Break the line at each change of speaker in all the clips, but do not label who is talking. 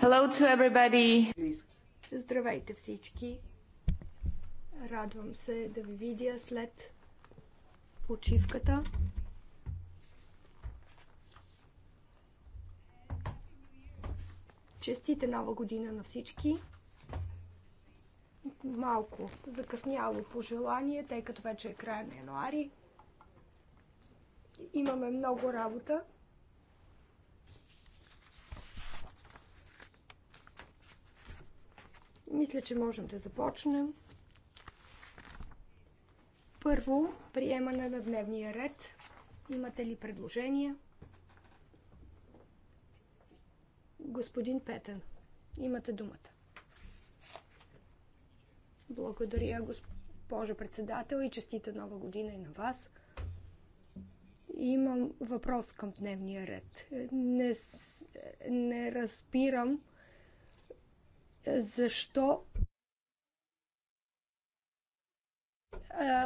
Hello to everybody. Здравейте всички. Радвам се да ви видя след почивката. Честите нова година на всички. Малко закъсняло пожелание, тъй като вече е края на януари. Имаме много работа. Мисля, че можем да започнем. Първо, приемане на дневния ред. Имате ли предложения? Господин Петън, имате думата. Благодаря, госпожа председател, и честита нова година и на вас. Имам въпрос към дневния ред. Не, не разбирам защо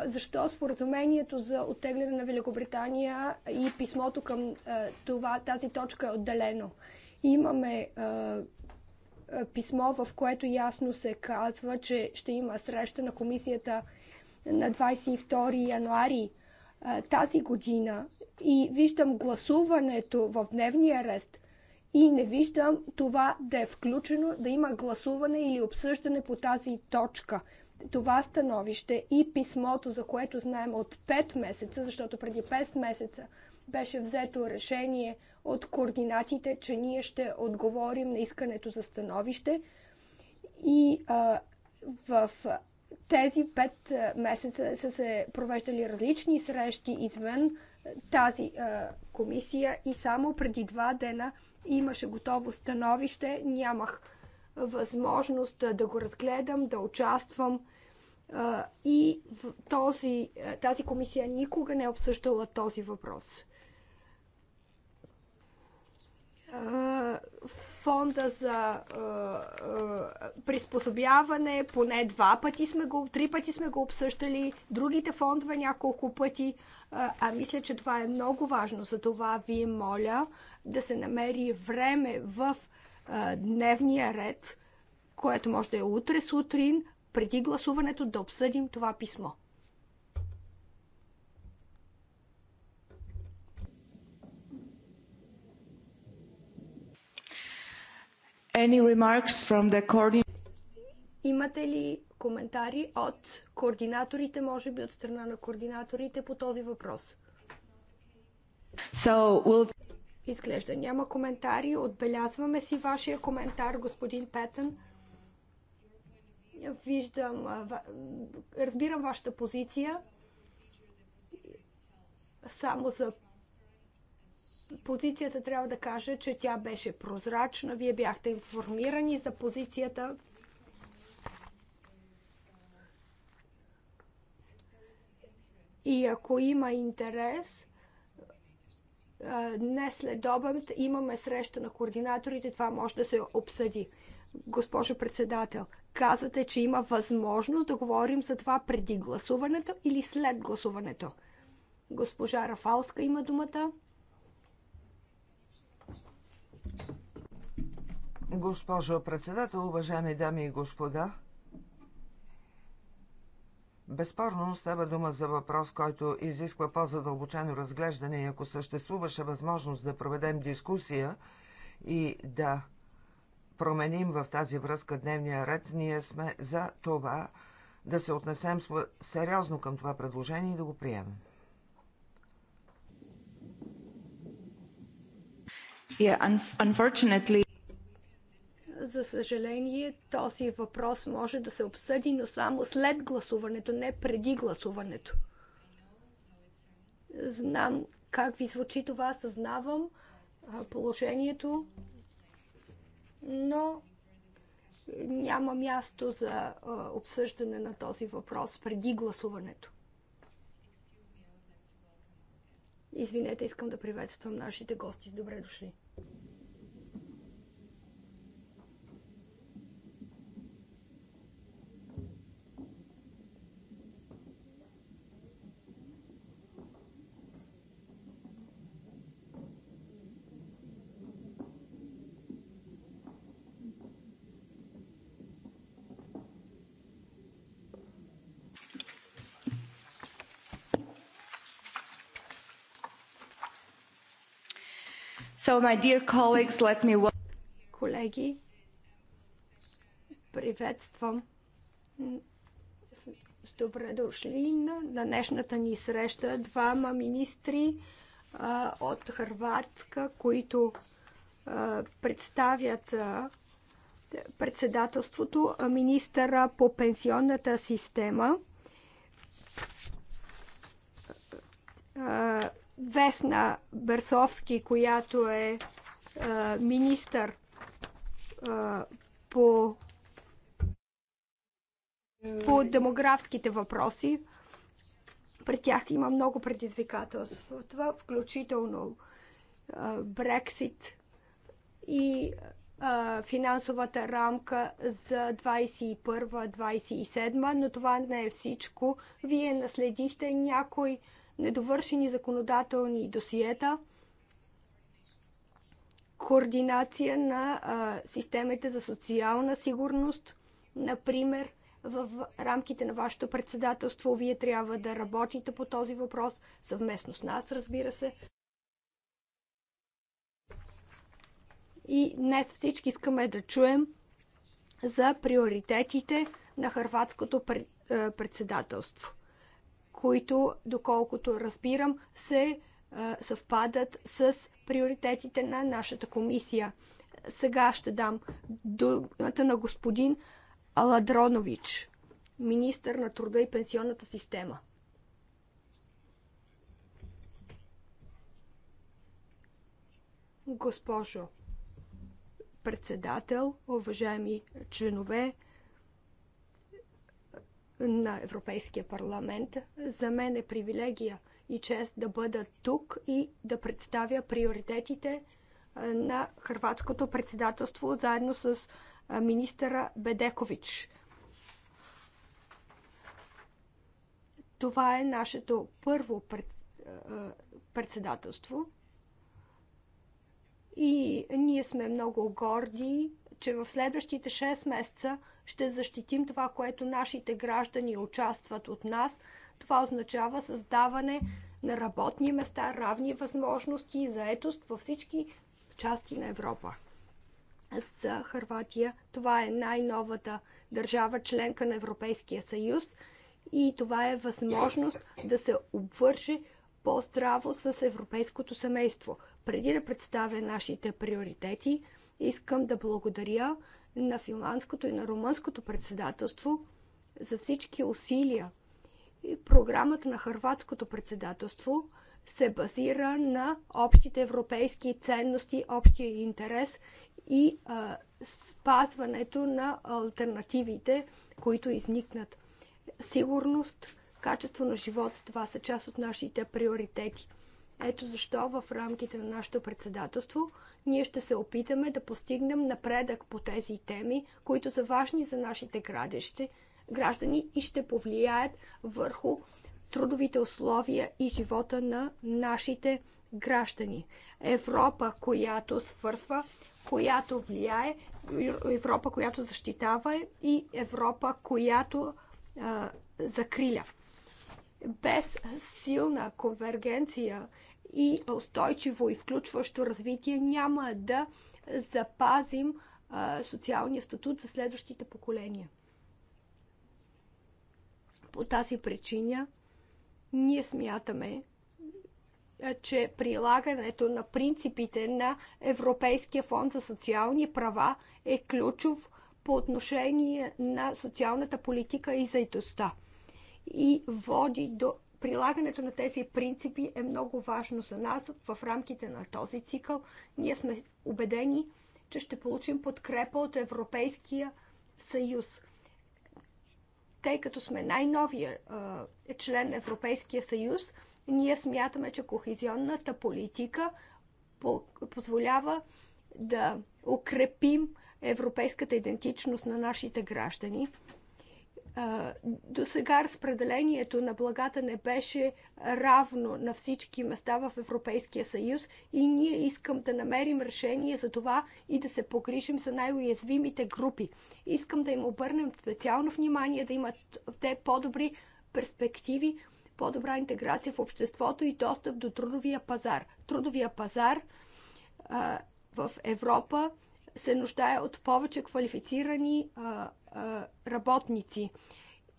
защо споразумението за оттегляне на Великобритания и писмото към това, тази точка е отделено. Имаме писмо, в което ясно се казва, че ще има среща на комисията на 22 януари тази година и виждам гласуването в дневния арест и не виждам това да е включено, да има гласуване или обсъждане по тази точка. Това становище и писмото, за което знаем от 5 месеца, защото преди 5 месеца беше взето решение от координатите, че ние ще отговорим на искането за становище. И а, в тези 5 месеца са се провеждали различни срещи извън тази а, комисия и само преди два дена Имаше готово становище, нямах възможност да го разгледам, да участвам. И този, тази комисия никога не е обсъждала този въпрос фонда за а, а, приспособяване, поне два пъти сме го, три пъти сме го обсъщали, другите фондове няколко пъти. А мисля, че това е много важно. За това ви моля да се намери време в а, дневния ред, което може да е утре сутрин, преди гласуването да обсъдим това писмо.
Any remarks from the
Имате ли коментари от координаторите, може би от страна на координаторите по този въпрос? So, we'll... Изглежда няма коментари. Отбелязваме си вашия коментар, господин Петън. Виждам, разбирам вашата позиция. Само за позицията трябва да кажа, че тя беше прозрачна. Вие бяхте информирани за позицията. И ако има интерес, днес след обед имаме среща на координаторите, това може да се обсъди. Госпожо председател, казвате, че има възможност да говорим за това преди гласуването или след гласуването. Госпожа Рафалска има думата.
Госпожо председател, уважаеми дами и господа, Безспорно става дума за въпрос, който изисква по-задълбочено разглеждане и ако съществуваше възможност да проведем дискусия и да променим в тази връзка дневния ред, ние сме за това да се отнесем сериозно към това предложение и да го приемем. Yeah,
unfortunately...
За съжаление, този въпрос може да се обсъди, но само след гласуването, не преди гласуването. Знам как ви звучи това, съзнавам положението, но няма място за обсъждане на този въпрос преди гласуването. Извинете, искам да приветствам нашите гости. Добре дошли. So, my dear colleagues, let me... Колеги, приветствам с добре дошли на днешната ни среща двама министри а, от Хрватска, които а, представят а, председателството, а министъра по пенсионната система. А, Весна Берсовски, която е а, е, министър а, е, по, по демографските въпроси. При тях има много предизвикателства. Това включително е, Брексит и а, финансовата рамка за 21-27, но това не е всичко. Вие наследихте някои недовършени законодателни досиета, координация на а, системите за социална сигурност. Например, в рамките на вашето председателство вие трябва да работите по този въпрос съвместно с нас, разбира се. И днес всички искаме да чуем за приоритетите на хърватското председателство които, доколкото разбирам, се съвпадат с приоритетите на нашата комисия. Сега ще дам думата на господин Аладронович, министър на труда и пенсионната система. Госпожо председател, уважаеми членове на Европейския парламент. За мен е привилегия и чест да бъда тук и да представя приоритетите на хрватското председателство заедно с министъра Бедекович. Това е нашето първо пред, председателство. И ние сме много горди, че в следващите 6 месеца ще защитим това, което нашите граждани участват от нас. Това означава създаване на работни места, равни възможности и заетост във всички части на Европа. За Харватия това е най-новата държава членка на Европейския съюз и това е възможност да се обвърже по-здраво с европейското семейство. Преди да представя нашите приоритети, искам да благодаря на финландското и на румънското председателство за всички усилия. И програмата на хърватското председателство се базира на общите европейски ценности, общия интерес и а, спазването на альтернативите, които изникнат. Сигурност, качество на живот, това са част от нашите приоритети – ето защо в рамките на нашето председателство ние ще се опитаме да постигнем напредък по тези теми, които са важни за нашите градещи, граждани и ще повлияят върху трудовите условия и живота на нашите граждани. Европа, която свързва, която влияе, Европа, която защитава и Европа, която а, закриля. Без силна конвергенция и устойчиво и включващо развитие, няма да запазим социалния статут за следващите поколения. По тази причина ние смятаме, че прилагането на принципите на Европейския фонд за социални права е ключов по отношение на социалната политика и заедостта и води до Прилагането на тези принципи е много важно за нас в рамките на този цикъл. Ние сме убедени, че ще получим подкрепа от Европейския съюз. Тъй като сме най-новия член на Европейския съюз, ние смятаме, че кохезионната политика позволява да укрепим европейската идентичност на нашите граждани до сега разпределението на благата не беше равно на всички места в Европейския съюз и ние искам да намерим решение за това и да се погрижим за най-уязвимите групи. Искам да им обърнем специално внимание, да имат те по-добри перспективи, по-добра интеграция в обществото и достъп до трудовия пазар. Трудовия пазар а, в Европа се нуждае от повече квалифицирани а, работници.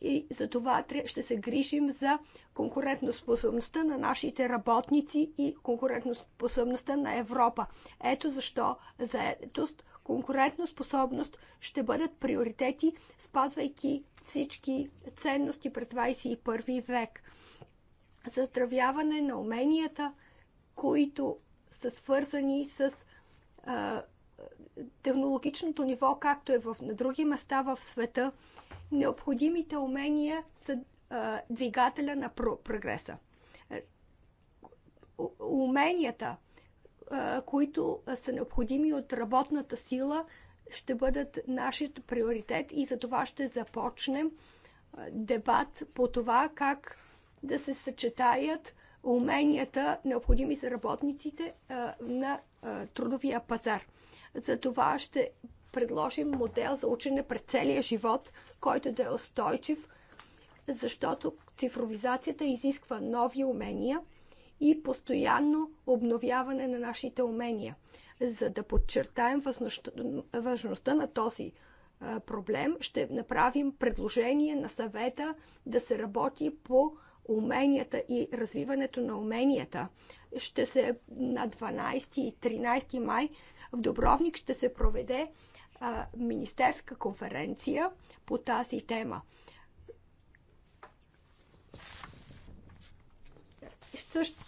И за това ще се грижим за конкурентоспособността на нашите работници и конкурентоспособността на Европа. Ето защо заетост, конкурентоспособност ще бъдат приоритети, спазвайки всички ценности пред 21 век. Заздравяване на уменията, които са свързани с технологичното ниво, както е в, на други места в света, необходимите умения са а, двигателя на прогреса. Уменията, а, които са необходими от работната сила, ще бъдат нашият приоритет и за това ще започнем дебат по това как да се съчетаят уменията, необходими за работниците на трудовия пазар. За това ще предложим модел за учене през целия живот, който да е устойчив, защото цифровизацията изисква нови умения и постоянно обновяване на нашите умения. За да подчертаем важността на този проблем, ще направим предложение на съвета да се работи по уменията и развиването на уменията. Ще се на 12 и 13 май в Добровник ще се проведе а, министерска конференция по тази тема. Също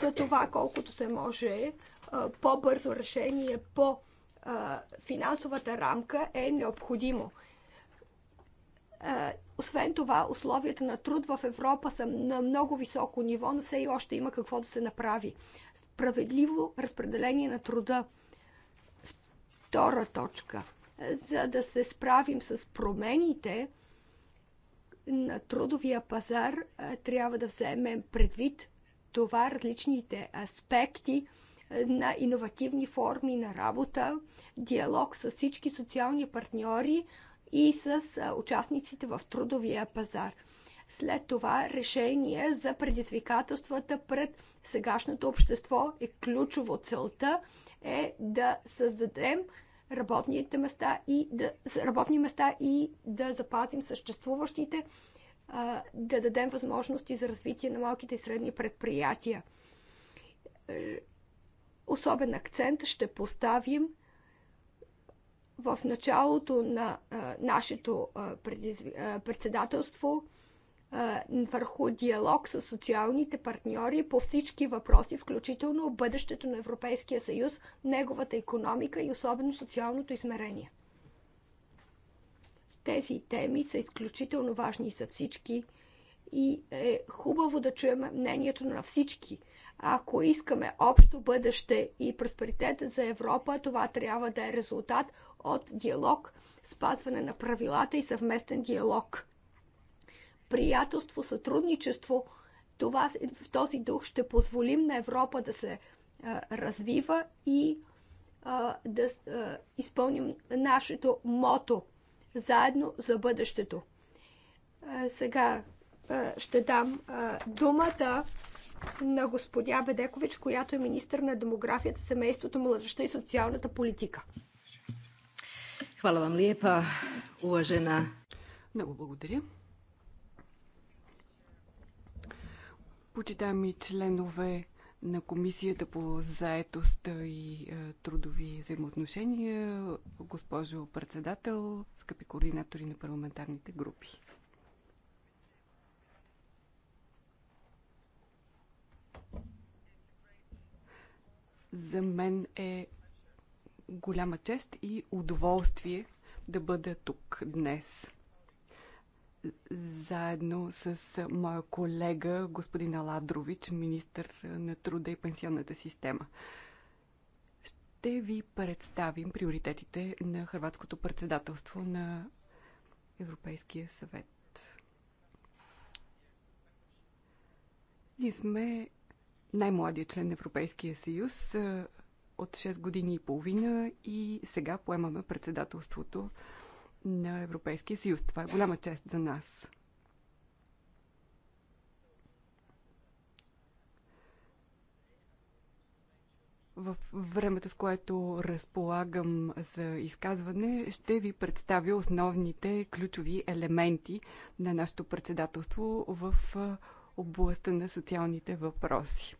за това, колкото се може по-бързо решение по финансовата рамка е необходимо. Освен това, условията на труд в Европа са на много високо ниво, но все и още има какво да се направи справедливо разпределение на труда. Втора точка. За да се справим с промените на трудовия пазар, трябва да вземем предвид това различните аспекти на иновативни форми на работа, диалог с всички социални партньори и с участниците в трудовия пазар – след това решение за предизвикателствата пред сегашното общество е ключово. Целта е да създадем работните места и да, работни места и да запазим съществуващите, да дадем възможности за развитие на малките и средни предприятия. Особен акцент ще поставим в началото на нашето председателство – върху диалог с социалните партньори по всички въпроси, включително бъдещето на Европейския съюз, неговата економика и особено социалното измерение. Тези теми са изключително важни за всички и е хубаво да чуем мнението на всички. Ако искаме общо бъдеще и просперитет за Европа, това трябва да е резултат от диалог, спазване на правилата и съвместен диалог – приятелство, сътрудничество. Това, в този дух ще позволим на Европа да се а, развива и а, да а, изпълним нашето мото заедно за бъдещето. А, сега а, ще дам а, думата на господя Бедекович, която е министър на демографията, семейството, младеща и социалната политика. Хвала вам лепа, уважена.
Много благодаря. почитаеми членове на Комисията по заетост и е, трудови взаимоотношения, госпожо председател, скъпи координатори на парламентарните групи. За мен е голяма чест и удоволствие да бъда тук днес заедно с моя колега господин Аладрович, министър на труда и пенсионната система. Ще ви представим приоритетите на хрватското председателство на Европейския съвет. Ние сме най-младият член на Европейския съюз от 6 години и половина и сега поемаме председателството на Европейския съюз. Това е голяма чест за нас. В времето, с което разполагам за изказване, ще ви представя основните ключови елементи на нашето председателство в областта на социалните въпроси.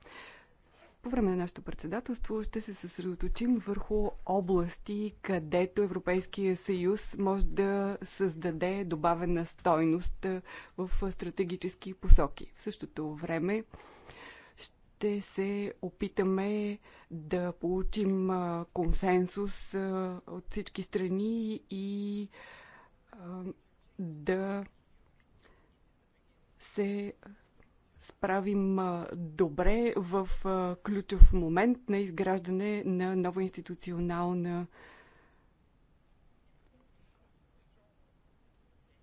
По време на нашето председателство ще се съсредоточим върху области, където Европейския съюз може да създаде добавена стойност в стратегически посоки. В същото време ще се опитаме да получим консенсус от всички страни и да се справим добре в ключов момент на изграждане на нова институционална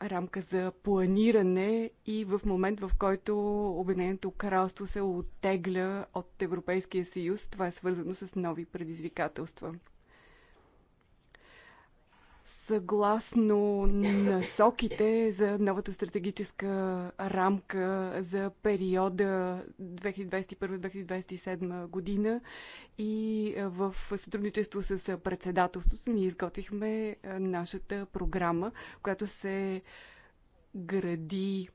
рамка за планиране и в момент, в който Обединеното кралство се оттегля от Европейския съюз, това е свързано с нови предизвикателства съгласно насоките за новата стратегическа рамка за периода 2021-2027 година и в сътрудничество с председателството ние изготвихме нашата програма, която се гради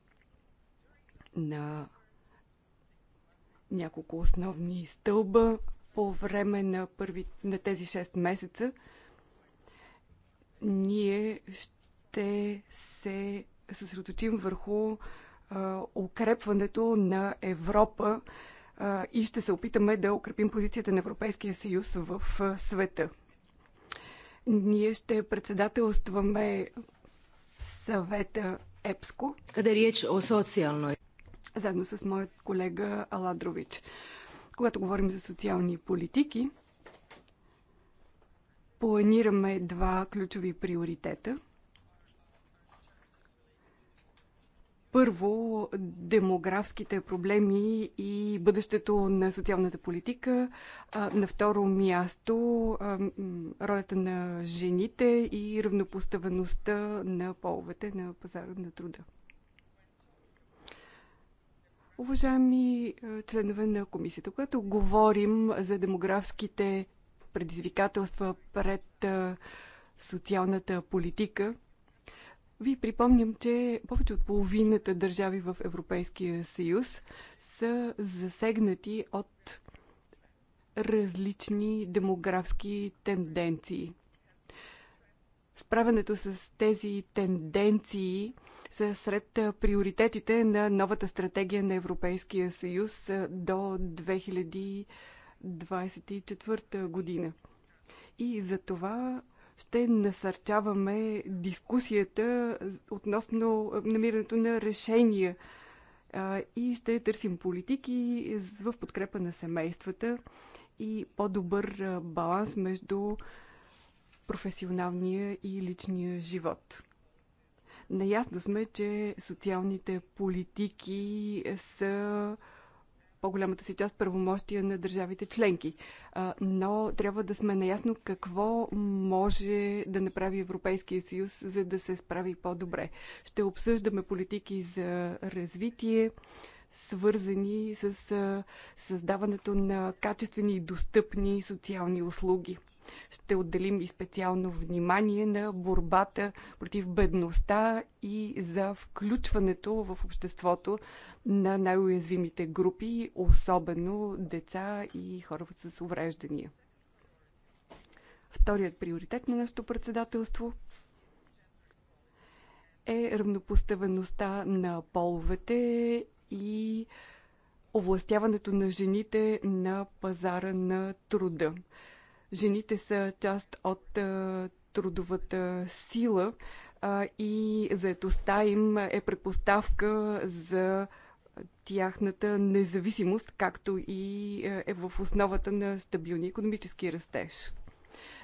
на няколко основни стълба по време на, първи, на тези 6 месеца ние ще се съсредоточим върху а, укрепването на Европа а, и ще се опитаме да укрепим позицията на Европейския съюз в а, света. Ние ще председателстваме съвета ЕПСКО. Къде реч о социално? Заедно с моят колега Аладрович. Когато говорим за социални политики, планираме два ключови приоритета. Първо, демографските проблеми и бъдещето на социалната политика. На второ място, ролята на жените и равнопоставеността на половете на пазара на труда. Уважаеми членове на комисията, когато говорим за демографските предизвикателства пред социалната политика. Ви припомням, че повече от половината държави в Европейския съюз са засегнати от различни демографски тенденции. Справянето с тези тенденции са сред приоритетите на новата стратегия на Европейския съюз до 2024 година. И за това ще насърчаваме дискусията относно намирането на решения и ще търсим политики в подкрепа на семействата и по-добър баланс между професионалния и личния живот. Наясно сме, че социалните политики са по-голямата си част правомощия на държавите членки. Но трябва да сме наясно какво може да направи Европейския съюз, за да се справи по-добре. Ще обсъждаме политики за развитие, свързани с създаването на качествени и достъпни социални услуги – ще отделим и специално внимание на борбата против бедността и за включването в обществото на най-уязвимите групи, особено деца и хора с увреждания. Вторият приоритет на нашето председателство е равнопоставеността на половете и овластяването на жените на пазара на труда. Жените са част от трудовата сила и заетостта им е предпоставка за тяхната независимост, както и е в основата на стабилни економически растеж.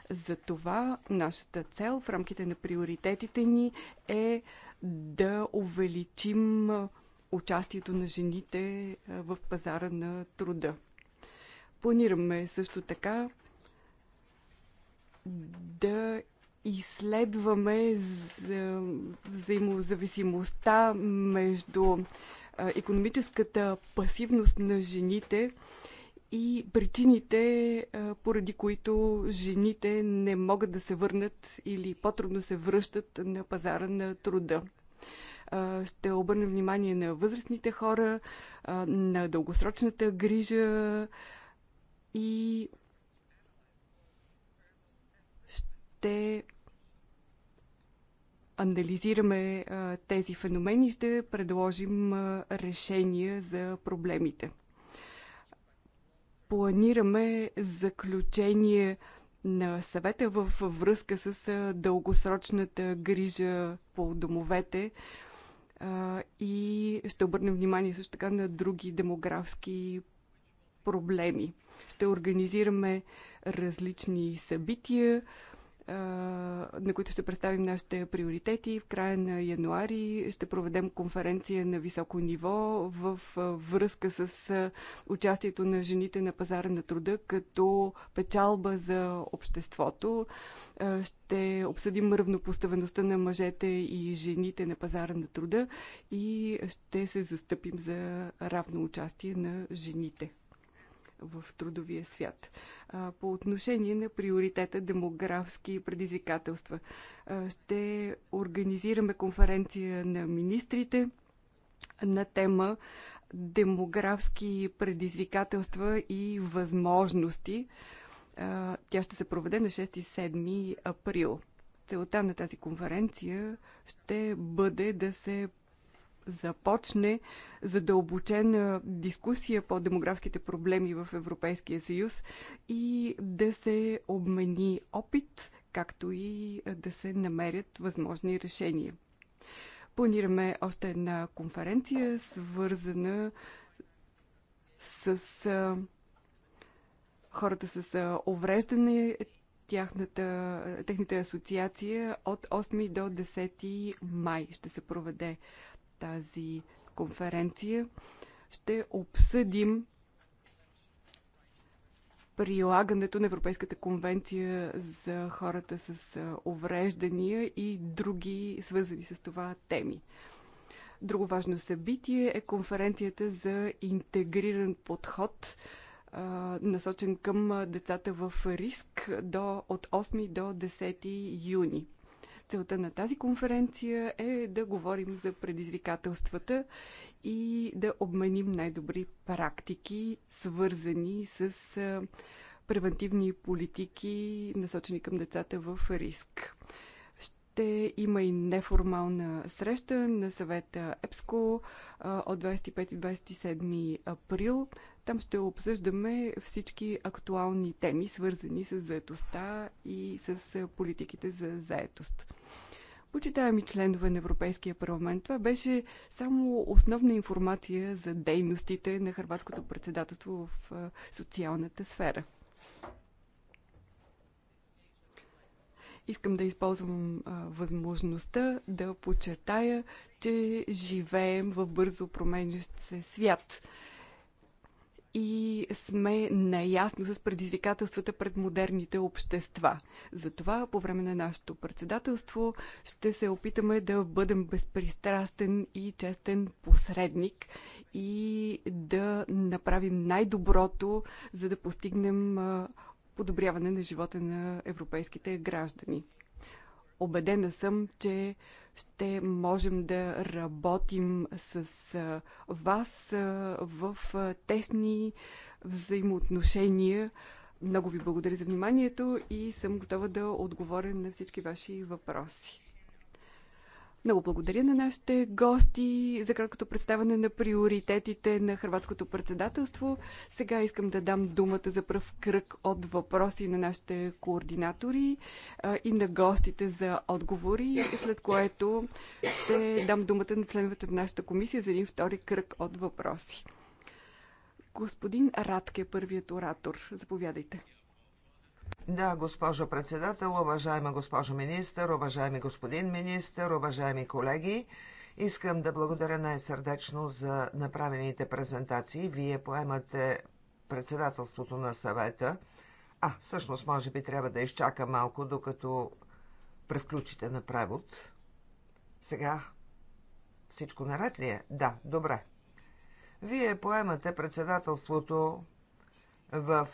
Затова нашата цел в рамките на приоритетите ни е да увеличим участието на жените в пазара на труда. Планираме също така да изследваме взаимозависимостта между економическата пасивност на жените и причините, поради които жените не могат да се върнат или по-трудно се връщат на пазара на труда. Ще обърнем внимание на възрастните хора, на дългосрочната грижа и ще анализираме а, тези феномени и ще предложим а, решения за проблемите. Планираме заключение на съвета в връзка с а, дългосрочната грижа по домовете а, и ще обърнем внимание също така на други демографски проблеми. Ще организираме различни събития, на които ще представим нашите приоритети. В края на януари ще проведем конференция на високо ниво в връзка с участието на жените на пазара на труда като печалба за обществото. Ще обсъдим равнопоставеността на мъжете и жените на пазара на труда и ще се застъпим за равно участие на жените в трудовия свят. По отношение на приоритета демографски предизвикателства, ще организираме конференция на министрите на тема демографски предизвикателства и възможности. Тя ще се проведе на 6 7 април целта на тази конференция ще бъде да се започне задълбочена дискусия по демографските проблеми в Европейския съюз и да се обмени опит, както и да се намерят възможни решения. Планираме още една конференция, свързана с хората с увреждане, тяхната, техните асоциация от 8 до 10 май ще се проведе тази конференция ще обсъдим прилагането на Европейската конвенция за хората с увреждания и други свързани с това теми. Друго важно събитие е конференцията за интегриран подход, насочен към децата в риск до, от 8 до 10 юни. Целта на тази конференция е да говорим за предизвикателствата и да обменим най-добри практики, свързани с превентивни политики, насочени към децата в риск. Ще има и неформална среща на съвета ЕПСКО от 25 и 27 април. Там ще обсъждаме всички актуални теми, свързани с заетостта и с политиките за заетост. Почитаеми членове на Европейския парламент, това беше само основна информация за дейностите на Хрватското председателство в социалната сфера. Искам да използвам а, възможността да подчертая, че живеем в бързо променящ се свят и сме наясно с предизвикателствата пред модерните общества. Затова по време на нашето председателство ще се опитаме да бъдем безпристрастен и честен посредник и да направим най-доброто, за да постигнем подобряване на живота на европейските граждани. Обедена съм, че ще можем да работим с вас в тесни взаимоотношения. Много ви благодаря за вниманието и съм готова да отговоря на всички ваши въпроси. Много благодаря на нашите гости за краткото представяне на приоритетите на хрватското председателство. Сега искам да дам думата за пръв кръг от въпроси на нашите координатори а, и на гостите за отговори, след което ще дам думата на членовете на нашата комисия за един втори кръг от въпроси. Господин Радке, първият оратор, заповядайте.
Да, госпожо председател, уважаема госпожо министър, уважаеми господин министър, уважаеми колеги. Искам да благодаря най-сърдечно за направените презентации. Вие поемате председателството на съвета. А, всъщност, може би трябва да изчака малко, докато превключите на превод. Сега всичко наред ли е? Да, добре. Вие поемате председателството в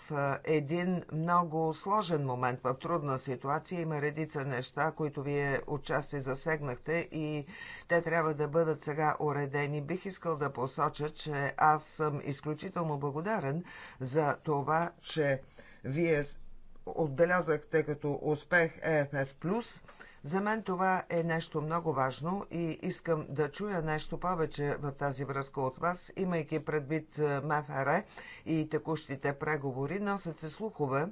един много сложен момент, в трудна ситуация. Има редица неща, които вие отчасти засегнахте и те трябва да бъдат сега уредени. Бих искал да посоча, че аз съм изключително благодарен за това, че вие отбелязахте като успех е ЕФС+, за мен това е нещо много важно и искам да чуя нещо повече в тази връзка от вас, имайки предвид е, МФР и текущите преговори, носят се слухове,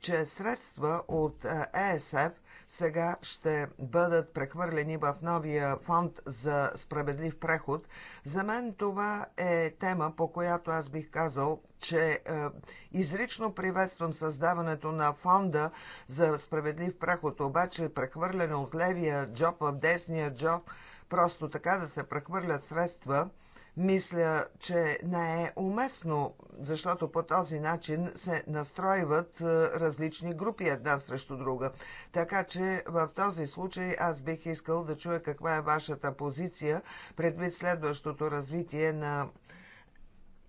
че средства от ЕСФ сега ще бъдат прехвърлени в новия фонд за справедлив преход. За мен това е тема, по която аз бих казал, че е, изрично приветствам създаването на фонда за справедлив преход, обаче прехвърляне от левия джоб в десния джоб, просто така да се прехвърлят средства – мисля, че не е уместно, защото по този начин се настройват е, различни групи една срещу друга. Така че в този случай аз бих искал да чуя каква е вашата позиция предвид следващото развитие на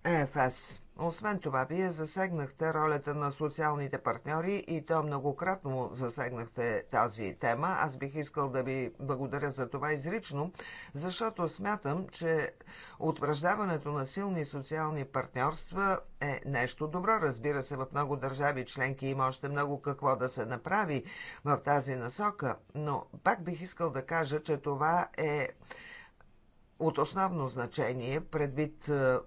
ЕФС. Освен това, вие засегнахте ролята на социалните партньори и то многократно засегнахте тази тема. Аз бих искал да ви благодаря за това изрично, защото смятам, че утвърждаването на силни социални партньорства е нещо добро. Разбира се, в много държави членки има още много какво да се направи в тази насока, но пак бих искал да кажа, че това е от основно значение предвид е,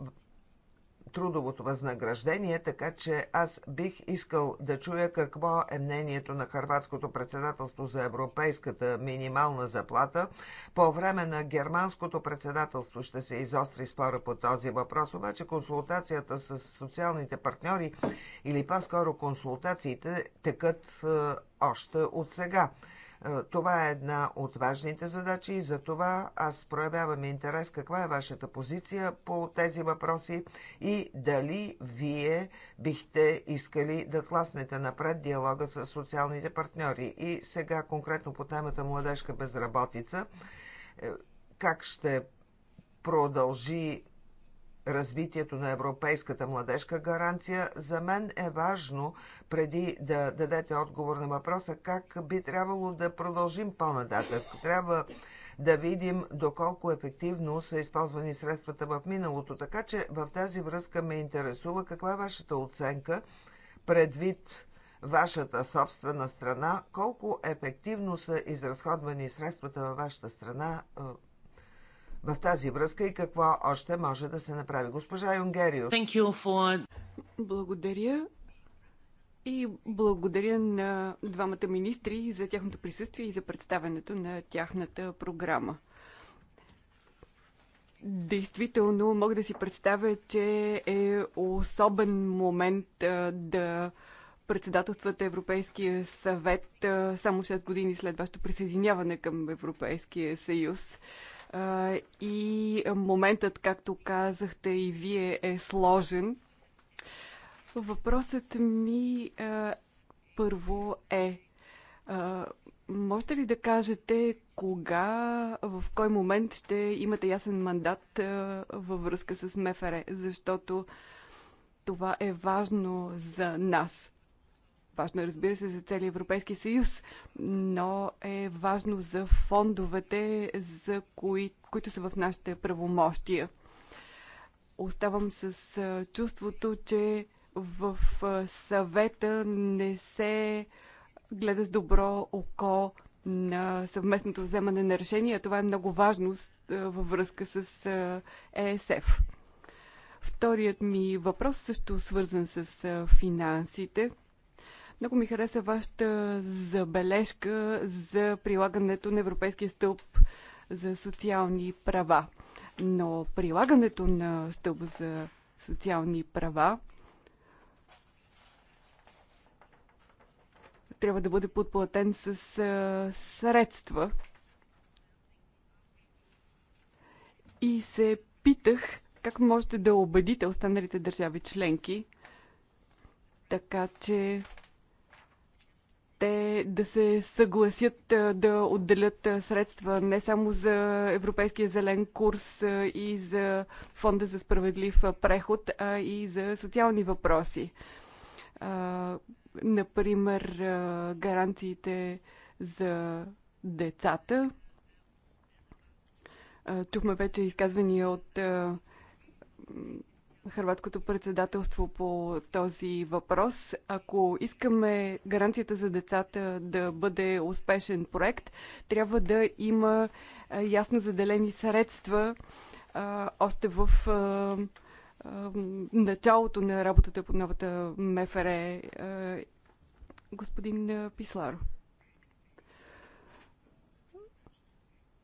трудовото възнаграждение, така че аз бих искал да чуя какво е мнението на Харватското председателство за европейската минимална заплата. По време на германското председателство ще се изостри спора по този въпрос, обаче консултацията с социалните партньори или по-скоро консултациите текат е, още от сега. Е, това е една от важните задачи и за това аз проявявам интерес каква е вашата позиция по тези въпроси и дали вие бихте искали да тласнете напред диалога с социалните партньори. И сега конкретно по темата младежка безработица, е, как ще продължи развитието на Европейската младежка гаранция, за мен е важно, преди да дадете отговор на въпроса, как би трябвало да продължим по-нататък. Трябва да видим доколко ефективно са използвани средствата в миналото. Така че в тази връзка ме интересува каква е вашата оценка предвид вашата собствена страна, колко ефективно са изразходвани средствата във вашата страна в тази връзка и какво още може да се направи. Госпожа Юнгерио.
For... Благодаря и благодаря на двамата министри за тяхното присъствие и за представенето на тяхната програма. Действително, мога да си представя, че е особен момент да председателствата Европейския съвет само 6 години след вашето присъединяване към Европейския съюз и моментът, както казахте и вие, е сложен. Въпросът ми първо е Можете ли да кажете кога, в кой момент ще имате ясен мандат във връзка с МФР? Защото това е важно за нас. Важно е, разбира се, за целия Европейски съюз, но е важно за фондовете, за кои, които са в нашите правомощия. Оставам с чувството, че в съвета не се гледа с добро око на съвместното вземане на решения. Това е много важно във връзка с ЕСФ. Вторият ми въпрос също свързан с финансите – много ми хареса вашата забележка за прилагането на Европейския стълб за социални права. Но прилагането на стълба за социални права трябва да бъде подплатен с средства. И се питах как можете да убедите останалите държави членки, така че те да се съгласят да отделят средства не само за Европейския зелен курс и за Фонда за справедлив преход, а и за социални въпроси. Например, гаранциите за децата. Чухме вече изказвания от хрватското председателство по този въпрос. Ако искаме гаранцията за децата да бъде успешен проект, трябва да има ясно заделени средства още в началото на работата по новата МФР. Господин Писларо.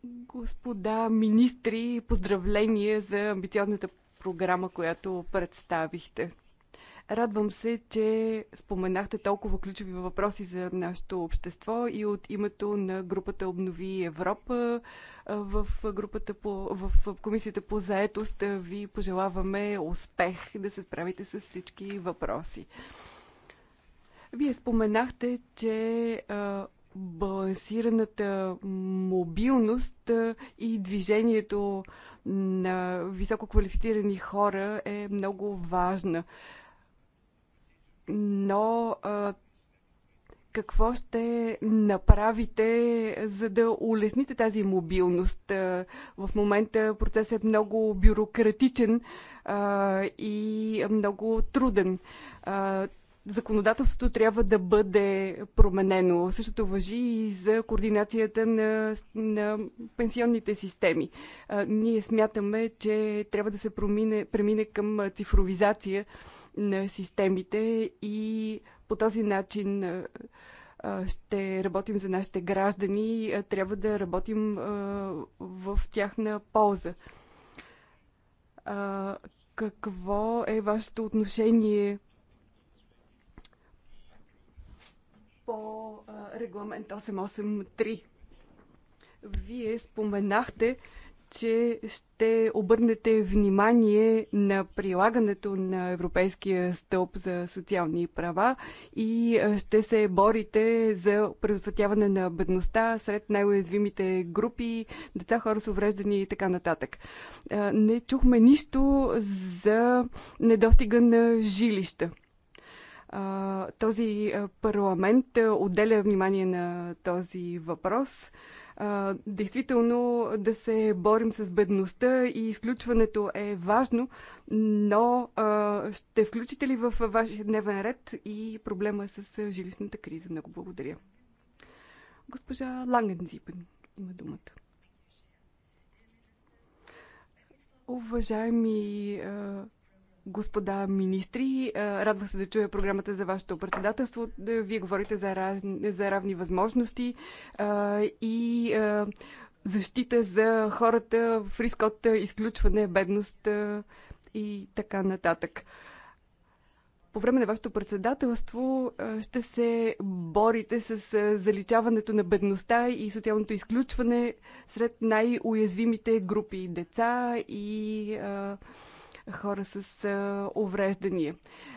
Господа министри, поздравления за амбициозната програма, която представихте. Радвам се, че споменахте толкова ключови въпроси за нашето общество и от името на групата Обнови Европа в, групата по, в Комисията по заетост ви пожелаваме успех да се справите с всички въпроси. Вие споменахте, че балансираната мобилност и движението на високо квалифицирани хора е много важна. Но какво ще направите, за да улесните тази мобилност? В момента процесът е много бюрократичен и много труден законодателството трябва да бъде променено. Същото въжи и за координацията на, на пенсионните системи. А, ние смятаме, че трябва да се промине, премине към цифровизация на системите и по този начин ще работим за нашите граждани. трябва да работим в тяхна полза. какво е вашето отношение по регламент 883. Вие споменахте, че ще обърнете внимание на прилагането на Европейския стълб за социални права и ще се борите за предотвратяване на бедността сред най-уязвимите групи, деца, хора с увреждани и така нататък. Не чухме нищо за недостига на жилища. Този парламент отделя внимание на този въпрос. Действително да се борим с бедността и изключването е важно, но ще включите ли в вашия дневен ред и проблема с жилищната криза? Много благодаря. Госпожа Ланганзипен има думата. Уважаеми господа министри. Радвах се да чуя програмата за вашето председателство. Вие говорите за, раз... за равни възможности и защита за хората в риск от изключване, бедност и така нататък. По време на вашето председателство ще се борите с заличаването на бедността и социалното изключване сред най-уязвимите групи деца и хора с увреждания.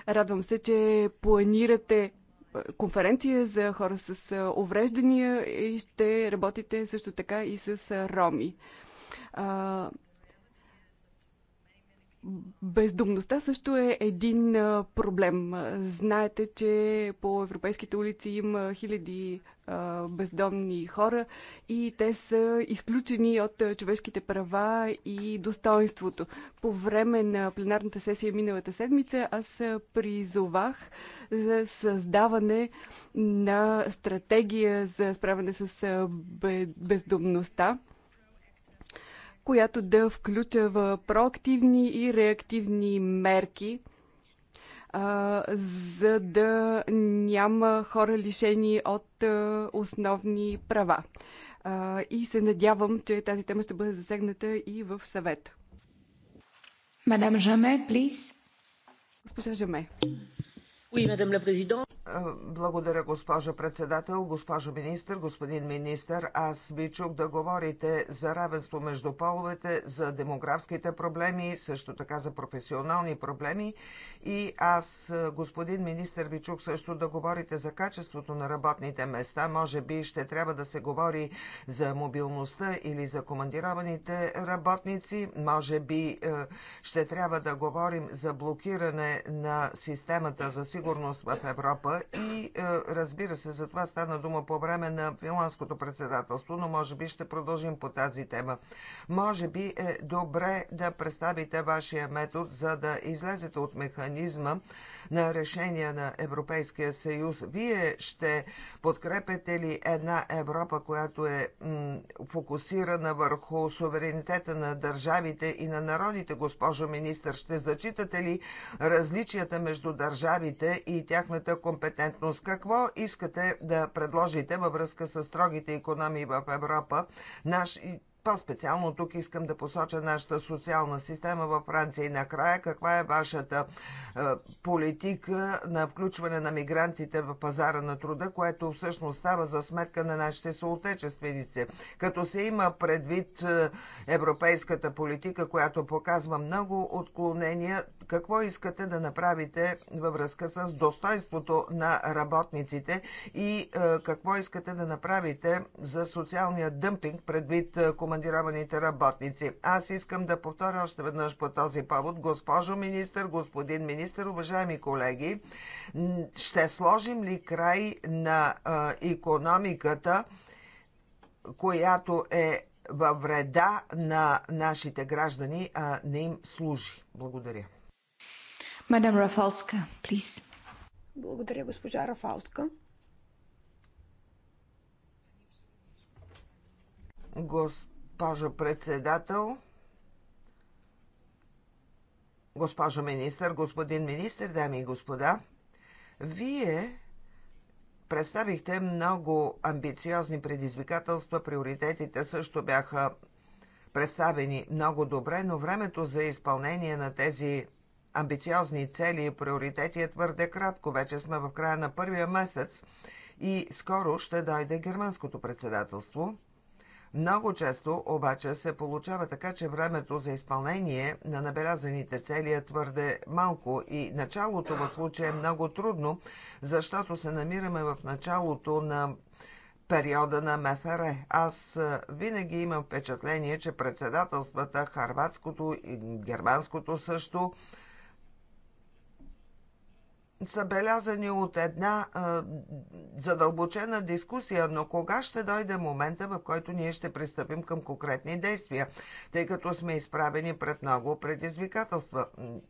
Радвам се, че планирате конференция за хора с увреждания и ще работите също така и с роми. Бездумността също е един проблем. Знаете, че по европейските улици има хиляди бездомни хора и те са изключени от човешките права и достоинството. По време на пленарната сесия миналата седмица аз призовах за създаване на стратегия за справяне с бездомността която да включва проактивни и реактивни мерки, а, за да няма хора лишени от а, основни права. А, и се надявам, че тази тема ще бъде засегната и в съвет. Мадам Жаме, плиз. Госпожа
Жаме. Благодаря, госпожо председател, госпожо министр, господин министр. Аз ви чух да говорите за равенство между половете, за демографските проблеми, също така за професионални проблеми. И аз, господин министр, ви чух също да говорите за качеството на работните места. Може би ще трябва да се говори за мобилността или за командированите работници. Може би ще трябва да говорим за блокиране на системата за сигурност сигурност в Европа и е, разбира се, за това стана дума по време на финландското председателство, но може би ще продължим по тази тема. Може би е добре да представите вашия метод, за да излезете от механизма на решения на Европейския съюз. Вие ще подкрепете ли една Европа, която е фокусирана върху суверенитета на държавите и на народите, госпожо министър? Ще зачитате ли различията между държавите и тяхната компетентност. Какво искате да предложите във връзка с строгите економии в Европа? Наш по-специално тук искам да посоча нашата социална система във Франция и накрая каква е вашата е, политика на включване на мигрантите в пазара на труда, което всъщност става за сметка на нашите съотечественици. Като се има предвид е, европейската политика, която показва много отклонения, какво искате да направите във връзка с достойството на работниците и е, какво искате да направите за социалния дъмпинг предвид е, командированите работници. Аз искам да повторя още веднъж по този повод. Госпожо министър, господин министър, уважаеми колеги, ще сложим ли край на економиката, която е във вреда на нашите граждани, а не им служи. Благодаря.
Мадам Рафалска,
please. Благодаря,
госпожа Рафалска.
Госпожо председател, госпожо министър, господин министър, дами и господа, вие представихте много амбициозни предизвикателства, приоритетите също бяха представени много добре, но времето за изпълнение на тези амбициозни цели и приоритети е твърде кратко. Вече сме в края на първия месец и скоро ще дойде германското председателство. Много често обаче се получава така, че времето за изпълнение на набелязаните цели е твърде малко и началото в случая е много трудно, защото се намираме в началото на периода на МФР. Аз винаги имам впечатление, че председателствата, харватското и германското също, са белязани от една а, задълбочена дискусия, но кога ще дойде момента, в който ние ще пристъпим към конкретни действия, тъй като сме изправени пред много предизвикателства.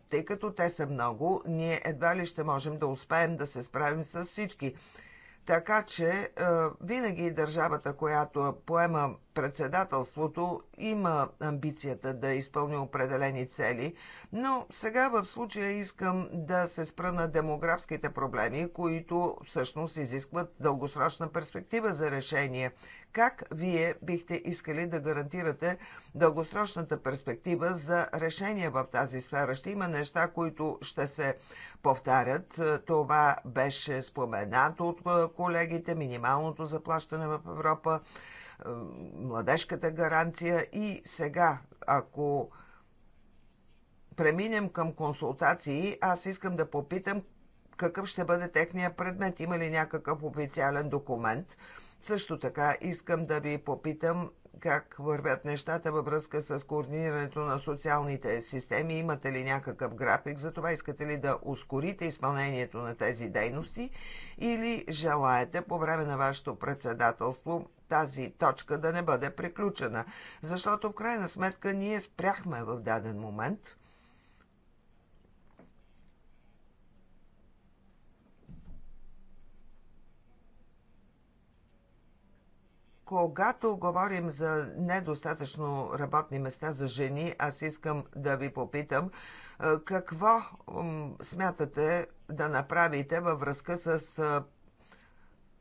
Тъй като те са много, ние едва ли ще можем да успеем да се справим с всички. Така че е, винаги държавата, която поема председателството, има амбицията да изпълни определени цели, но сега в случая искам да се спра на демографските проблеми, които всъщност изискват дългосрочна перспектива за решение. Как вие бихте искали да гарантирате дългосрочната перспектива за решение в тази сфера? Ще има неща, които ще се повтарят. Това беше споменато от колегите, минималното заплащане в Европа, младежката гаранция и сега, ако преминем към консултации, аз искам да попитам какъв ще бъде техния предмет. Има ли някакъв официален документ? Също така искам да ви попитам как вървят нещата във връзка с координирането на социалните системи. Имате ли някакъв график за това? Искате ли да ускорите изпълнението на тези дейности или желаете по време на вашето председателство тази точка да не бъде приключена? Защото в крайна сметка ние спряхме в даден момент – Когато говорим за недостатъчно работни места за жени, аз искам да ви попитам какво смятате да направите във връзка с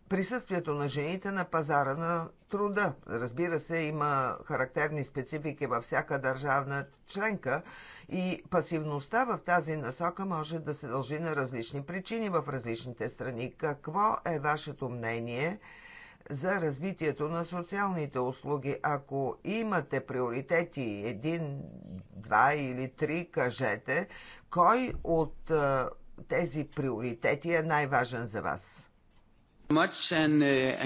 присъствието на жените на пазара на труда. Разбира се, има характерни специфики във всяка държавна членка и пасивността в тази насока може да се дължи на различни причини в различните страни. Какво е вашето мнение – за развитието на социалните услуги. Ако имате приоритети един, два или три, кажете, кой от тези приоритети е най-важен за вас?
Uh,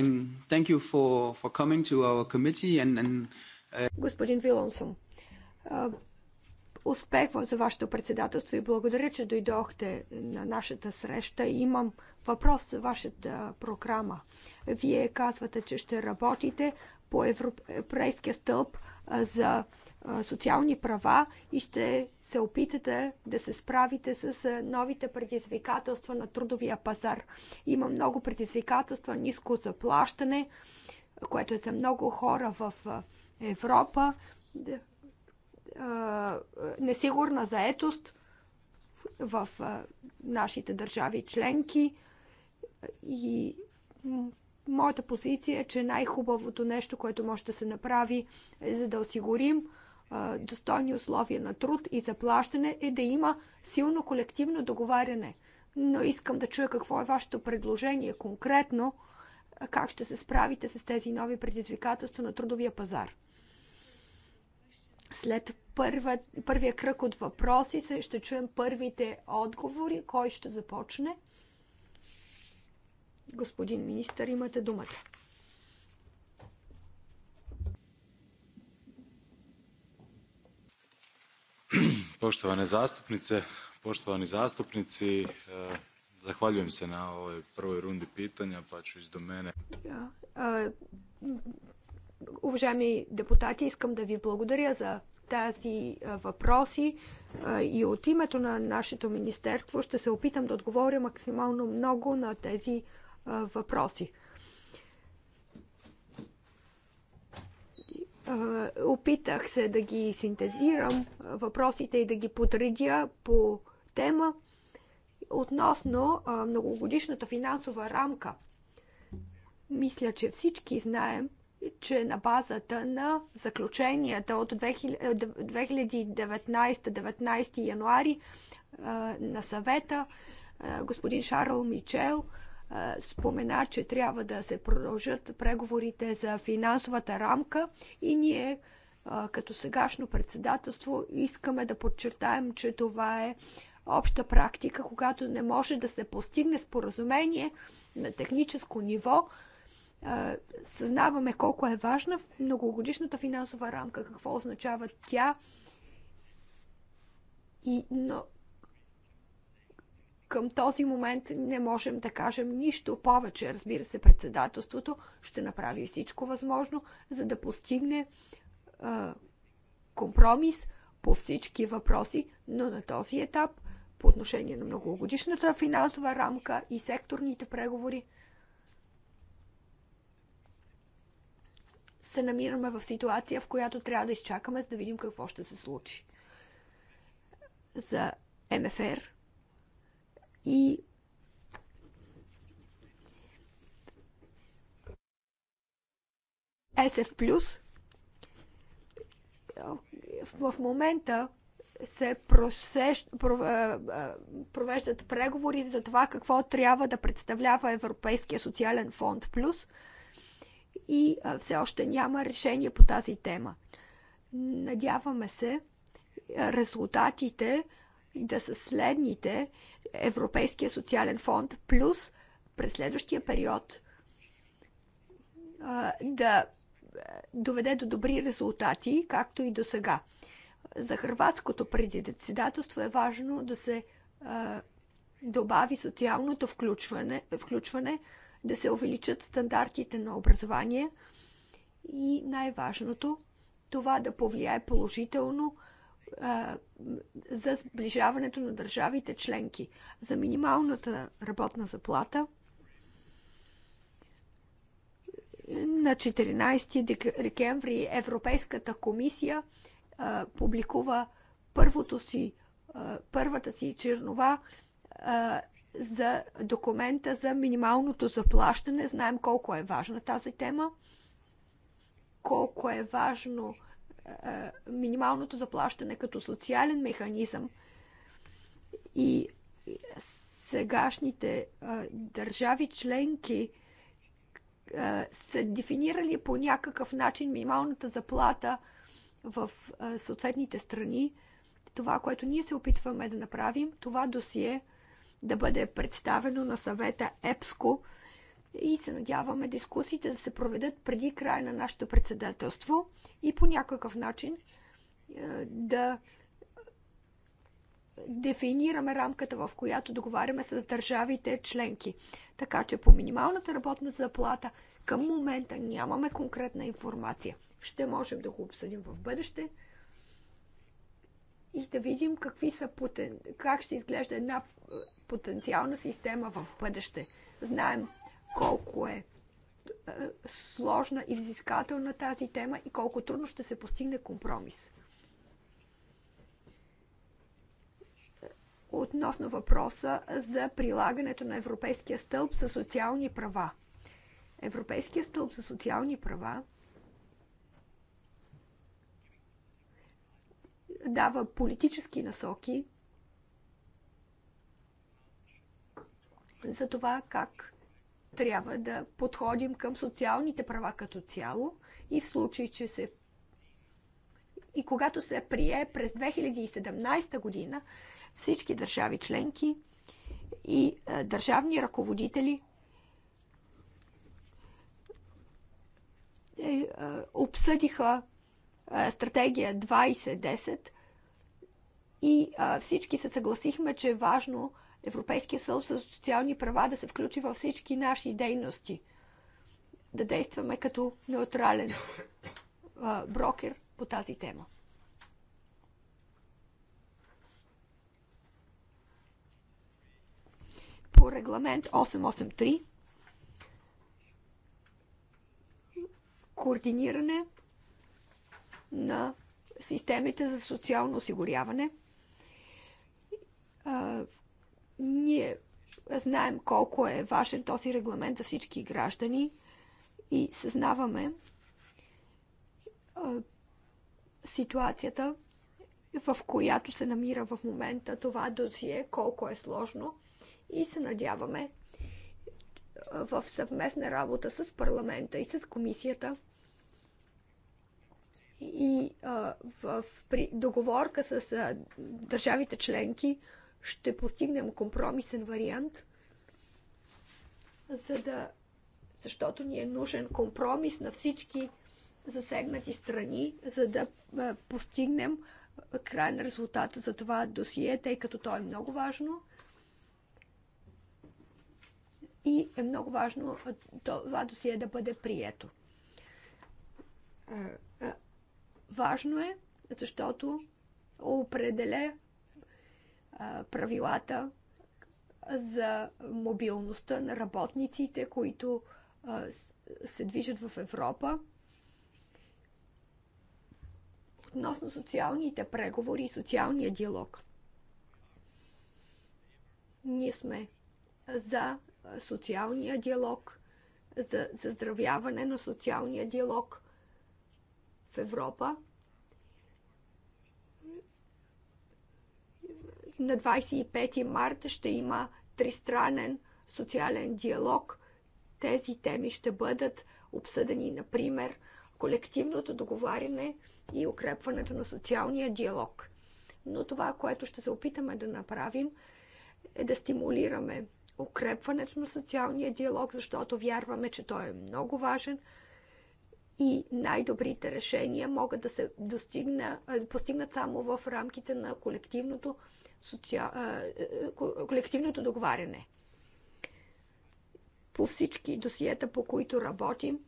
uh, Господин Вилонсон, успех за вашето председателство и благодаря, че дойдохте на нашата среща. Имам въпрос за вашата програма. Вие казвате, че ще работите по Европейския стълб за социални права и ще се опитате да се справите с новите предизвикателства на трудовия пазар. Има много предизвикателства, ниско заплащане, което е за много хора в Европа, несигурна заетост в нашите държави членки и Моята позиция е, че най-хубавото нещо, което може да се направи, е, за да осигурим достойни условия на труд и заплащане, е да има силно колективно договаряне. Но искам да чуя какво е вашето предложение конкретно, как ще се справите с тези нови предизвикателства на трудовия пазар. След първа, първия кръг от въпроси ще чуем първите отговори. Кой ще започне? Господин министър, имате думата.
Poštovane zastupnice, poštovani zastupnici, zahvaljujem se na ovoj prvoj rundi pitanja, pa ću iz domene.
Уважаеми депутати, искам да ви благодаря за тази е, въпроси е, и от името на нашето министерство ще се опитам да отговоря максимално много на тези въпроси въпроси. Опитах се да ги синтезирам въпросите и да ги подредя по тема относно многогодишната финансова рамка. Мисля, че всички знаем, че на базата на заключенията от 2019-19 е, януари на съвета господин Шарл Мичел – спомена, че трябва да се продължат преговорите за финансовата рамка и ние като сегашно председателство искаме да подчертаем, че това е обща практика, когато не може да се постигне споразумение на техническо ниво. Съзнаваме колко е важна многогодишната финансова рамка, какво означава тя. И, но към този момент не можем да кажем нищо повече. Разбира се, председателството ще направи всичко възможно, за да постигне е, компромис по всички въпроси, но на този етап, по отношение на многогодишната финансова рамка и секторните преговори, се намираме в ситуация, в която трябва да изчакаме, за да видим какво ще се случи. За МФР – и SF+. В момента се провеждат преговори за това какво трябва да представлява Европейския социален фонд Плюс и все още няма решение по тази тема. Надяваме се резултатите да са следните Европейския социален фонд плюс през следващия период да доведе до добри резултати, както и до сега. За хрватското председателство е важно да се добави социалното включване, включване, да се увеличат стандартите на образование и най-важното това да повлияе положително за сближаването на държавите членки, за минималната работна заплата. На 14 декември Европейската комисия публикува първото си, първата си чернова за документа за минималното заплащане. Знаем колко е важна тази тема, колко е важно минималното заплащане като социален механизъм и сегашните държави членки са дефинирали по някакъв начин минималната заплата в съответните страни. Това, което ние се опитваме да направим, това досие да бъде представено на съвета ЕПСКО и се надяваме дискусиите да се проведат преди края на нашето председателство и по някакъв начин е, да е, дефинираме рамката, в която договаряме с държавите членки. Така че по минималната работна заплата към момента нямаме конкретна информация. Ще можем да го обсъдим в бъдеще и да видим какви са потен... как ще изглежда една е, потенциална система в бъдеще. Знаем, колко е, е сложна и взискателна тази тема и колко трудно ще се постигне компромис. Относно въпроса за прилагането на Европейския стълб за социални права. Европейския стълб за социални права дава политически насоки за това как трябва да подходим към социалните права като цяло и в случай, че се и когато се прие през 2017 година, всички държави членки и а, държавни ръководители е, а, обсъдиха а, стратегия 2010 и а, всички се съгласихме, че е важно Европейския съюз за социални права да се включи във всички наши дейности. Да действаме като неутрален а, брокер по тази тема. По регламент 883 координиране на системите за социално осигуряване – ние знаем колко е важен този регламент за всички граждани и съзнаваме ситуацията, в която се намира в момента това досие, колко е сложно и се надяваме в съвместна работа с парламента и с комисията и а, в, в при договорка с а, държавите членки ще постигнем компромисен вариант, за да, защото ни е нужен компромис на всички засегнати страни, за да постигнем крайен резултат за това досие, тъй като то е много важно. И е много важно това досие да бъде прието. Важно е, защото определя правилата за мобилността на работниците, които се движат в Европа. Относно социалните преговори и социалния диалог. Ние сме за социалния диалог, за заздравяване на социалния диалог в Европа – На 25 март ще има тристранен социален диалог. Тези теми ще бъдат обсъдени, например, колективното договаряне и укрепването на социалния диалог. Но това, което ще се опитаме да направим, е да стимулираме укрепването на социалния диалог, защото вярваме, че той е много важен – и най-добрите решения могат да се достигна, постигнат само в рамките на колективното, социал, колективното договаряне. По всички досиета, по които работим,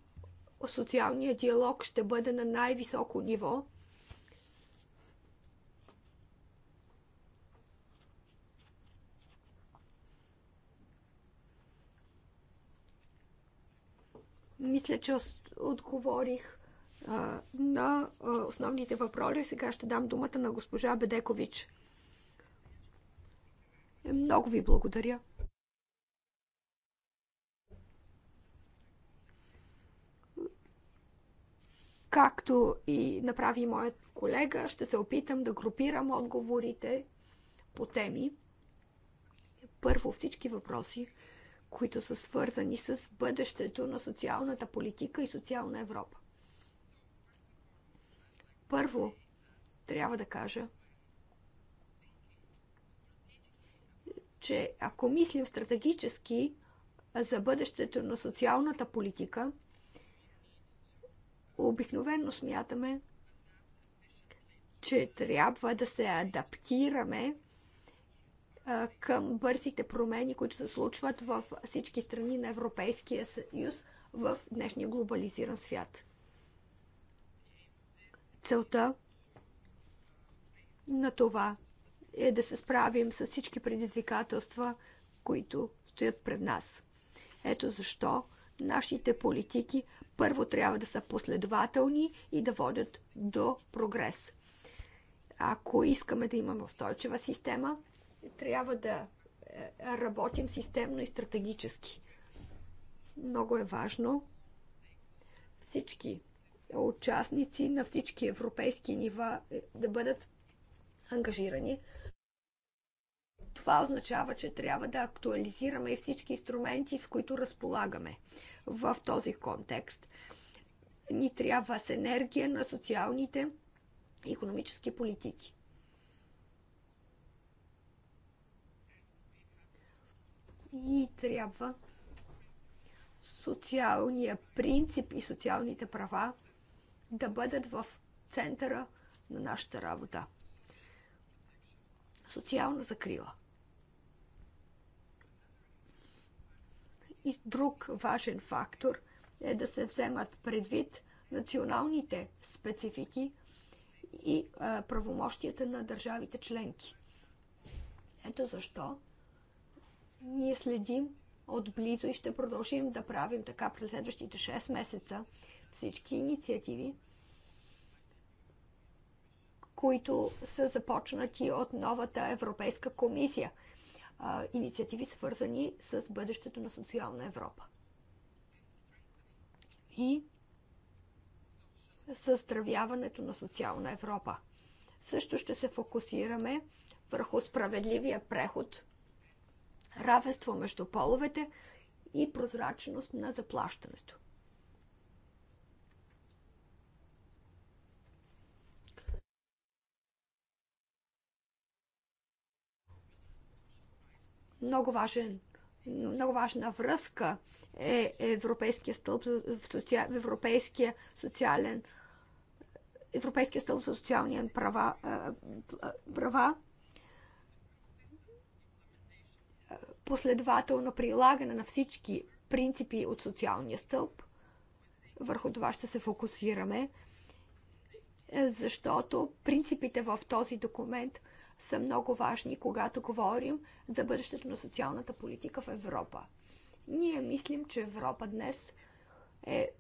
социалният диалог ще бъде на най-високо ниво. Мисля, че отговорих а, на а, основните въпроси. Сега ще дам думата на госпожа Бедекович. Много ви благодаря. Както и направи моят колега, ще се опитам да групирам отговорите по теми. Първо всички въпроси, които са свързани с бъдещето на социалната политика и социална Европа. Първо, трябва да кажа, че ако мислим стратегически за бъдещето на социалната политика, обикновено смятаме, че трябва да се адаптираме към бързите промени, които се случват в всички страни на Европейския съюз в днешния глобализиран свят. Целта на това е да се справим с всички предизвикателства, които стоят пред нас. Ето защо нашите политики първо трябва да са последователни и да водят до прогрес. Ако искаме да имаме устойчива система, трябва да е, работим системно и стратегически. Много е важно всички участници на всички европейски нива е, да бъдат ангажирани. Това означава, че трябва да актуализираме и всички инструменти, с които разполагаме в този контекст. Ни трябва с енергия на социалните и економически политики. и трябва социалния принцип и социалните права да бъдат в центъра на нашата работа. Социална закрила. И друг важен фактор е да се вземат предвид националните специфики и правомощията на държавите членки. Ето защо ние следим отблизо и ще продължим да правим така през следващите 6 месеца всички инициативи, които са започнати от новата Европейска комисия. инициативи свързани с бъдещето на социална Европа. И създравяването на социална Европа. Също ще се фокусираме върху справедливия преход равенство между половете и прозрачност на заплащането. Много важен много важна връзка е Европейския стълб в, социал, Европейския социален Европейския стълб за социални права, права последователно прилагане на всички принципи от социалния стълб. Върху това ще се фокусираме, защото принципите в този документ са много важни, когато говорим за бъдещето на социалната политика в Европа. Ние мислим, че Европа днес е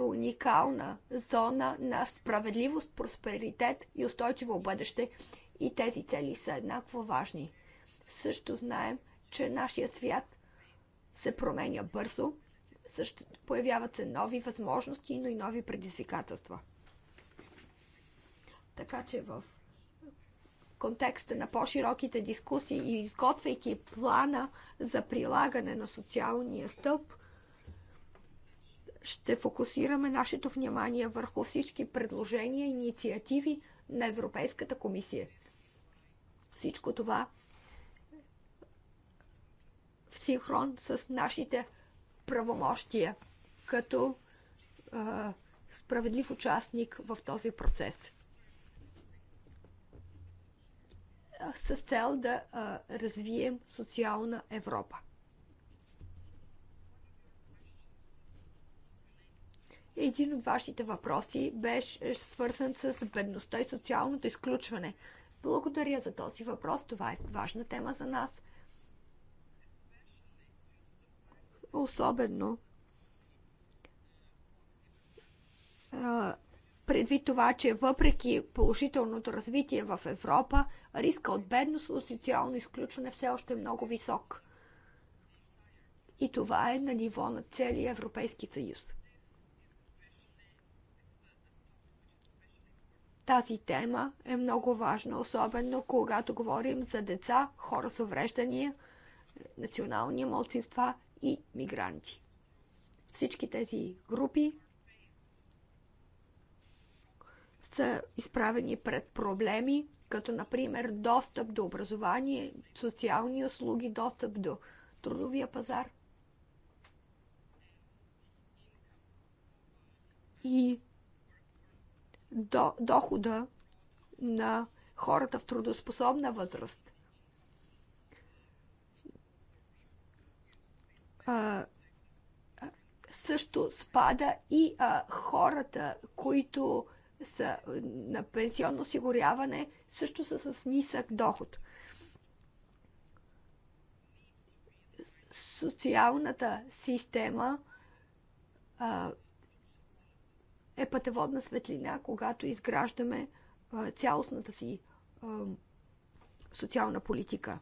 уникална зона на справедливост, просперитет и устойчиво бъдеще и тези цели са еднакво важни. Също знаем, че нашия свят се променя бързо, появяват се нови възможности, но и нови предизвикателства. Така че в контекста на по-широките дискусии и изготвяйки плана за прилагане на социалния стълб, ще фокусираме нашето внимание върху всички предложения и инициативи на Европейската комисия. Всичко това в синхрон с нашите правомощия като а, справедлив участник в този процес. С цел да а, развием социална Европа. Един от вашите въпроси беше свързан с бедността и социалното изключване. Благодаря за този въпрос. Това е важна тема за нас. особено предвид това, че въпреки положителното развитие в Европа, риска от бедност и социално изключване е все още е много висок. И това е на ниво на целия Европейски съюз. Тази тема е много важна, особено когато говорим за деца, хора с увреждания, национални малцинства и мигранти. Всички тези групи са изправени пред проблеми, като например достъп до образование, социални услуги, достъп до трудовия пазар и до, дохода на хората в трудоспособна възраст. а, също спада и а, хората, които са на пенсионно осигуряване, също са с нисък доход. Социалната система а, е пътеводна светлина, когато изграждаме а, цялостната си а, социална политика.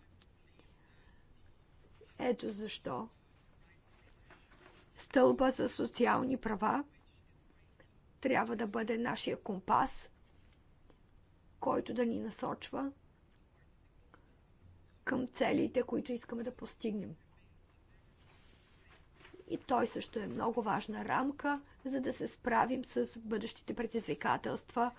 Ето защо стълба за социални права трябва да бъде нашия компас, който да ни насочва към целите, които искаме да постигнем. И той също е много важна рамка, за да се справим с бъдещите предизвикателства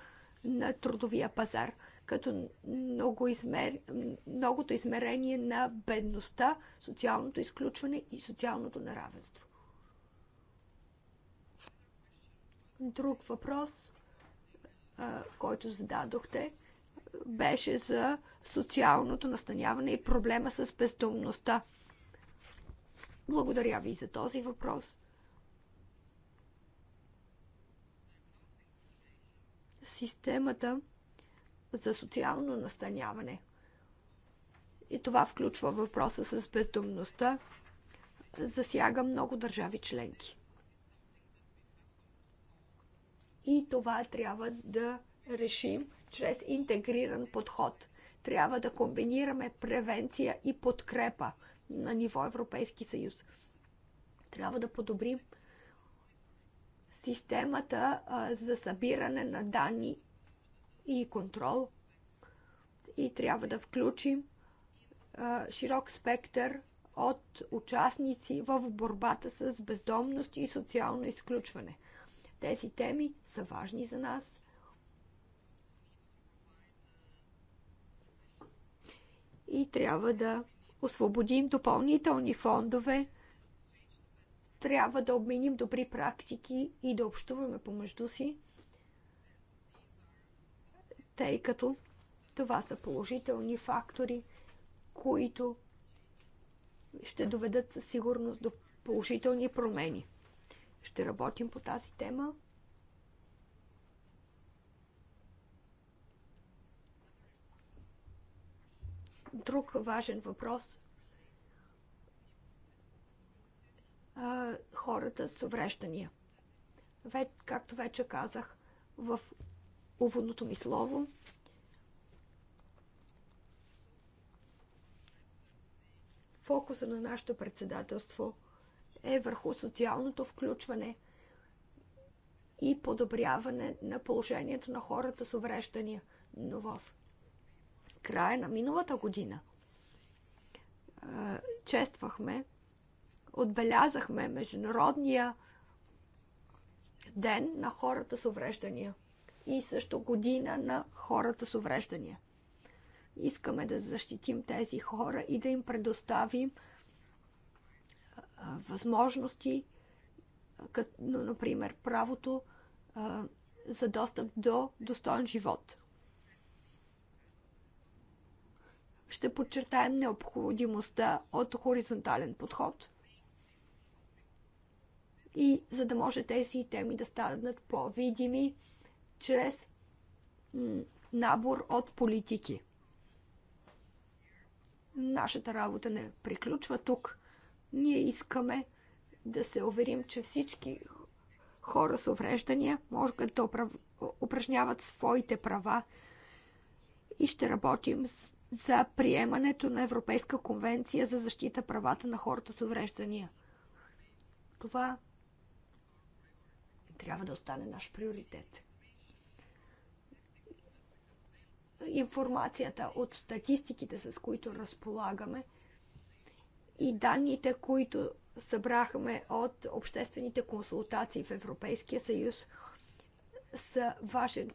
на трудовия пазар, като много измер... многото измерение на бедността, социалното изключване и социалното неравенство. Друг въпрос, който зададохте, беше за социалното настаняване и проблема с бездомността. Благодаря ви за този въпрос. Системата за социално настаняване. И това включва въпроса с бездомността. Засяга много държави членки. И това трябва да решим чрез интегриран подход. Трябва да комбинираме превенция и подкрепа на ниво Европейски съюз. Трябва да подобрим системата за събиране на данни и контрол. И трябва да включим широк спектър от участници в борбата с бездомност и социално изключване. Тези теми са важни за нас. И трябва да освободим допълнителни фондове, трябва да обменим добри практики и да общуваме помежду си, тъй като това са положителни фактори, които ще доведат със сигурност до положителни промени. Ще работим по тази тема. Друг важен въпрос. хората с увреждания. Ве, както вече казах в уводното ми слово, фокуса на нашето председателство – е върху социалното включване и подобряване на положението на хората с увреждания. Но в края на миналата година чествахме, отбелязахме Международния ден на хората с увреждания и също година на хората с увреждания. Искаме да защитим тези хора и да им предоставим възможности, като, например, правото за достъп до достоен живот. Ще подчертаем необходимостта от хоризонтален подход и за да може тези теми да станат по-видими чрез набор от политики. Нашата работа не приключва тук. Ние искаме да се уверим, че всички хора с увреждания могат да упражняват своите права и ще работим за приемането на Европейска конвенция за защита правата на хората с увреждания. Това трябва да остане наш приоритет. Информацията от статистиките, с които разполагаме, и данните, които събрахме от обществените консултации в Европейския съюз, са важен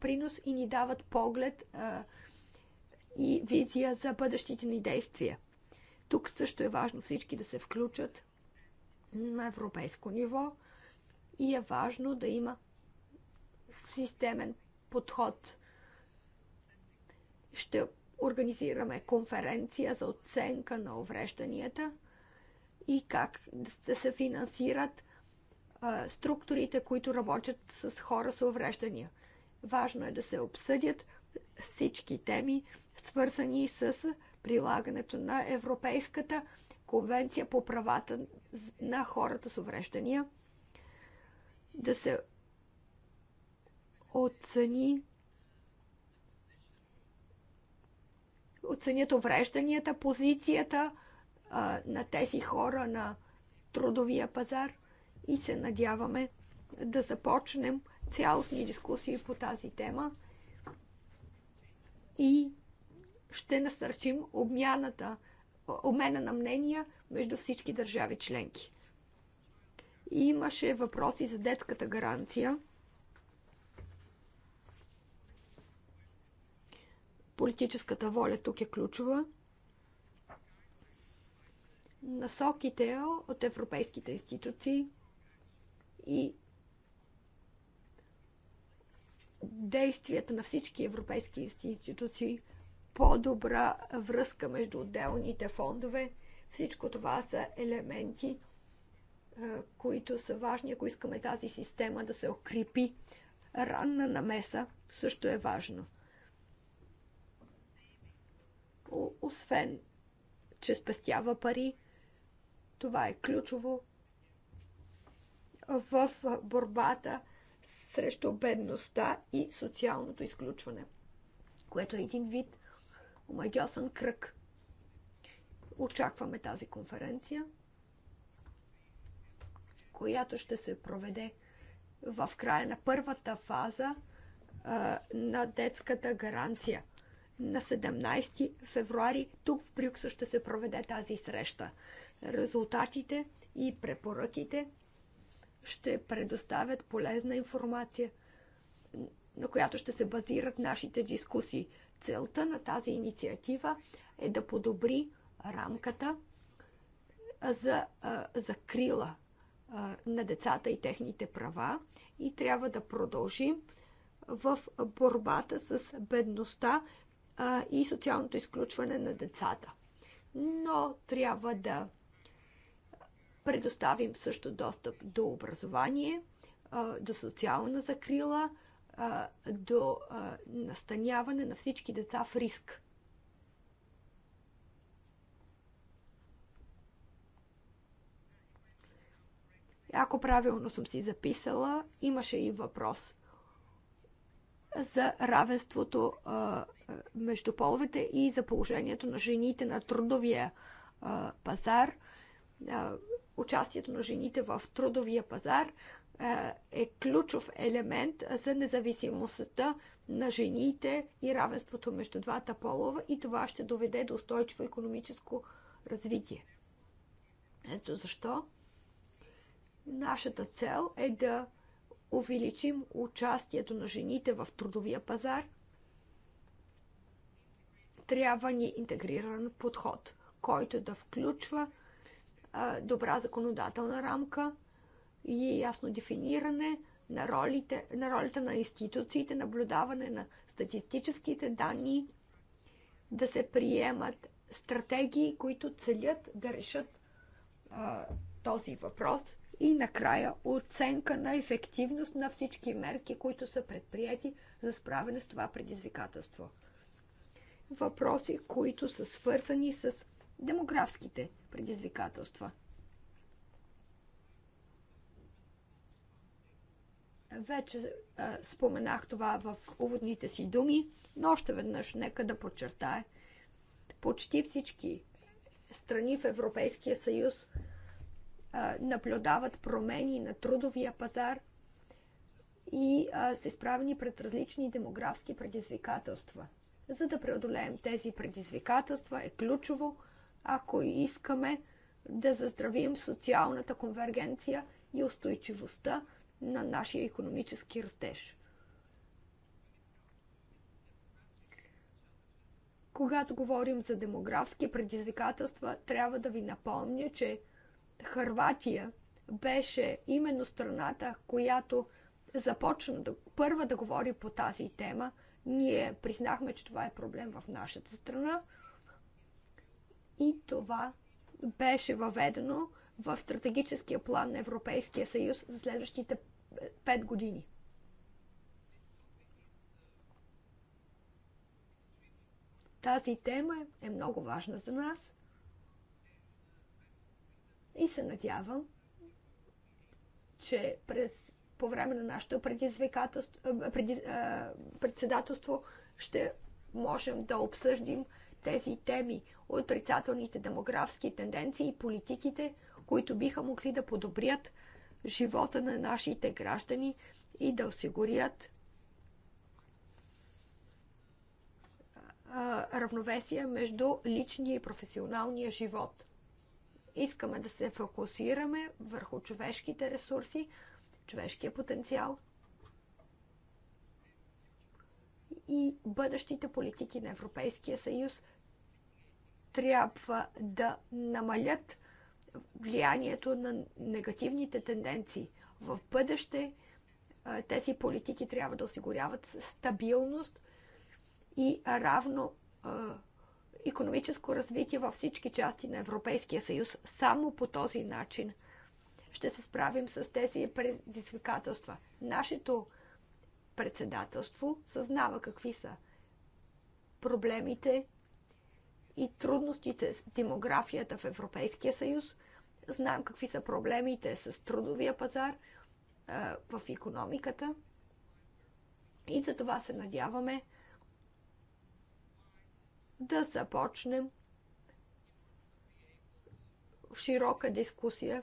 принос и ни дават поглед а, и визия за бъдещите ни действия. Тук също е важно всички да се включат на европейско ниво и е важно да има системен подход. Ще организираме конференция за оценка на уврежданията и как да се финансират а, структурите, които работят с хора с увреждания. Важно е да се обсъдят всички теми, свързани с прилагането на Европейската конвенция по правата на хората с увреждания, да се оцени оценят уврежданията, позицията а, на тези хора на трудовия пазар и се надяваме да започнем цялостни дискусии по тази тема и ще насърчим обмяната, обмена на мнения между всички държави членки. И имаше въпроси за детската гаранция – Политическата воля тук е ключова. Насоките от европейските институции и действията на всички европейски институции, по-добра връзка между отделните фондове. Всичко това са елементи, които са важни, ако искаме тази система да се укрепи. Ранна намеса също е важно освен, че спестява пари, това е ключово в борбата срещу бедността и социалното изключване, което е един вид омагиосен кръг. Очакваме тази конференция, която ще се проведе в края на първата фаза а, на детската гаранция – на 17 февруари тук в Брюксел ще се проведе тази среща. Резултатите и препоръките ще предоставят полезна информация, на която ще се базират нашите дискусии. Целта на тази инициатива е да подобри рамката за закрила на децата и техните права и трябва да продължим в борбата с бедността а, и социалното изключване на децата. Но трябва да предоставим също достъп до образование, а, до социална закрила, а, до а, настаняване на всички деца в риск. Ако правилно съм си записала, имаше и въпрос – за равенството а, между половете и за положението на жените на трудовия а, пазар. А, участието на жените в трудовия пазар а, е ключов елемент за независимостта на жените и равенството между двата полова и това ще доведе до устойчиво економическо развитие. Ето защо нашата цел е да увеличим участието на жените в трудовия пазар, трябва ни интегриран подход, който да включва добра законодателна рамка и ясно дефиниране на ролите, на ролите на институциите, наблюдаване на статистическите данни, да се приемат стратегии, които целят да решат а, този въпрос и накрая оценка на ефективност на всички мерки, които са предприяти за справяне с това предизвикателство. Въпроси, които са свързани с демографските предизвикателства. Вече а, споменах това в уводните си думи, но още веднъж нека да подчертая. Почти всички страни в Европейския съюз наблюдават промени на трудовия пазар и са изправени пред различни демографски предизвикателства. За да преодолеем тези предизвикателства е ключово, ако искаме да заздравим социалната конвергенция и устойчивостта на нашия економически растеж. Когато говорим за демографски предизвикателства, трябва да ви напомня, че Харватия беше именно страната, която започна да, първа да говори по тази тема. Ние признахме, че това е проблем в нашата страна и това беше въведено в стратегическия план на Европейския съюз за следващите 5 години. Тази тема е много важна за нас – и се надявам, че през, по време на нашето председателство ще можем да обсъждим тези теми, отрицателните демографски тенденции и политиките, които биха могли да подобрят живота на нашите граждани и да осигурят равновесие между личния и професионалния живот. Искаме да се фокусираме върху човешките ресурси, човешкия потенциал и бъдещите политики на Европейския съюз трябва да намалят влиянието на негативните тенденции. В бъдеще тези политики трябва да осигуряват стабилност и равно економическо развитие във всички части на Европейския съюз. Само по този начин ще се справим с тези предизвикателства. Нашето председателство съзнава какви са проблемите и трудностите с демографията в Европейския съюз. Знаем какви са проблемите с трудовия пазар в економиката. И за това се надяваме да започнем широка дискусия,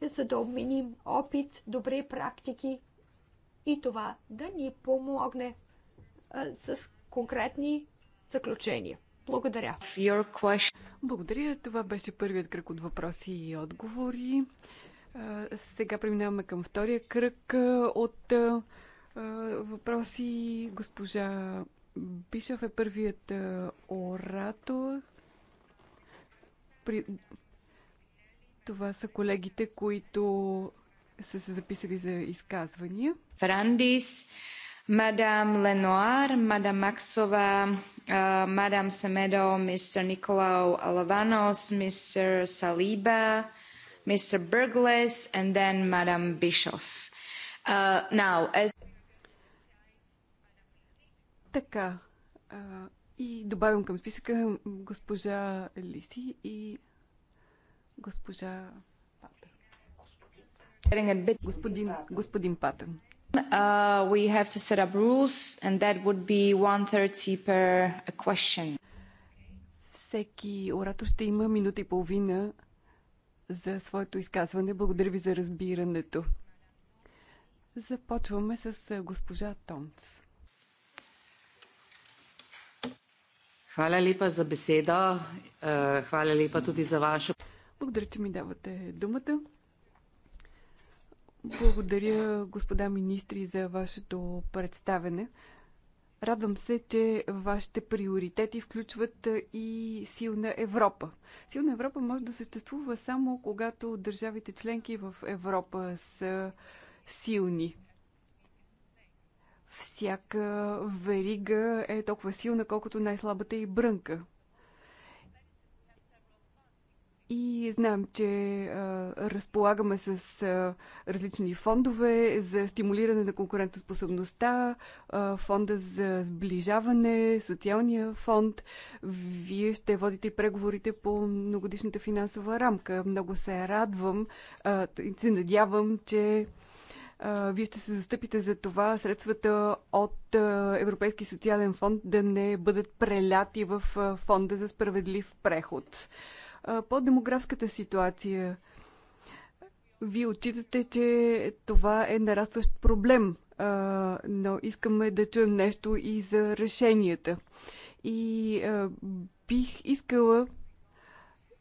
за да обменим опит, добри практики и това да ни помогне а,
с конкретни заключения. Благодаря. Благодаря. Това беше първият кръг от въпроси и отговори. Сега преминаваме към втория кръг от въпроси. Госпожа Бисов е първият оратор. При... Това са колегите, които са се записали за изказвания. Франдис, мадам Ленуар, мадам Максова, е, мадам Семедо, мистер Николао Алаванос,
мистер Салиба, мистер Бърглес, и мадам
Бишов. Uh, now, as така. А, и добавям към списъка госпожа Лиси и госпожа Патън. Господин, господин Патън. Uh, we have to set up rules and that would be 130 per a question. Всеки оратор ще има минута и половина за своето изказване. Благодаря ви за разбирането. Започваме с госпожа Тонц.
Hvala lepa за беседа. Eh, hvala lepa
tudi за vašo. Благодаря, че ми давате думата. Благодаря, господа министри, за вашето представене. Радвам се, че вашите приоритети включват е, и силна Европа. Силна Европа може да съществува само когато държавите членки в Европа са силни. Всяка верига е толкова силна, колкото най-слабата и брънка. И знам, че а, разполагаме с а, различни фондове за стимулиране на конкурентоспособността, а, фонда за сближаване, социалния фонд. Вие ще водите и преговорите по многодишната финансова рамка. Много се радвам а, и се надявам, че вие ще се застъпите за това средствата от Европейски социален фонд да не бъдат преляти в фонда за справедлив преход. По демографската ситуация, вие отчитате, че това е нарастващ проблем, но искаме да чуем нещо и за решенията. И бих искала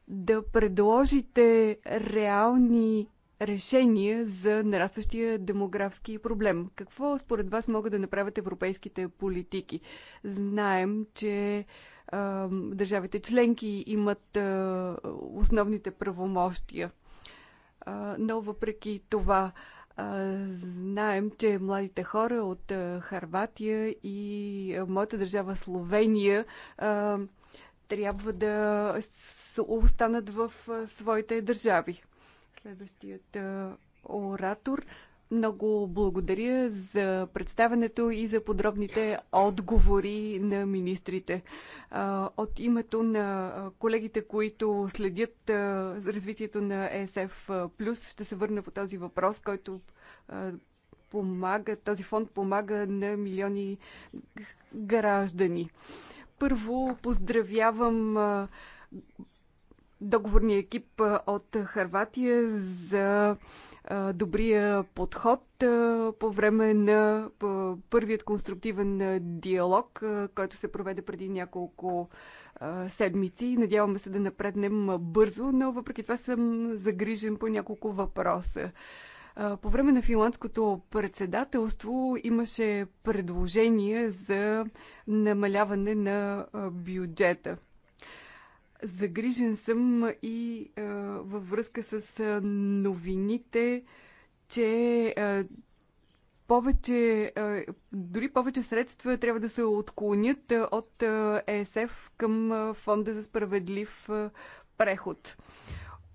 да предложите реални решение за нарастващия демографски проблем. Какво според вас могат да направят европейските политики? Знаем, че а, държавите членки имат а, основните правомощия. А, но въпреки това, а, знаем, че младите хора от а, Харватия и а, моята държава Словения а, трябва да останат в своите държави. Следващият оратор. Много благодаря за представенето и за подробните отговори на министрите. От името на колегите, които следят развитието на ЕСФ Плюс, ще се върна по този въпрос, който помага, този фонд помага на милиони граждани. Първо поздравявам договорния екип от Харватия за добрия подход по време на първият конструктивен диалог, който се проведе преди няколко седмици. Надяваме се да напреднем бързо, но въпреки това съм загрижен по няколко въпроса. По време на финландското председателство имаше предложение за намаляване на бюджета. Загрижен съм и а, във връзка с а, новините, че а, повече, а, дори повече средства трябва да се отклонят а, от а, ЕСФ към а, Фонда за справедлив а, преход.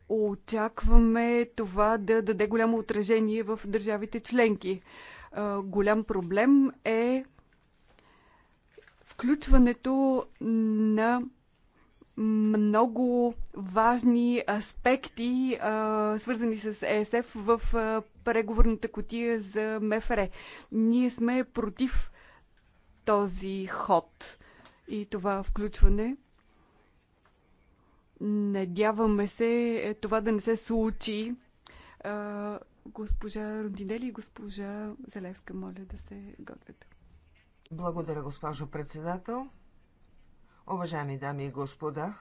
Очакваме това да даде голямо отражение в държавите членки. А, голям проблем е включването на много важни аспекти, свързани с ЕСФ в преговорната котия за МФР. Ние сме против този ход и това включване. Надяваме се е, това да не се случи. Госпожа Рондинели и госпожа Залевска, моля да се готвят.
Благодаря, госпожо председател. Уважаеми дами и господа,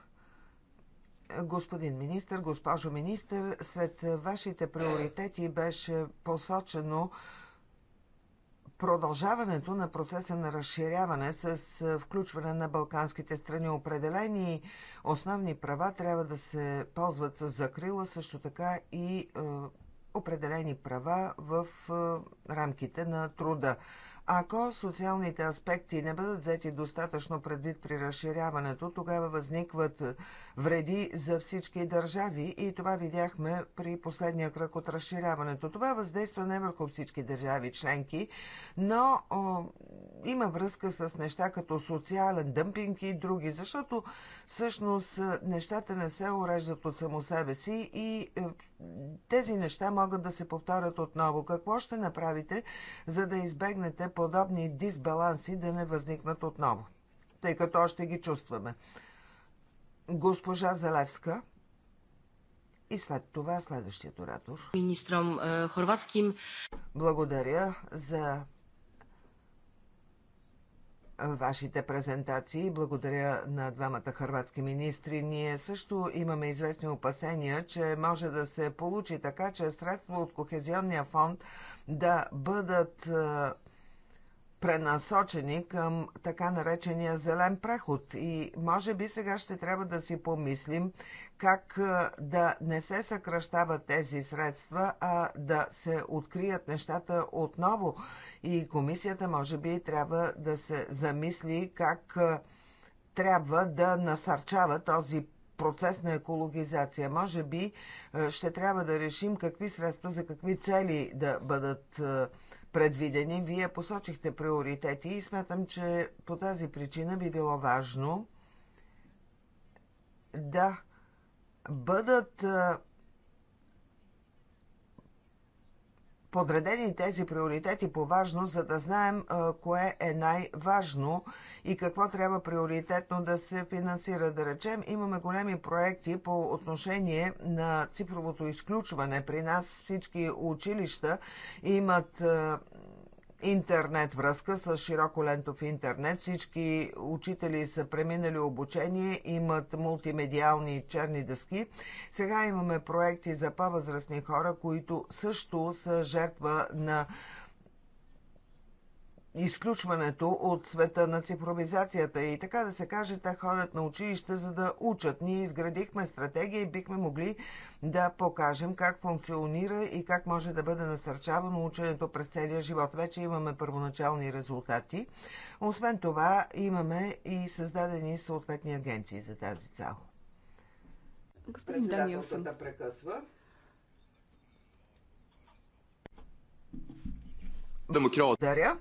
господин министр, госпожо министр, сред вашите приоритети беше посочено продължаването на процеса на разширяване с включване на балканските страни. Определени основни права трябва да се ползват с закрила, също така и определени права в рамките на труда. Ако социалните аспекти не бъдат взети достатъчно предвид при разширяването, тогава възникват вреди за всички държави и това видяхме при последния кръг от разширяването. Това въздейства не върху всички държави членки, но о, има връзка с неща като социален дъмпинг и други, защото всъщност нещата не се уреждат от само себе си и е, тези неща могат да се повторят отново. Какво ще направите, за да избегнете подобни дисбаланси да не възникнат отново? Тъй като още ги чувстваме. Госпожа Залевска и след това следващият оратор. Министром е, Хорватским. Благодаря за вашите презентации. Благодаря на двамата хрватски министри. Ние също имаме известни опасения, че може да се получи така, че средства от Кохезионния фонд да бъдат е, пренасочени към така наречения зелен преход. И може би сега ще трябва да си помислим как да не се съкръщават тези средства, а да се открият нещата отново. И комисията може би трябва да се замисли как трябва да насърчава този процес на екологизация. Може би ще трябва да решим какви средства за какви цели да бъдат предвидени. Вие посочихте приоритети и смятам, че по тази причина би било важно да бъдат подредени тези приоритети по важно, за да знаем кое е най-важно и какво трябва приоритетно да се финансира. Да речем, имаме големи проекти по отношение на цифровото изключване. При нас всички училища имат интернет връзка с широколентов интернет. Всички учители са преминали обучение, имат мултимедиални черни дъски. Сега имаме проекти за по-възрастни хора, които също са жертва на изключването от света на цифровизацията и така да се каже, те ходят на училище за да учат. Ние изградихме стратегия и бихме могли да покажем как функционира и как може да бъде насърчавано ученето през целия живот. Вече имаме първоначални резултати. Освен това, имаме и създадени съответни агенции за тази цел. Господин Данилсън. прекъсва. Демократ. Даря.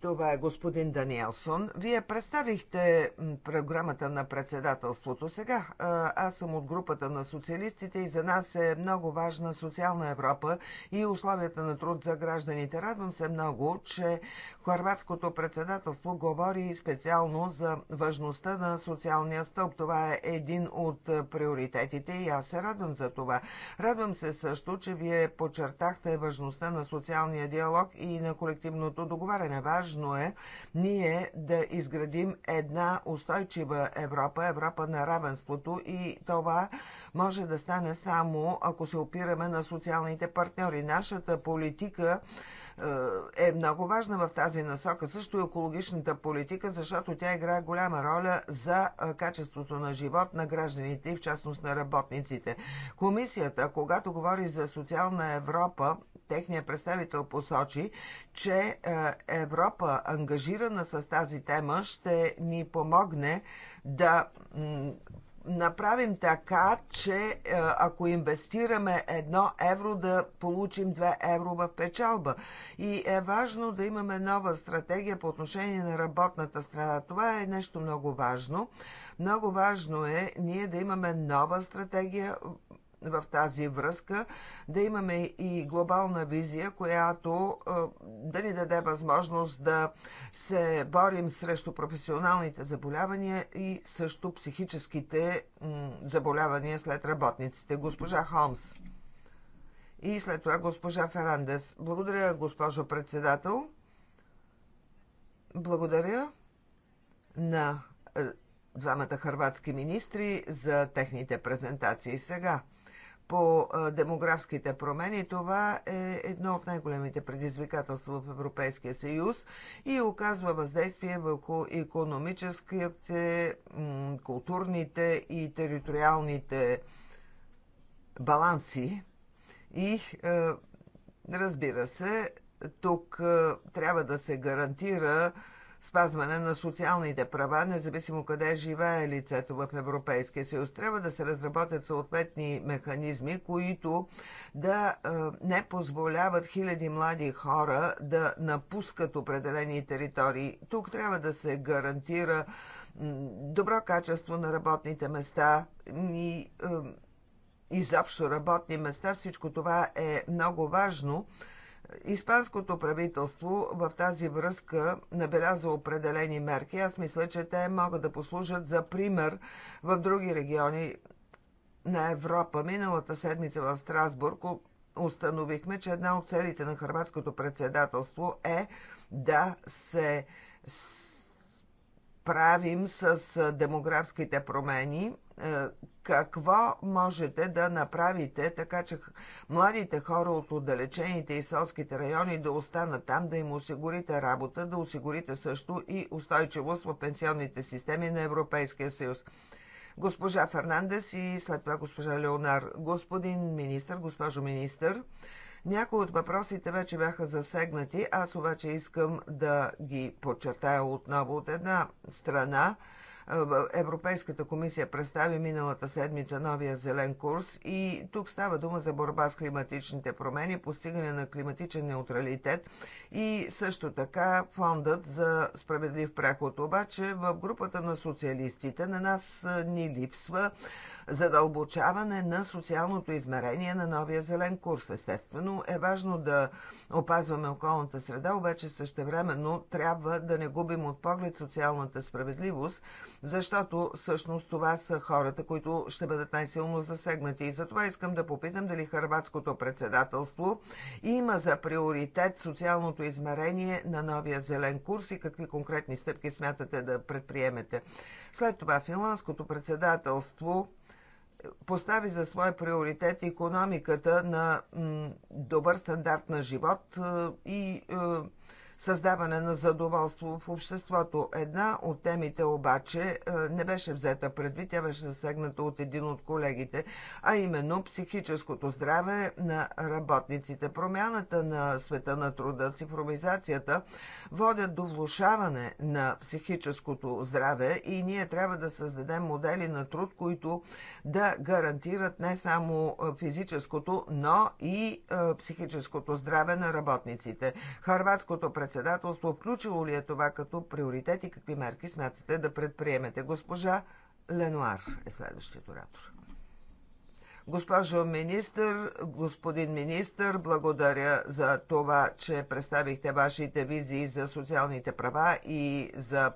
Това е господин Даниелсон. Вие представихте програмата на председателството сега. Аз съм от групата на социалистите и за нас е много важна социална Европа и условията на труд за гражданите. Радвам се много, че Хорватското председателство говори специално за важността на социалния стълб. Това е един от приоритетите и аз се радвам за това. Радвам се също, че вие подчертахте важността на социалния диалог и на колективното договаряне. Важно Важно е ние да изградим една устойчива Европа, Европа на равенството и това може да стане само ако се опираме на социалните партньори. Нашата политика е, е много важна в тази насока. Също и екологичната политика, защото тя играе голяма роля за е, качеството на живот на гражданите и в частност на работниците. Комисията, когато говори за социална Европа, техният представител посочи, че е, Европа, ангажирана с тази тема, ще ни помогне да направим така, че е, ако инвестираме едно евро, да получим 2 евро в печалба. И е важно да имаме нова стратегия по отношение на работната страна. Това е нещо много важно. Много важно е ние да имаме нова стратегия в тази връзка, да имаме и глобална визия, която да ни даде възможност да се борим срещу професионалните заболявания и също психическите заболявания след работниците. Госпожа Холмс. И след това госпожа Ферандес. Благодаря, госпожо председател. Благодаря на двамата хрватски министри за техните презентации сега по демографските промени. Това е едно от най-големите предизвикателства в Европейския съюз и оказва въздействие върху економическите, културните и териториалните баланси. И разбира се, тук трябва да се гарантира спазване на социалните права, независимо къде живее лицето в Европейския съюз. Трябва да се разработят съответни механизми, които да не позволяват хиляди млади хора да напускат определени територии. Тук трябва да се гарантира добро качество на работните места и изобщо работни места. Всичко това е много важно Испанското правителство в тази връзка набеляза определени мерки. Аз мисля, че те могат да послужат за пример в други региони на Европа. Миналата седмица в Страсбург установихме, че една от целите на хрватското председателство е да се правим с демографските промени, какво можете да направите, така че младите хора от отдалечените и селските райони да останат там, да им осигурите работа, да осигурите също и устойчивост в пенсионните системи на Европейския съюз. Госпожа Фернандес и след това госпожа Леонар. Господин министр, госпожо министр, някои от въпросите вече бяха засегнати, аз обаче искам да ги подчертая отново от една страна Европейската комисия представи миналата седмица новия зелен курс и тук става дума за борба с климатичните промени, постигане на климатичен неутралитет и също така фондът за справедлив преход. Обаче в групата на социалистите на нас ни липсва задълбочаване на социалното измерение на новия зелен курс. Естествено е важно да опазваме околната среда, обаче също времено трябва да не губим от поглед социалната справедливост, защото всъщност това са хората, които ще бъдат най-силно засегнати. И затова искам да попитам дали Харватското председателство има за приоритет социалното социалното измерение на новия зелен курс и какви конкретни стъпки смятате да предприемете. След това финландското председателство постави за свой приоритет економиката на добър стандарт на живот е, и е, създаване на задоволство в обществото. Една от темите обаче е, не беше взета предвид, тя беше засегната от един от колегите, а именно психическото здраве на работниците. Промяната на света на труда, цифровизацията водят до влушаване на психическото здраве и ние трябва да създадем модели на труд, които да гарантират не само е, физическото, но и е, психическото здраве на работниците. Харватското пред председателство включило ли е това като приоритет и какви мерки смятате да предприемете? Госпожа Ленуар е следващият оратор. Госпожо министър, господин министър, благодаря за това, че представихте вашите визии за социалните права и за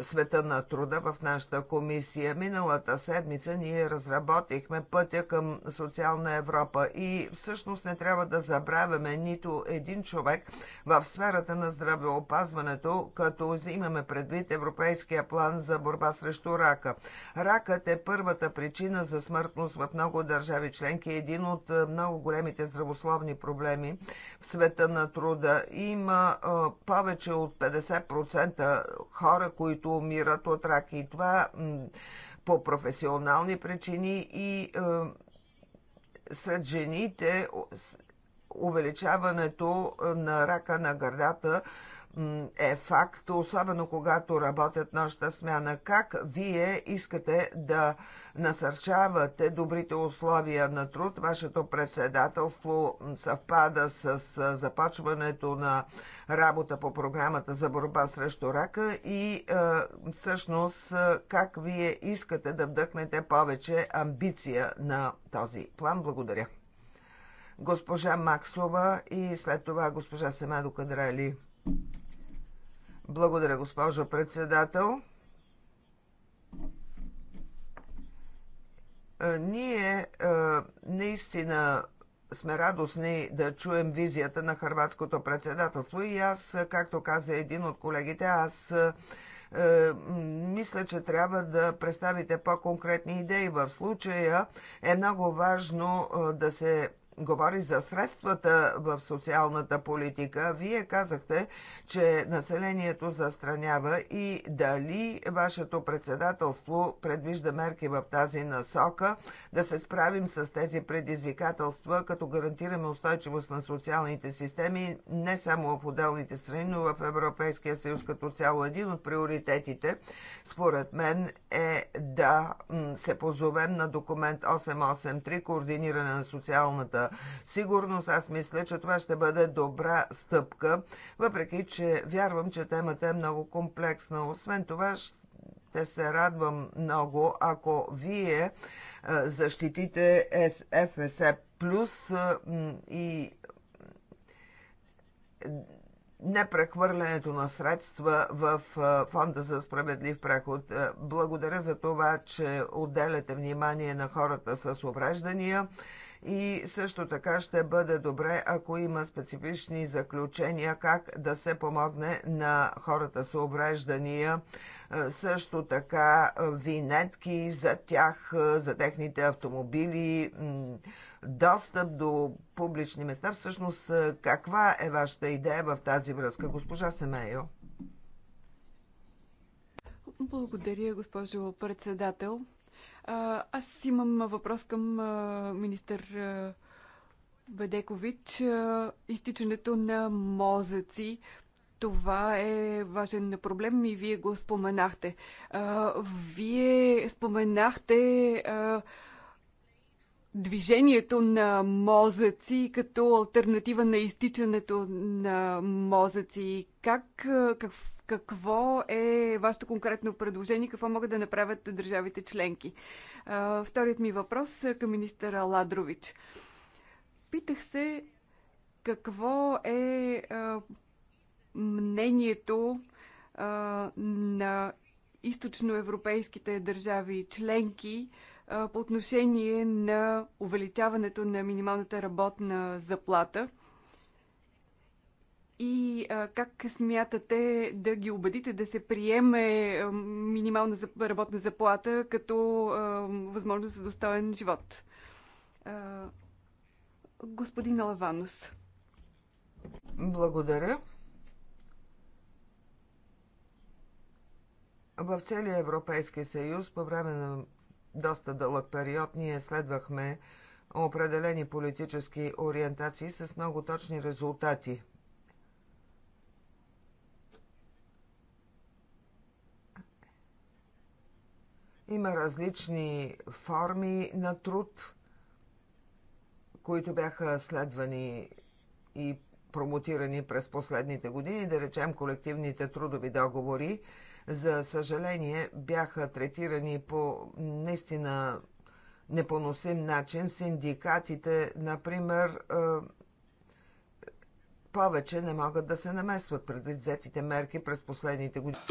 света на труда в нашата комисия. Миналата седмица ние разработихме пътя към социална Европа и всъщност не трябва да забравяме нито един човек в сферата на здравеопазването, като взимаме предвид Европейския план за борба срещу рака. Ракът е първата причина за смъртност в много държави членки, един от е, много големите здравословни проблеми в света на труда. Има е, повече от 50% хора, които които умират от рак и това по професионални причини и е, сред жените увеличаването е, на рака на гърдата е факт, особено когато работят нощта смяна. Как вие искате да насърчавате добрите условия на труд? Вашето председателство съвпада с започването на работа по програмата за борба срещу рака и е, всъщност е, как вие искате да вдъхнете повече амбиция на този план? Благодаря. Госпожа Максова и след това госпожа Семедо Кадрали. Благодаря, госпожо председател. Ние наистина сме радостни да чуем визията на хрватското председателство и аз, както каза един от колегите, аз мисля, че трябва да представите по-конкретни идеи. В случая е много важно да се говори за средствата в социалната политика, вие казахте, че населението застранява и дали вашето председателство предвижда мерки в тази насока да се справим с тези предизвикателства, като гарантираме устойчивост на социалните системи не само в отделните страни, но в Европейския съюз като цяло. Един от приоритетите, според мен, е да се позовем на документ 883 Координиране на социалната сигурност. Аз мисля, че това ще бъде добра стъпка, въпреки че вярвам, че темата е много комплексна. Освен това, ще се радвам много, ако вие е, защитите СФС плюс е, и непрехвърлянето на средства в Фонда за справедлив преход. Благодаря за това, че отделяте внимание на хората с увреждания и също така ще бъде добре, ако има специфични заключения как да се помогне на хората с увреждания, също така винетки за тях, за техните автомобили, достъп до публични места. Всъщност, каква е вашата идея в тази връзка, госпожа Семейо?
Благодаря, госпожо председател. Аз имам въпрос към министър Бедекович. Изтичането на мозъци това е важен проблем и вие го споменахте. Вие споменахте движението на мозъци като альтернатива на изтичането на мозъци. Как, как, какво е вашето конкретно предложение? Какво могат да направят държавите членки? Вторият ми въпрос към министър Ладрович. Питах се какво е мнението на източноевропейските държави членки по отношение на увеличаването на минималната работна заплата и как смятате да ги убедите да се приеме минимална работна заплата като възможност за достоен живот? Господин Алаванус.
Благодаря. В целия Европейски съюз по време на доста дълъг период ние следвахме определени политически ориентации с много точни резултати. Има различни форми на труд, които бяха следвани и промотирани през последните години, да речем колективните трудови договори за съжаление, бяха третирани по наистина непоносим начин. Синдикатите, например, повече не могат да се намесват предвид взетите мерки през последните години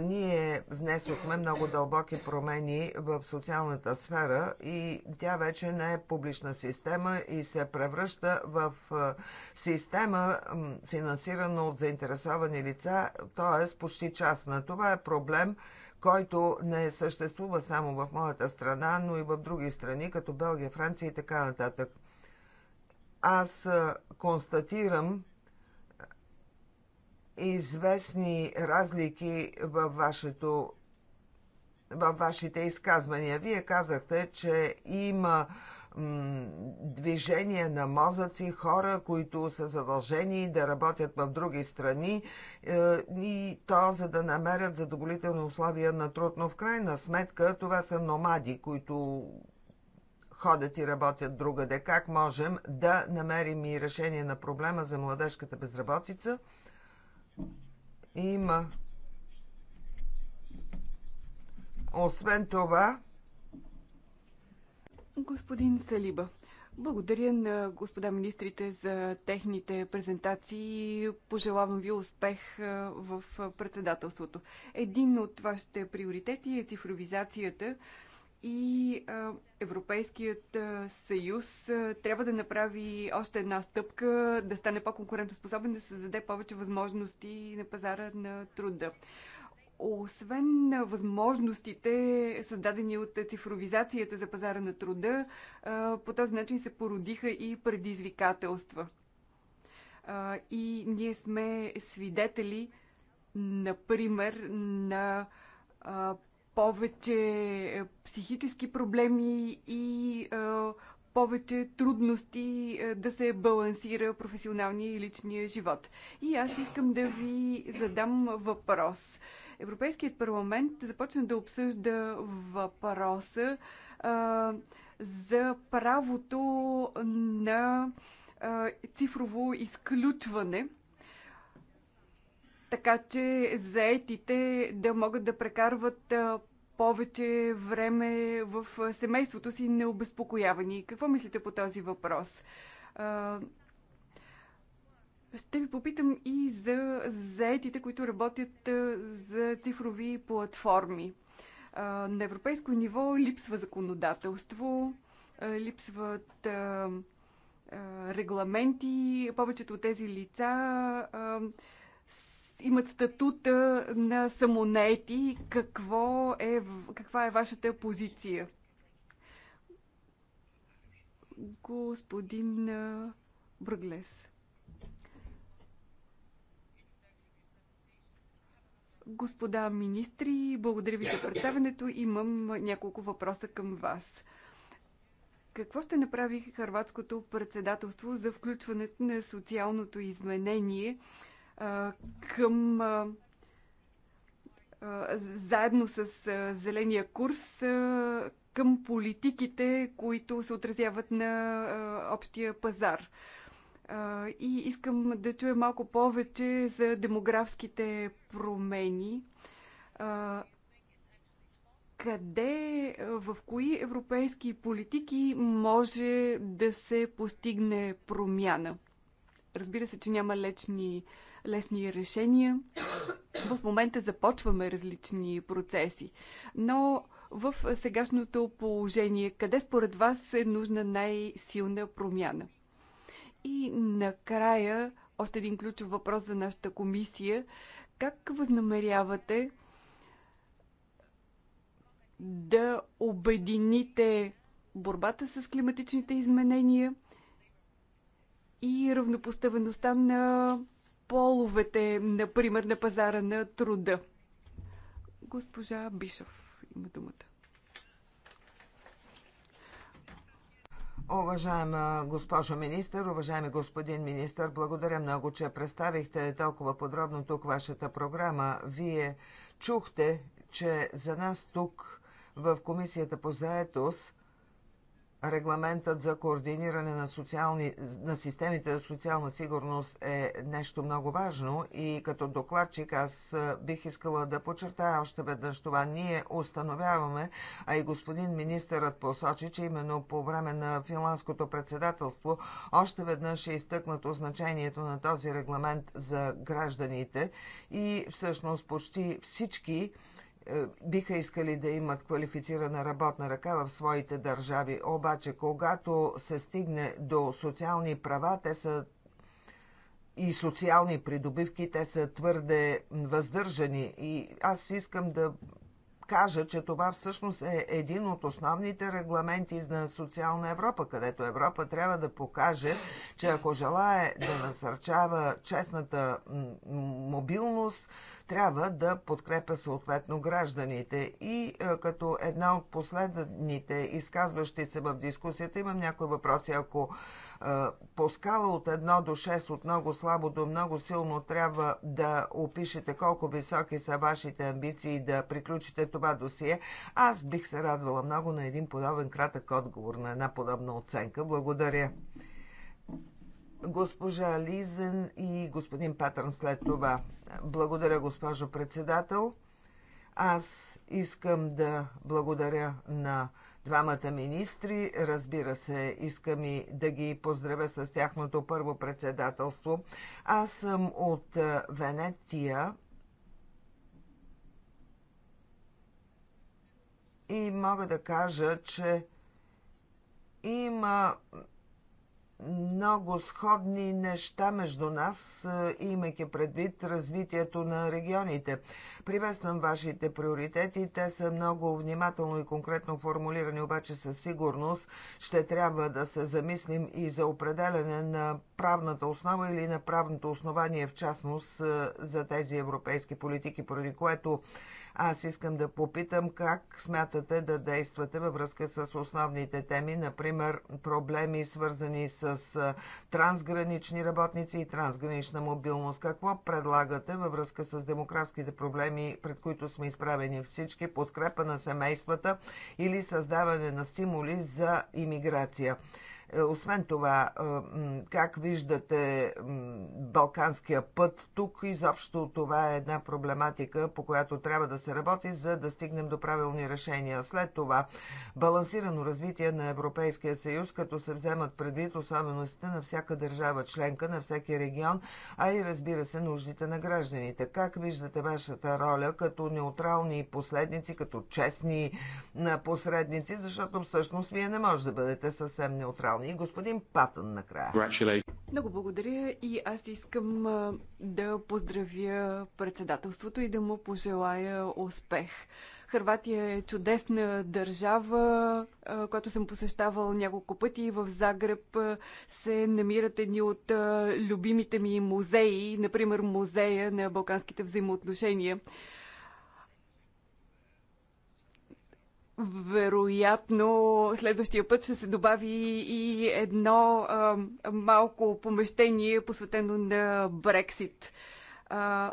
ние внесохме много дълбоки промени в социалната сфера и тя вече не е публична система и се превръща в система, финансирана от заинтересовани лица, т.е. почти частна. Това е проблем, който не съществува само в моята страна, но и в други страни, като Белгия, Франция и така нататък. Аз констатирам, известни разлики във вашето във вашите изказвания. Вие казахте, че има движение на мозъци, хора, които са задължени да работят в други страни е, и то за да намерят задоволителни условия на труд. Но в крайна сметка това са номади, които ходят и работят другаде. Как можем да намерим и решение на проблема за младежката безработица – има. Освен това.
Господин Салиба, благодаря на господа министрите за техните презентации. Пожелавам ви успех в председателството. Един от вашите приоритети е цифровизацията и Европейският съюз трябва да направи още една стъпка, да стане по-конкурентоспособен, да създаде повече възможности на пазара на труда. Освен възможностите, създадени от цифровизацията за пазара на труда, по този начин се породиха и предизвикателства. И ние сме свидетели, например, на повече е, психически проблеми и а, е, повече трудности а, е, да се балансира професионалния и личния живот. И аз искам да ви задам въпрос. Европейският парламент започна да обсъжда въпроса а, за правото на а, цифрово изключване – така че заетите да могат да прекарват повече време в семейството си необезпокоявани. Какво мислите по този въпрос? Ще ви попитам и за заетите, които работят за цифрови платформи. На европейско ниво липсва законодателство, липсват регламенти. Повечето от тези лица имат статута на самонети. Какво е, каква е вашата позиция? Господин Бръглес. Господа министри, благодаря ви за представенето. Имам няколко въпроса към вас. Какво ще направи Харватското председателство за включването на социалното изменение към заедно с зеления курс към политиките, които се отразяват на общия пазар. И искам да чуя малко повече за демографските промени. Къде, в кои европейски политики може да се постигне промяна? Разбира се, че няма лечни лесни решения. В момента започваме различни процеси. Но в сегашното положение, къде според вас е нужна най-силна промяна? И накрая, още един ключов въпрос за нашата комисия. Как възнамерявате да обедините борбата с климатичните изменения и равнопоставеността на половете, например, на пазара на труда. Госпожа Бишов има думата.
Уважаема госпожо министър, уважаеми господин министър, благодаря много, че представихте толкова подробно тук вашата програма. Вие чухте, че за нас тук в Комисията по заетост регламентът за координиране на, социални, на системите за социална сигурност е нещо много важно и като докладчик аз бих искала да подчертая още веднъж това. Ние установяваме, а и господин министърът посочи, че именно по време на финландското председателство още веднъж е изтъкнато значението на този регламент за гражданите и всъщност почти всички е, биха искали да имат квалифицирана работна ръка в своите държави. Обаче, когато се стигне до социални права, те са и социални придобивки, те са твърде въздържани. И аз искам да кажа, че това всъщност е един от основните регламенти на социална Европа, където Европа трябва да покаже, че ако желая да насърчава честната мобилност, трябва да подкрепя съответно гражданите. И е, като една от последните изказващи се в дискусията имам някои въпроси. Ако е, по скала от 1 до 6, от много слабо до много силно, трябва да опишете колко високи са вашите амбиции да приключите това досие, аз бих се радвала много на един подобен кратък отговор, на една подобна оценка. Благодаря госпожа Лизен и господин Патърн след това. Благодаря, госпожо председател. Аз искам да благодаря на двамата министри. Разбира се, искам и да ги поздравя с тяхното първо председателство. Аз съм от Венетия и мога да кажа, че има много сходни неща между нас, е, имайки предвид развитието на регионите. Приветствам вашите приоритети. Те са много внимателно и конкретно формулирани, обаче със сигурност ще трябва да се замислим и за определене на правната основа или на правното основание, в частност е, за тези европейски политики, поради което аз искам да попитам как смятате да действате във връзка с основните теми, например проблеми свързани с трансгранични работници и трансгранична мобилност. Какво предлагате във връзка с демографските проблеми, пред които сме изправени всички, подкрепа на семействата или създаване на стимули за иммиграция? Е, освен това, е, как виждате Балканския път тук, изобщо това е една проблематика, по която трябва да се работи, за да стигнем до правилни решения. След това, балансирано развитие на Европейския съюз, като се вземат предвид особеностите на всяка държава членка, на всеки регион, а и разбира се нуждите на гражданите. Как виждате вашата роля като неутрални последници, като честни посредници, защото всъщност вие не може да бъдете съвсем неутрални? и Господин Патън накрая.
Много благодаря и аз искам
да поздравя
председателството и да му пожелая успех. Харватия е чудесна държава, която съм посещавал няколко пъти. В Загреб се намират едни от любимите ми музеи, например музея на балканските взаимоотношения. Вероятно, следващия път ще се добави и едно а, малко помещение, посветено на Брексит. А,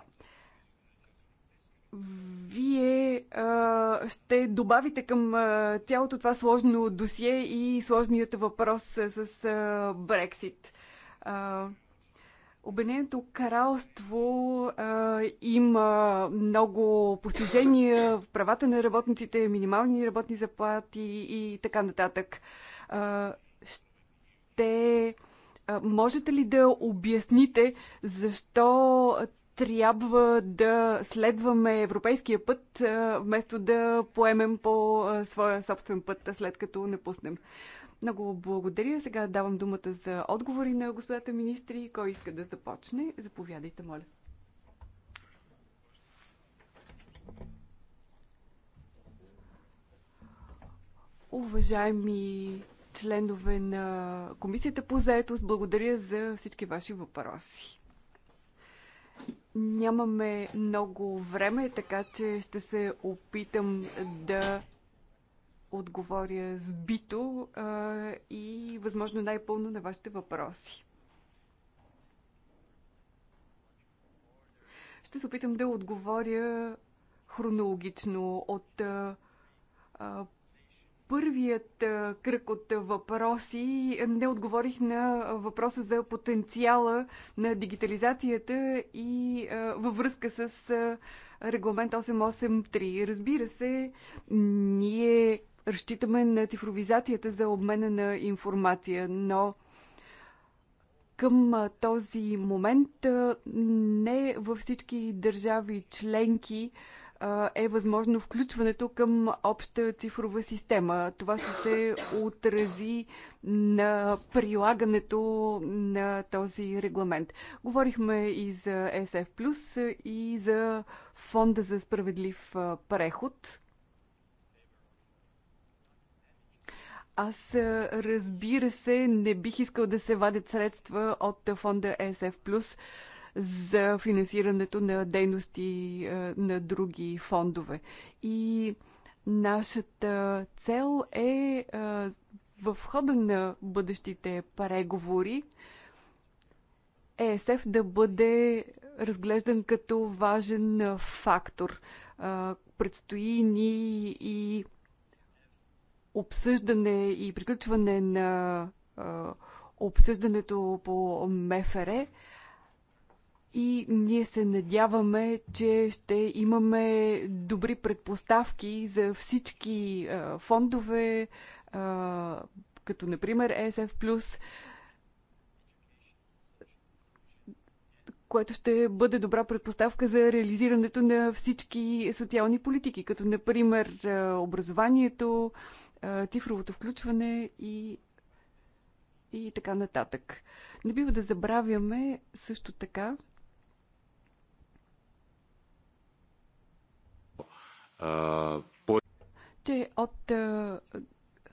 вие а, ще добавите към а, цялото това сложно досие и сложният въпрос с а, Брексит. А, Обединеното кралство а, има много постижения в правата на работниците, минимални работни заплати и така нататък. А, ще а, можете ли да обясните защо трябва да следваме европейския път, а, вместо да поемем по а, своя собствен път, след като не пуснем? Много благодаря. Сега давам думата за отговори на господата министри. Кой иска да започне? Заповядайте, моля. Уважаеми членове на Комисията по заетост, благодаря за всички ваши въпроси. Нямаме много време, така че ще се опитам да отговоря сбито а, и възможно най-пълно на вашите въпроси. Ще се опитам да отговоря хронологично от а, а, първият а, кръг от въпроси. Не отговорих на въпроса за потенциала на дигитализацията и а, във връзка с а, регламент 883. Разбира се, ние разчитаме на цифровизацията за обмена на информация, но към този момент не във всички държави членки е възможно включването към обща цифрова система. Това ще се отрази на прилагането на този регламент. Говорихме и за SF+, и за Фонда за справедлив преход. Аз разбира се, не бих искал да се вадят средства от фонда ESF+, е за финансирането на дейности на други фондове. И нашата цел е в хода на бъдещите преговори ЕСФ да бъде разглеждан като важен фактор. Предстои ни и обсъждане и приключване на обсъждането по МФР и ние се надяваме, че ще имаме добри предпоставки за всички фондове, като например ESF+, което ще бъде добра предпоставка за реализирането на всички социални политики, като например образованието, цифровото включване и, и така нататък. Не бива да забравяме също така, че от а,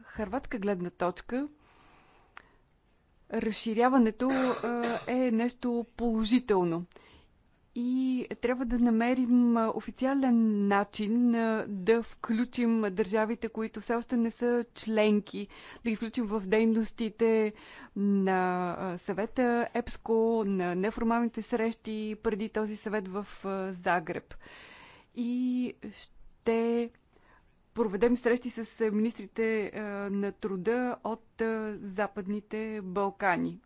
харватска гледна точка разширяването а, е нещо положително и трябва да намерим официален начин да включим държавите, които все още не са членки, да ги включим в дейностите на съвета ЕПСКО, на неформалните срещи преди този съвет в Загреб. И ще проведем срещи с министрите на труда от Западните Балкани.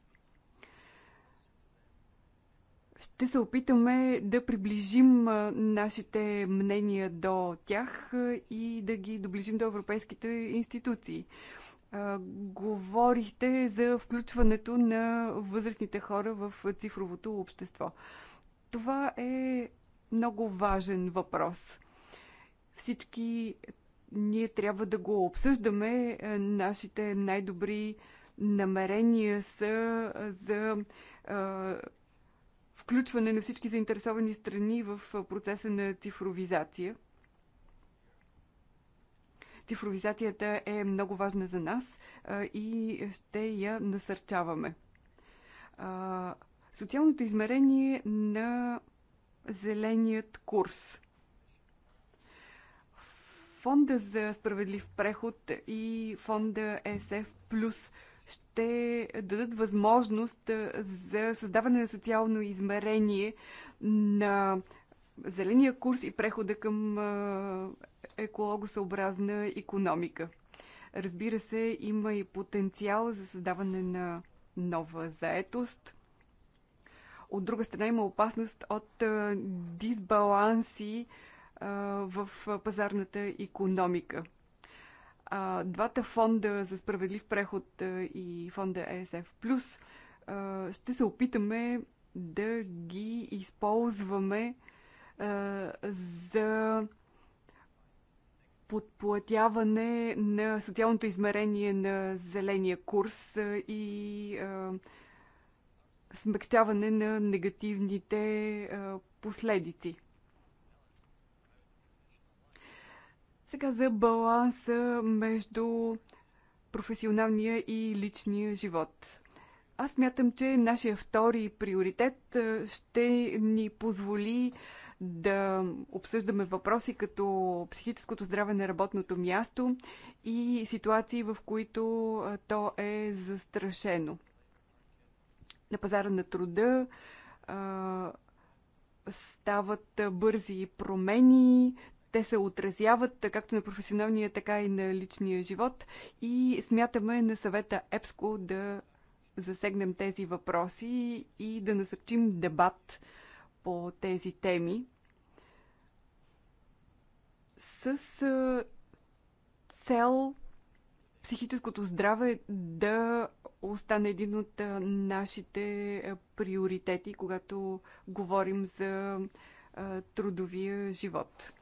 Ще се опитаме да приближим нашите мнения до тях и да ги доближим до европейските институции. Говорихте за включването на възрастните хора в цифровото общество. Това е много важен въпрос. Всички ние трябва да го обсъждаме. Нашите най-добри намерения са за включване на всички заинтересовани страни в процеса на цифровизация. Цифровизацията е много важна за нас и ще я насърчаваме. Социалното измерение на зеленият курс. Фонда за справедлив преход и фонда ЕСФ Плюс – ще дадат възможност за създаване на социално измерение на зеления курс и прехода към екологосъобразна економика. Разбира се, има и потенциал за създаване на нова заетост. От друга страна има опасност от дисбаланси в пазарната економика – а, двата фонда за справедлив преход и фонда ЕСФ а, ще се опитаме да ги използваме а, за подплатяване на социалното измерение на зеления курс и а, смягчаване на негативните а, последици. Сега за баланса между професионалния и личния живот. Аз мятам, че нашия втори приоритет ще ни позволи да обсъждаме въпроси като психическото здраве на работното място и ситуации, в които то е застрашено. На пазара на труда а, стават бързи промени, те се отразяват както на професионалния, така и на личния живот и смятаме на съвета ЕПСКО да засегнем тези въпроси и да насърчим дебат по тези теми с цел психическото здраве да остане един от нашите приоритети, когато говорим за трудовия живот.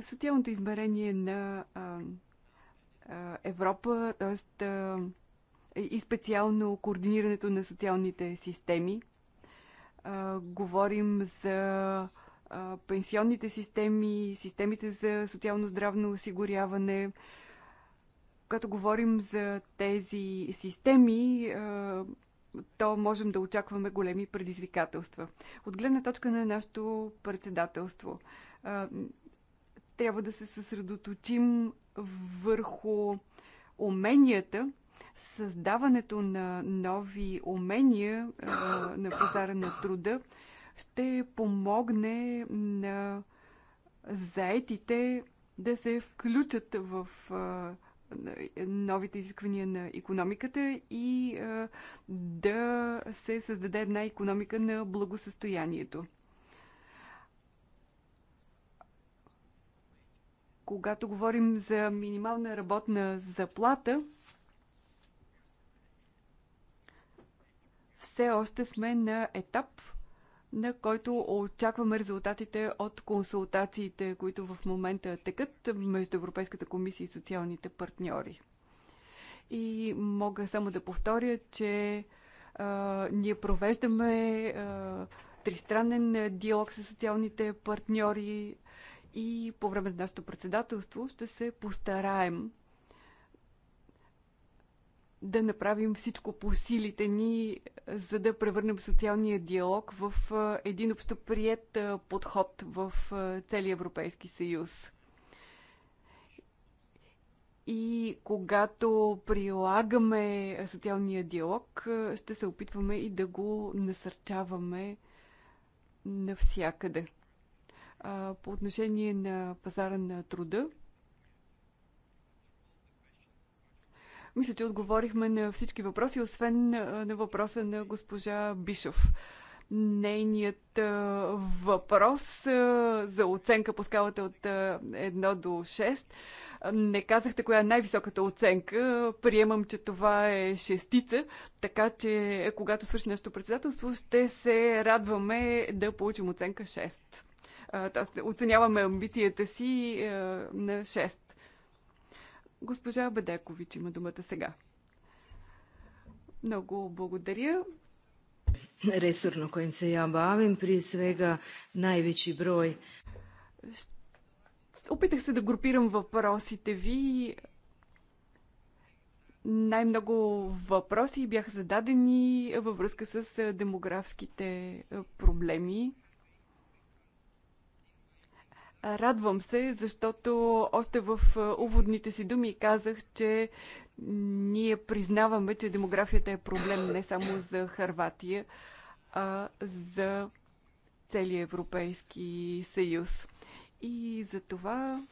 социалното измерение на а, а, Европа, т.е. и специално координирането на социалните системи. А, говорим за а, пенсионните системи, системите за социално-здравно осигуряване. Когато говорим за тези системи, а, то можем да очакваме големи предизвикателства. От гледна точка на нашето председателство, трябва да се съсредоточим върху уменията, създаването на нови умения на пазара на труда ще помогне на заетите да се включат в новите изисквания на економиката и да се създаде една економика на благосъстоянието. Когато говорим за минимална работна заплата, все още сме на етап, на който очакваме резултатите от консултациите, които в момента текат между Европейската комисия и социалните партньори. И мога само да повторя, че а, ние провеждаме а, тристранен диалог с социалните партньори и по време на нашето председателство ще се постараем да направим всичко по силите ни, за да превърнем социалния диалог в един общоприет подход в целия Европейски съюз. И когато прилагаме социалния диалог, ще се опитваме и да го насърчаваме навсякъде по отношение на пазара на труда. Мисля, че отговорихме на всички въпроси, освен на въпроса на госпожа Бишов. Нейният въпрос за оценка по скалата от 1 до 6. Не казахте коя е най-високата оценка. Приемам, че това е шестица, така че когато свърши нашето председателство, ще се радваме да получим оценка 6 оценяваме амбицията си е, на 6. Госпожа Бедекович има думата сега. Много благодаря.
Resorno
kojim се ja при prije най najveći брой. Опитах се да групирам въпросите ви. Най-много въпроси бяха зададени във връзка с е, демографските е, проблеми. Радвам се, защото още в уводните си думи казах, че ние признаваме, че демографията е проблем не само за Харватия, а за целия Европейски съюз. И за това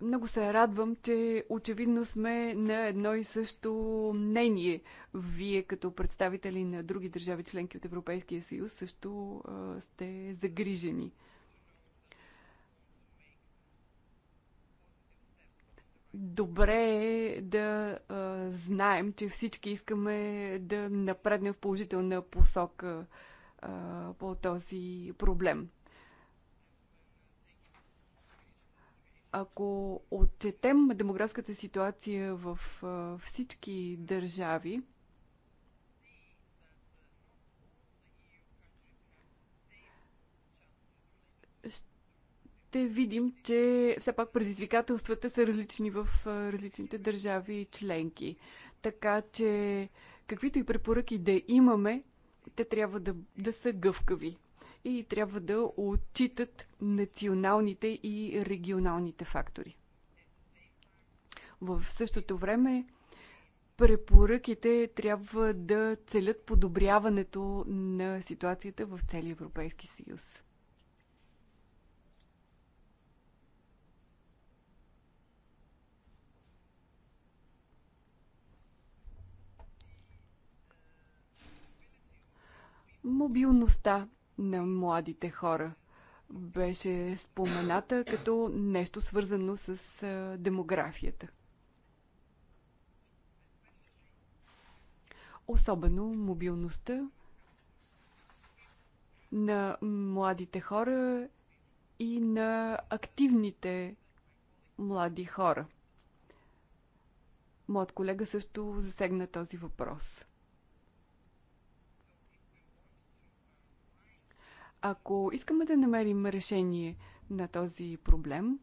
Много се радвам, че очевидно сме на едно и също мнение. Вие като представители на други държави членки от Европейския съюз също а, сте загрижени. Добре е да а, знаем, че всички искаме да напреднем в положителна посока а, по този проблем. Ако отчетем демографската ситуация в всички държави, ще видим, че все пак предизвикателствата са различни в различните държави и членки. Така че, каквито и препоръки да имаме, те трябва да, да са гъвкави и трябва да отчитат националните и регионалните фактори. В същото време препоръките трябва да целят подобряването на ситуацията в целия Европейски съюз. Мобилността на младите хора. Беше спомената като нещо свързано с демографията. Особено мобилността на младите хора и на активните млади хора. Моят колега също засегна този въпрос. Ако искаме да намерим решение на този проблем,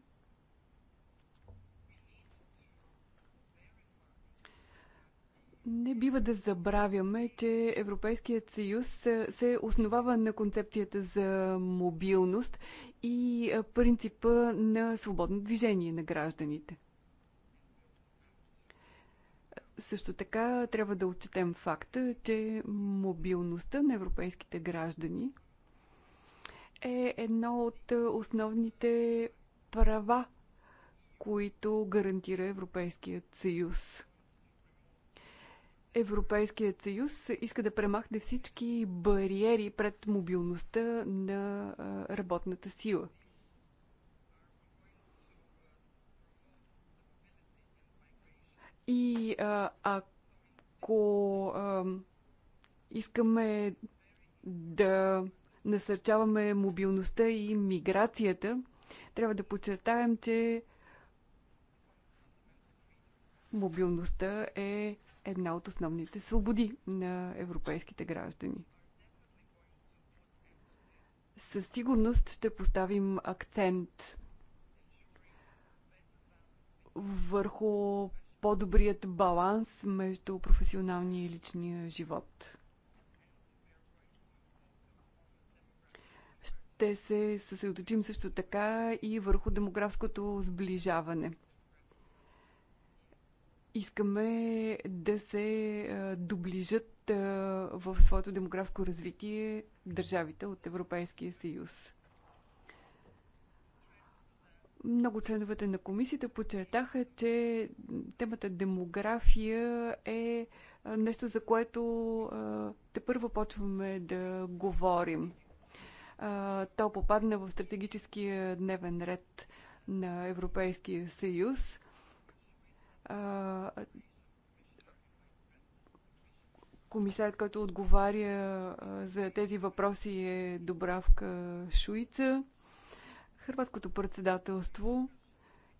Не бива да забравяме, че Европейският съюз се основава на концепцията за мобилност и принципа на свободно движение на гражданите. Също така трябва да отчетем факта, че мобилността на европейските граждани – е едно от е, основните права, които гарантира Европейският съюз. Европейският съюз иска да премахне всички бариери пред мобилността на работната сила. И а, ако а, искаме да насърчаваме мобилността и миграцията, трябва да подчертаем, че мобилността е една от основните свободи на европейските граждани. Със сигурност ще поставим акцент върху по-добрият баланс между професионалния и личния живот. ще се съсредоточим също така и върху демографското сближаване. Искаме да се доближат в своето демографско развитие държавите от Европейския съюз. Много членовете на комисията подчертаха, че темата демография е нещо, за което те първо почваме да говорим – то попадна в стратегическия дневен ред на Европейския съюз. Комисарят, който отговаря за тези въпроси е Добравка Шуица. Хрватското председателство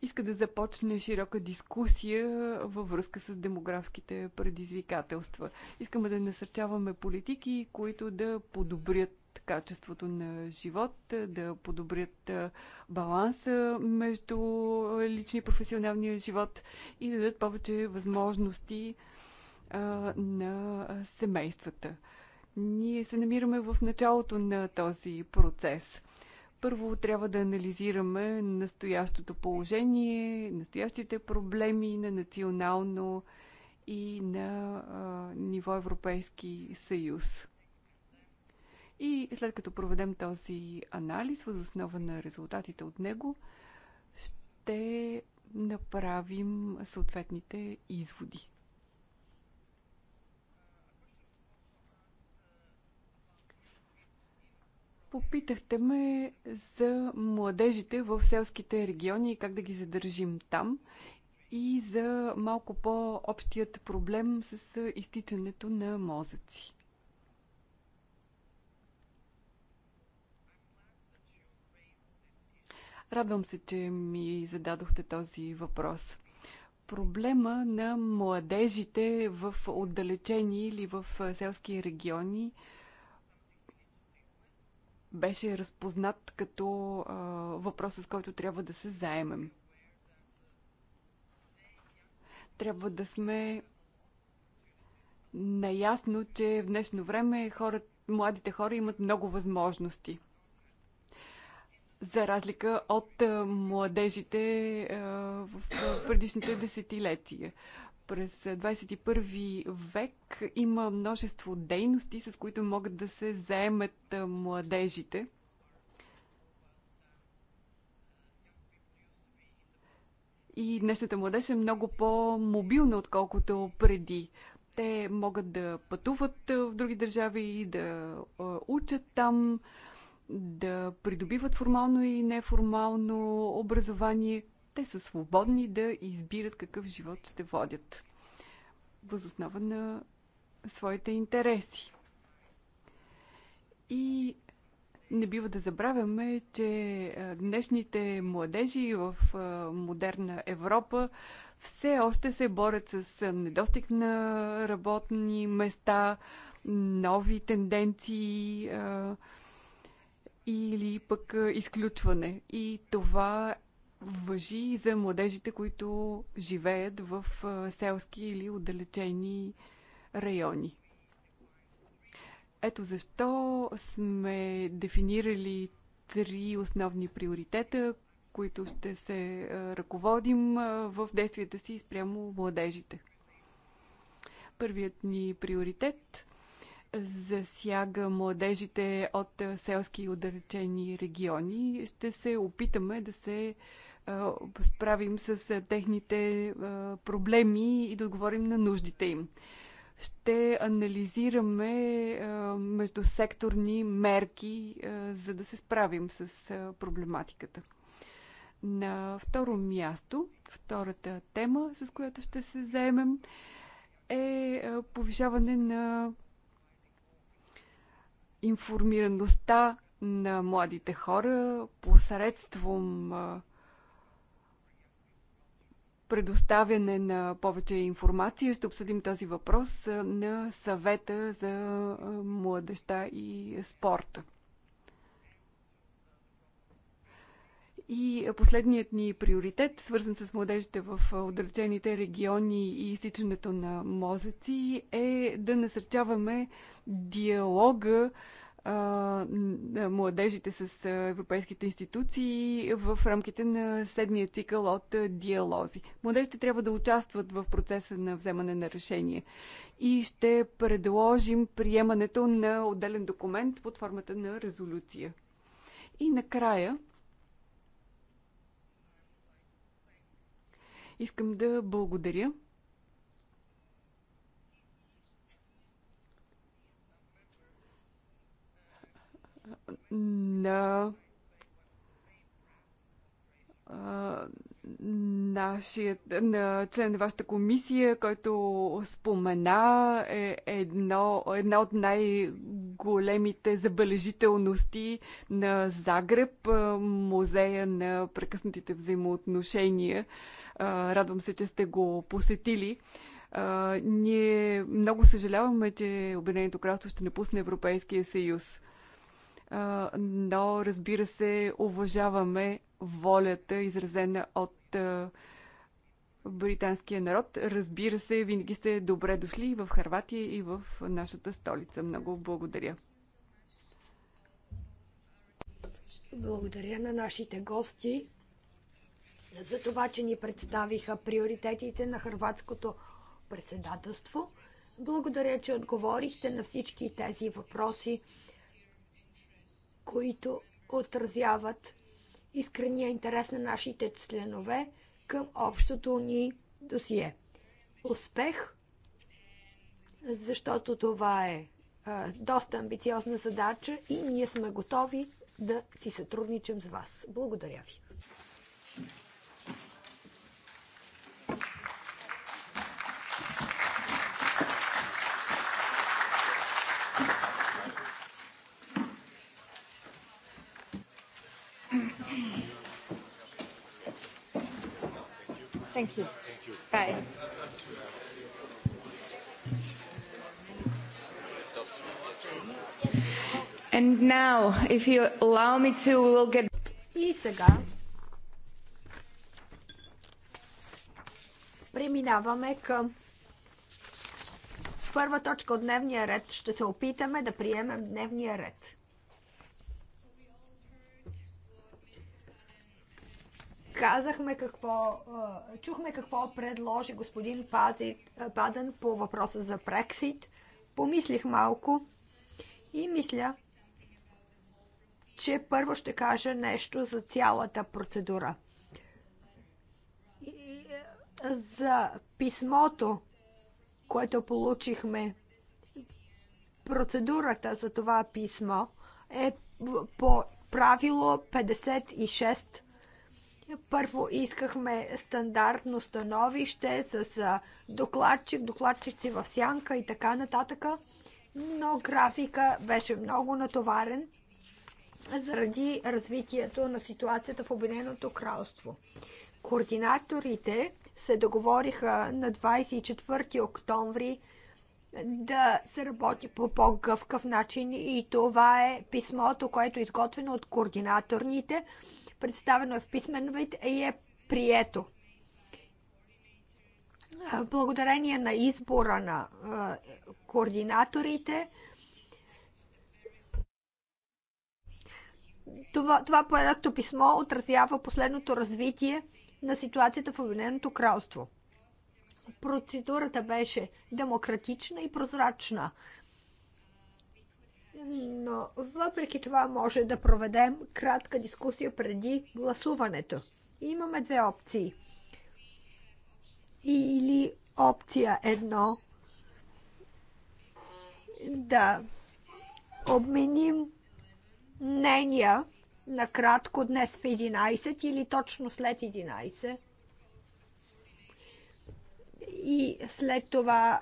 иска да започне широка дискусия във връзка с демографските предизвикателства. Искаме да насърчаваме политики, които да подобрят качеството на живот, е, да подобрят е, баланса между личния и професионалния живот и да дадат повече възможности е, на семействата. Ние се намираме в началото на този процес. Първо трябва да анализираме настоящото положение, настоящите проблеми на национално и на а, ниво Европейски съюз. И след като проведем този анализ, въз основа на резултатите от него, ще направим съответните изводи. Попитахте ме за младежите в селските региони и как да ги задържим там и за малко по-общият проблем с изтичането на мозъци. Радвам се, че ми зададохте този въпрос. Проблема на младежите в отдалечени или в селски региони беше разпознат като въпрос, с който трябва да се заемем. Трябва да сме наясно, че в днешно време хората младите хора имат много възможности за разлика от е, младежите е, в предишните десетилетия. През 21 е, век има множество дейности, с които могат да се заемат младежите. И днешната младеж е много по-мобилна, отколкото преди. Те могат да пътуват в други държави, да учат там, да придобиват формално и неформално образование. Те са свободни да избират какъв живот ще водят. Възоснова на своите интереси. И не бива да забравяме, че днешните младежи в модерна Европа все още се борят с недостиг на работни места, нови тенденции, или пък изключване. И това въжи и за младежите, които живеят в селски или отдалечени райони. Ето защо сме дефинирали три основни приоритета, които ще се ръководим в действията си спрямо младежите. Първият ни приоритет засяга младежите от е, селски и отдалечени региони. Ще се опитаме да се е, справим с е, техните проблеми и да отговорим на нуждите им. Ще анализираме междусекторни мерки, за да се справим с проблематиката. На второ място, втората тема, с която ще се заемем, е повишаване на информираността на младите хора посредством предоставяне на повече информация. Ще обсъдим този въпрос на съвета за младеща и спорта. И последният ни приоритет, свързан с младежите в отдалечените региони и изтичането на мозъци, е да насърчаваме диалога на младежите с европейските институции в рамките на седмия цикъл от диалози. Младежите трябва да участват в процеса на вземане на решение и ще предложим приемането на отделен документ под формата на резолюция. И накрая Искам да благодаря на нашият, на член на вашата комисия, който спомена е едно, една от най-големите забележителности на Загреб, музея на прекъснатите взаимоотношения Радвам се, че сте го посетили. Ние много съжаляваме, че Обединеното кралство ще напусне Европейския съюз. Но, разбира се, уважаваме волята, изразена от британския народ. Разбира се, винаги сте добре дошли и в Харватия, и в нашата столица. Много благодаря.
Благодаря на нашите гости за това, че ни представиха приоритетите на хрватското председателство. Благодаря, че отговорихте на всички тези въпроси, които отразяват искрения интерес на нашите членове към общото ни досие. Успех, защото това е доста амбициозна задача и ние сме готови да си сътрудничим с вас. Благодаря ви.
Thank you. Thank you. Bye. And now, if you allow me to, we'll get... И сега
преминаваме към първа точка от дневния ред. Ще се опитаме да приемем дневния ред. казахме какво, чухме какво предложи господин Паден по въпроса за Брексит. Помислих малко и мисля, че първо ще кажа нещо за цялата процедура. За писмото, което получихме, процедурата за това писмо е по правило 56 първо искахме стандартно становище с докладчик, докладчици в сянка и така нататък, но графика беше много натоварен заради развитието на ситуацията в Обединеното кралство. Координаторите се договориха на 24 октомври да се работи по по-гъвкав начин и това е писмото, което е изготвено от координаторните представено е в писмен вид и е прието. Благодарение на избора на координаторите, това, това проекто писмо отразява последното развитие на ситуацията в Обединеното кралство. Процедурата беше демократична и прозрачна но въпреки това може да проведем кратка дискусия преди гласуването. Имаме две опции. Или опция едно да обменим мнения накратко днес в 11 или точно след 11. И след това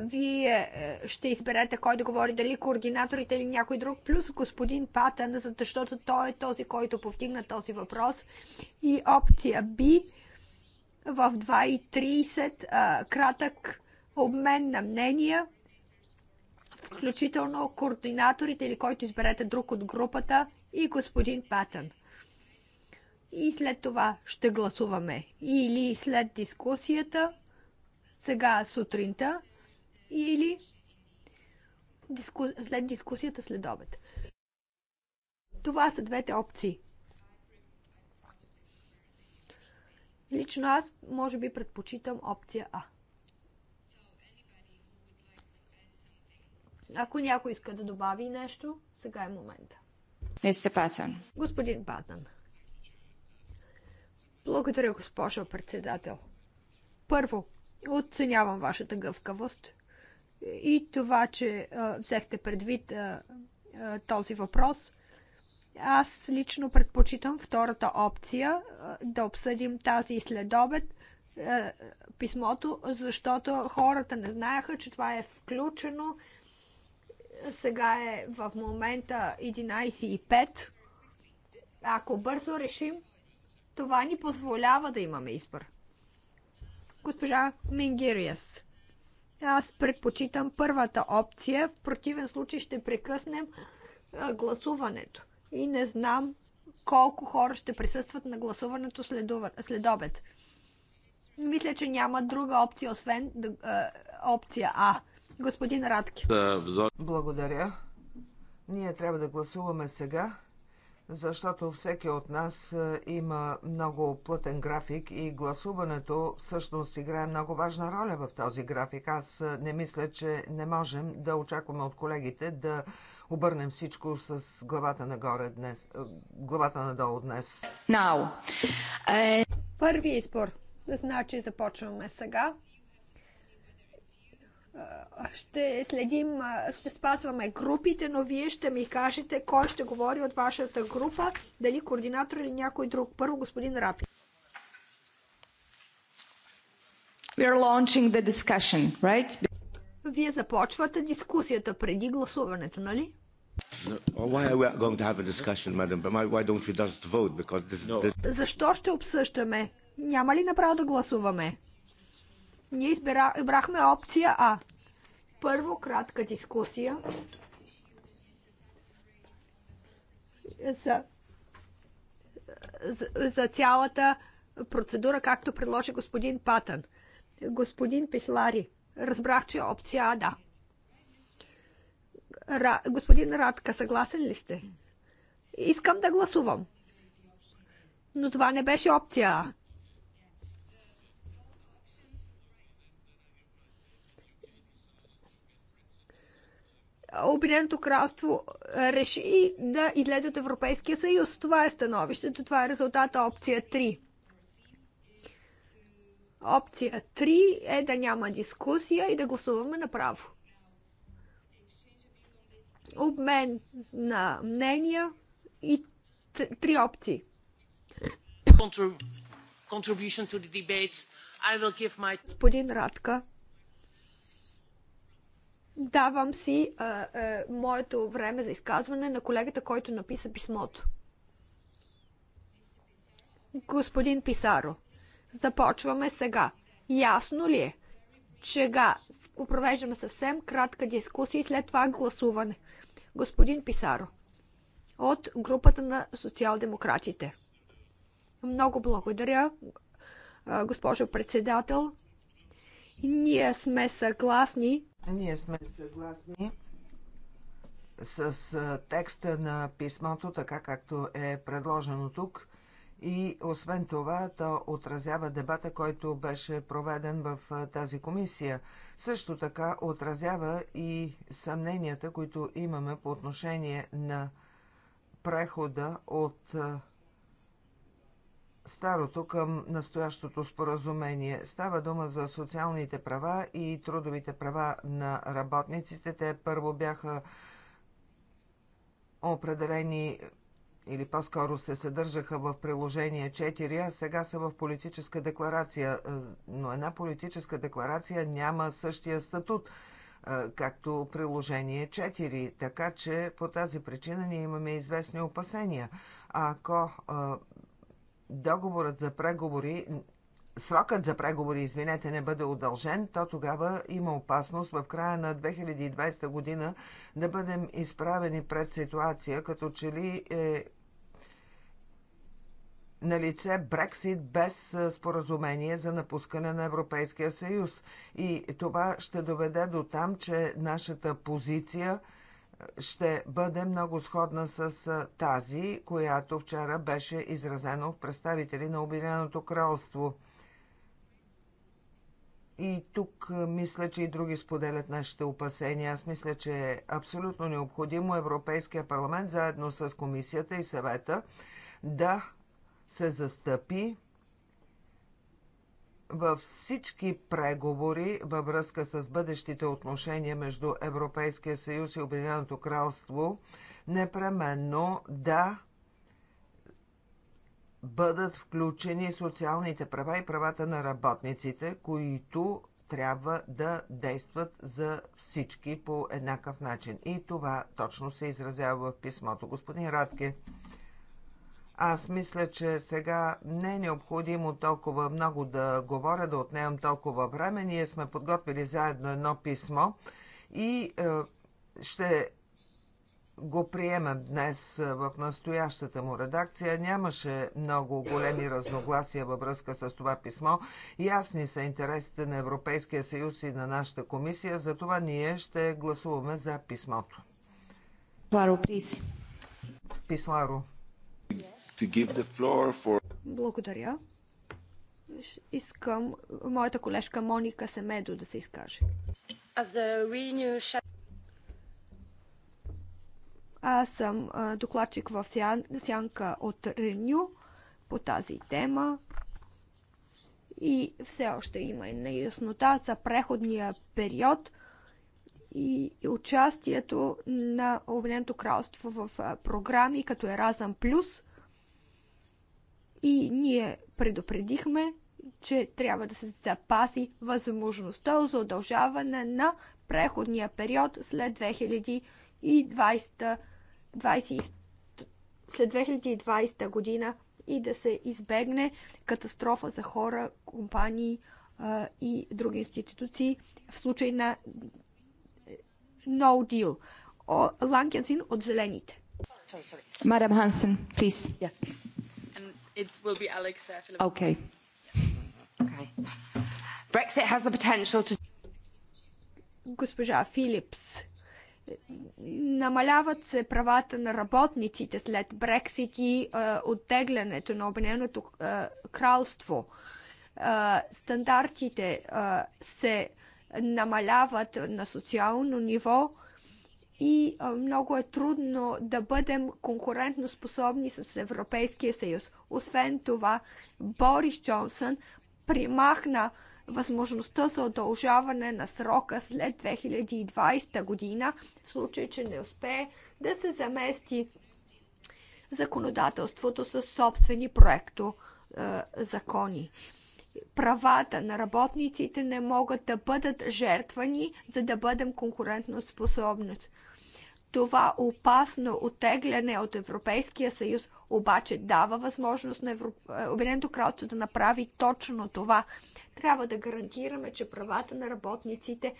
вие е, ще изберете кой да говори, дали координаторите или някой друг, плюс господин Патън, защото той е този, който повдигна този въпрос. И опция B в 2.30 кратък обмен на мнения, включително координаторите или който изберете друг от групата и господин Патън. И след това ще гласуваме. Или след дискусията, сега сутринта, или диску... след дискусията след обед. Това са двете опции. Лично аз, може би, предпочитам опция А. Ако някой иска да добави нещо, сега е момента. Патън. Господин Патън. Благодаря, госпожо председател. Първо, оценявам вашата гъвкавост и това, че а, взехте предвид а, а, този въпрос. Аз лично предпочитам втората опция а, да обсъдим тази следобед а, писмото, защото хората не знаеха, че това е включено. Сега е в момента 11.05. Ако бързо решим, това ни позволява да имаме избор. Госпожа Мингириас. Аз предпочитам първата опция. В противен случай ще прекъснем гласуването. И не знам колко хора ще присъстват на гласуването след обед. Мисля, че няма друга опция, освен опция А. Господин
Радки. Благодаря. Ние трябва да гласуваме сега защото всеки от нас е, има много плътен график и гласуването всъщност играе много важна роля в този график. Аз е, не мисля, че не можем да очакваме от колегите да обърнем всичко с главата нагоре днес, е, главата надолу днес. Now. I...
Първи избор. Значи започваме сега ще следим, ще спазваме групите, но вие ще ми кажете кой ще говори от вашата група, дали координатор или някой друг. Първо господин Рапи. We are launching the discussion, right? Вие започвате дискусията преди гласуването, нали?
Oh,
Защо ще обсъждаме? Няма ли направо да гласуваме? Ние избира, избрахме опция А. Първо кратка дискусия за, за, за цялата процедура, както предложи господин Патън. Господин Пислари, разбрах, че е опция А да. Ра, господин Радка, съгласен ли сте? Искам да гласувам. Но това не беше опция А. Обединеното кралство реши да излезе от Европейския съюз. Това е становището, това е резултата опция 3. Опция 3 е да няма дискусия и да гласуваме направо. Обмен на мнения и три опции. Господин Радка, Давам си а, а, моето време за изказване на колегата, който написа писмото. Господин Писаро, започваме сега. Ясно ли е, че га провеждаме съвсем кратка дискусия и след това гласуване? Господин Писаро, от групата на социал-демократите. Много благодаря,
госпожо председател.
Ние сме съгласни
ние сме съгласни с текста на писмото, така както е предложено тук. И освен това, то отразява дебата, който беше проведен в тази комисия. Също така отразява и съмненията, които имаме по отношение на прехода от старото към настоящото споразумение. Става дума за социалните права и трудовите права на работниците. Те първо бяха определени или по-скоро се съдържаха в приложение 4, а сега са в политическа декларация. Е, но една политическа декларация няма същия статут, е, както приложение 4, така че по тази причина ние имаме известни опасения. Ако е, договорът за преговори, срокът за преговори, извинете, не бъде удължен, то тогава има опасност в края на 2020 година да бъдем изправени пред ситуация, като че ли е на лице Брексит без споразумение за напускане на Европейския съюз. И това ще доведе до там, че нашата позиция – ще бъде много сходна с тази, която вчера беше изразена от представители на Обединеното кралство. И тук мисля, че и други споделят нашите опасения. Аз мисля, че е абсолютно необходимо Европейския парламент заедно с комисията и съвета да се застъпи във всички преговори във връзка с бъдещите отношения между Европейския съюз и Обединеното кралство непременно да бъдат включени социалните права и правата на работниците, които трябва да действат за всички по еднакъв начин. И това точно се изразява в писмото. Господин Радке. Аз мисля, че сега не е необходимо толкова много да говоря, да отнемам толкова време. Ние сме подготвили заедно едно писмо и е, ще го приемем днес е, в настоящата му редакция. Нямаше много големи разногласия във връзка с това писмо. Ясни са интересите на Европейския съюз и на нашата комисия, затова ние ще гласуваме за писмото. Писларо, Писларо. For... Благодаря.
Искам моята колежка Моника Семедо да се изкаже. Renew... Аз съм докладчик в сянка от Реню по тази тема и все още има и неяснота за преходния период и участието на Обединеното кралство в програми като Еразъм Плюс – и ние предупредихме, че трябва да се запази възможността за удължаване на преходния период след 2020, 20, след 2020 година и да се избегне катастрофа за хора, компании а, и други институции в случай на е, no deal. Ланкензин от зелените. Мадам Хансен, please. Yeah.
It will be Philip. Okay. Okay. Brexit has the
potential to... Госпожа Филипс, намаляват се правата на работниците след Брексит и е, оттеглянето на Обединеното е, кралство. Е, стандартите е, се намаляват на социално ниво. Е, и много е трудно да бъдем конкурентно способни с Европейския съюз. Освен това, Борис Джонсън примахна възможността за удължаване на срока след 2020 година, в случай, че не успее да се замести законодателството с собствени проекто е, закони. Правата на работниците не могат да бъдат жертвани, за да бъдем конкурентно способност. Това опасно отегляне от Европейския съюз обаче дава възможност на Европ... Е, Обединеното кралство да направи точно това. Трябва да гарантираме, че правата на работниците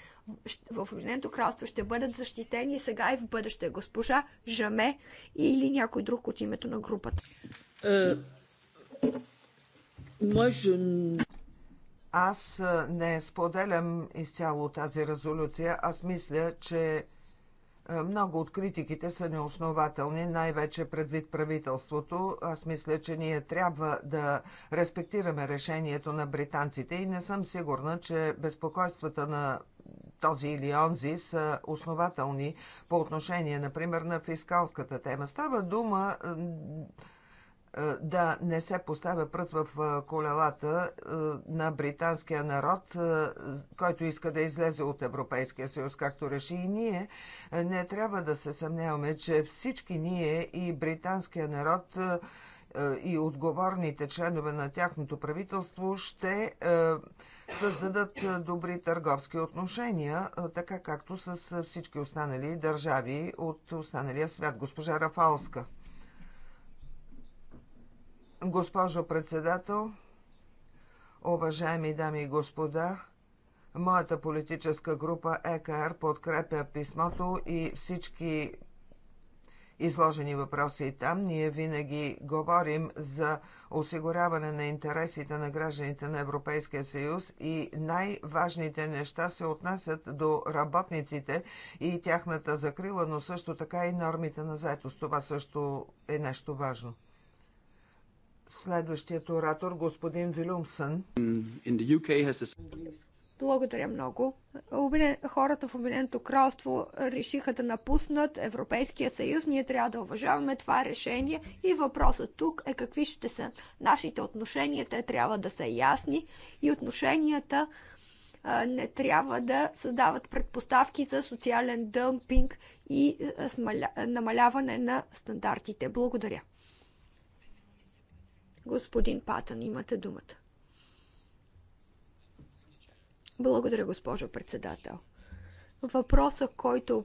в Обединеното кралство ще бъдат защитени сега и в бъдеще. Госпожа Жаме или някой друг от името на групата.
Е, Аз е, не споделям изцяло тази резолюция. Аз мисля, че е, много от критиките са неоснователни, най-вече предвид правителството. Аз мисля, че ние трябва да респектираме решението на британците и не съм сигурна, че безпокойствата на този или онзи са основателни по отношение, например, на фискалската тема. Става дума е, да не се поставя прът в е, колелата е, на британския народ, който иска да излезе от Европейския съюз, както реши и ние, не трябва да се съмняваме, че всички ние и британския народ и отговорните членове на тяхното правителство ще създадат добри търговски отношения, така както с всички останали държави от останалия свят. Госпожа Рафалска. Госпожо председател, уважаеми дами и господа, моята политическа група ЕКР подкрепя писмото и всички изложени въпроси там. Ние винаги говорим за осигуряване на интересите на гражданите на Европейския съюз и най-важните неща се отнасят до работниците и тяхната закрила, но също така и нормите на заетост. Това също е нещо важно. Следващият оратор, господин Вилюмсън. Благодаря много. Хората
в Обединеното кралство решиха да напуснат Европейския съюз. Ние трябва да уважаваме това решение и въпросът тук е какви ще са нашите отношения. Те трябва да са ясни и отношенията не трябва да създават предпоставки за социален дъмпинг и намаляване на стандартите. Благодаря. Господин Патън, имате думата. Благодаря, госпожо председател. Въпросът, който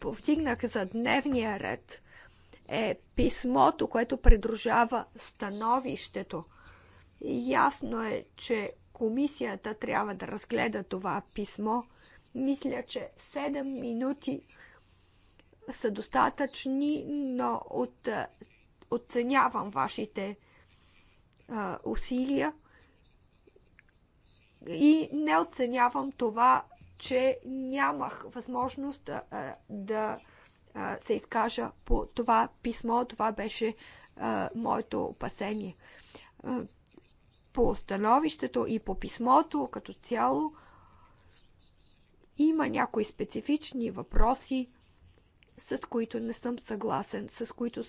повдигнах за дневния ред, е писмото, което придружава становището. Ясно е, че комисията трябва да разгледа това писмо. Мисля, че 7 минути са достатъчни, но от, оценявам вашите а, усилия и не оценявам това, че нямах възможност а, да а, се изкажа по това писмо. Това беше а, моето опасение. А, по становището и по писмото като цяло има някои специфични въпроси, с които не съм съгласен, с които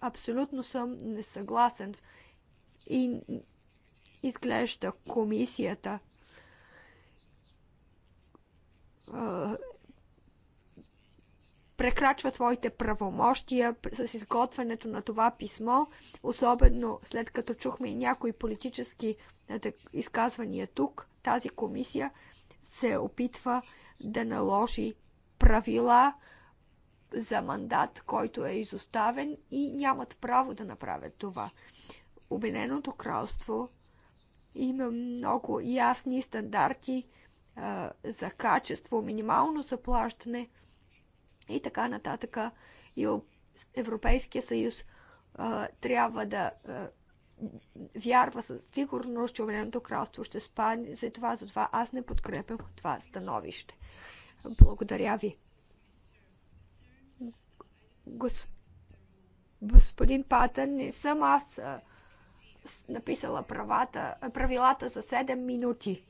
абсолютно съм несъгласен и изглежда комисията прекрачва своите правомощия с изготвянето на това писмо, особено след като чухме и някои политически изказвания тук, тази комисия се опитва да наложи правила за мандат, който е изоставен и нямат право да направят това. Обединеното кралство има много ясни стандарти а, за качество, минимално заплащане и така нататък. И Европейския съюз а, трябва да а, вярва със сигурност, че Обединеното кралство ще спане. Затова, затова аз не подкрепям това становище. Благодаря ви. Гос... Господин Патън, не съм аз. А, написала правата, правилата за 7 минути.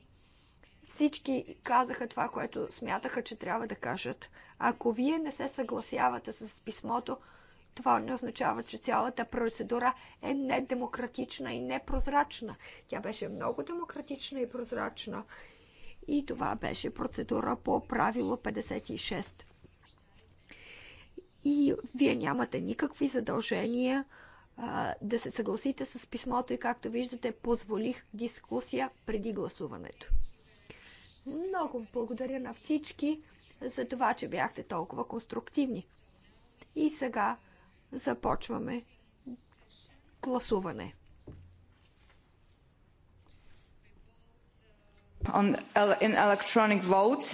Всички казаха това, което смятаха, че трябва да кажат. Ако вие не се съгласявате с писмото, това не означава, че цялата процедура е недемократична и непрозрачна. Тя беше много демократична и прозрачна. И това беше процедура по правило 56. И вие нямате никакви задължения да се съгласите с писмото и както виждате, позволих дискусия преди гласуването. Много благодаря на всички за това, че бяхте толкова конструктивни. И сега започваме гласуване. on in electronic vote.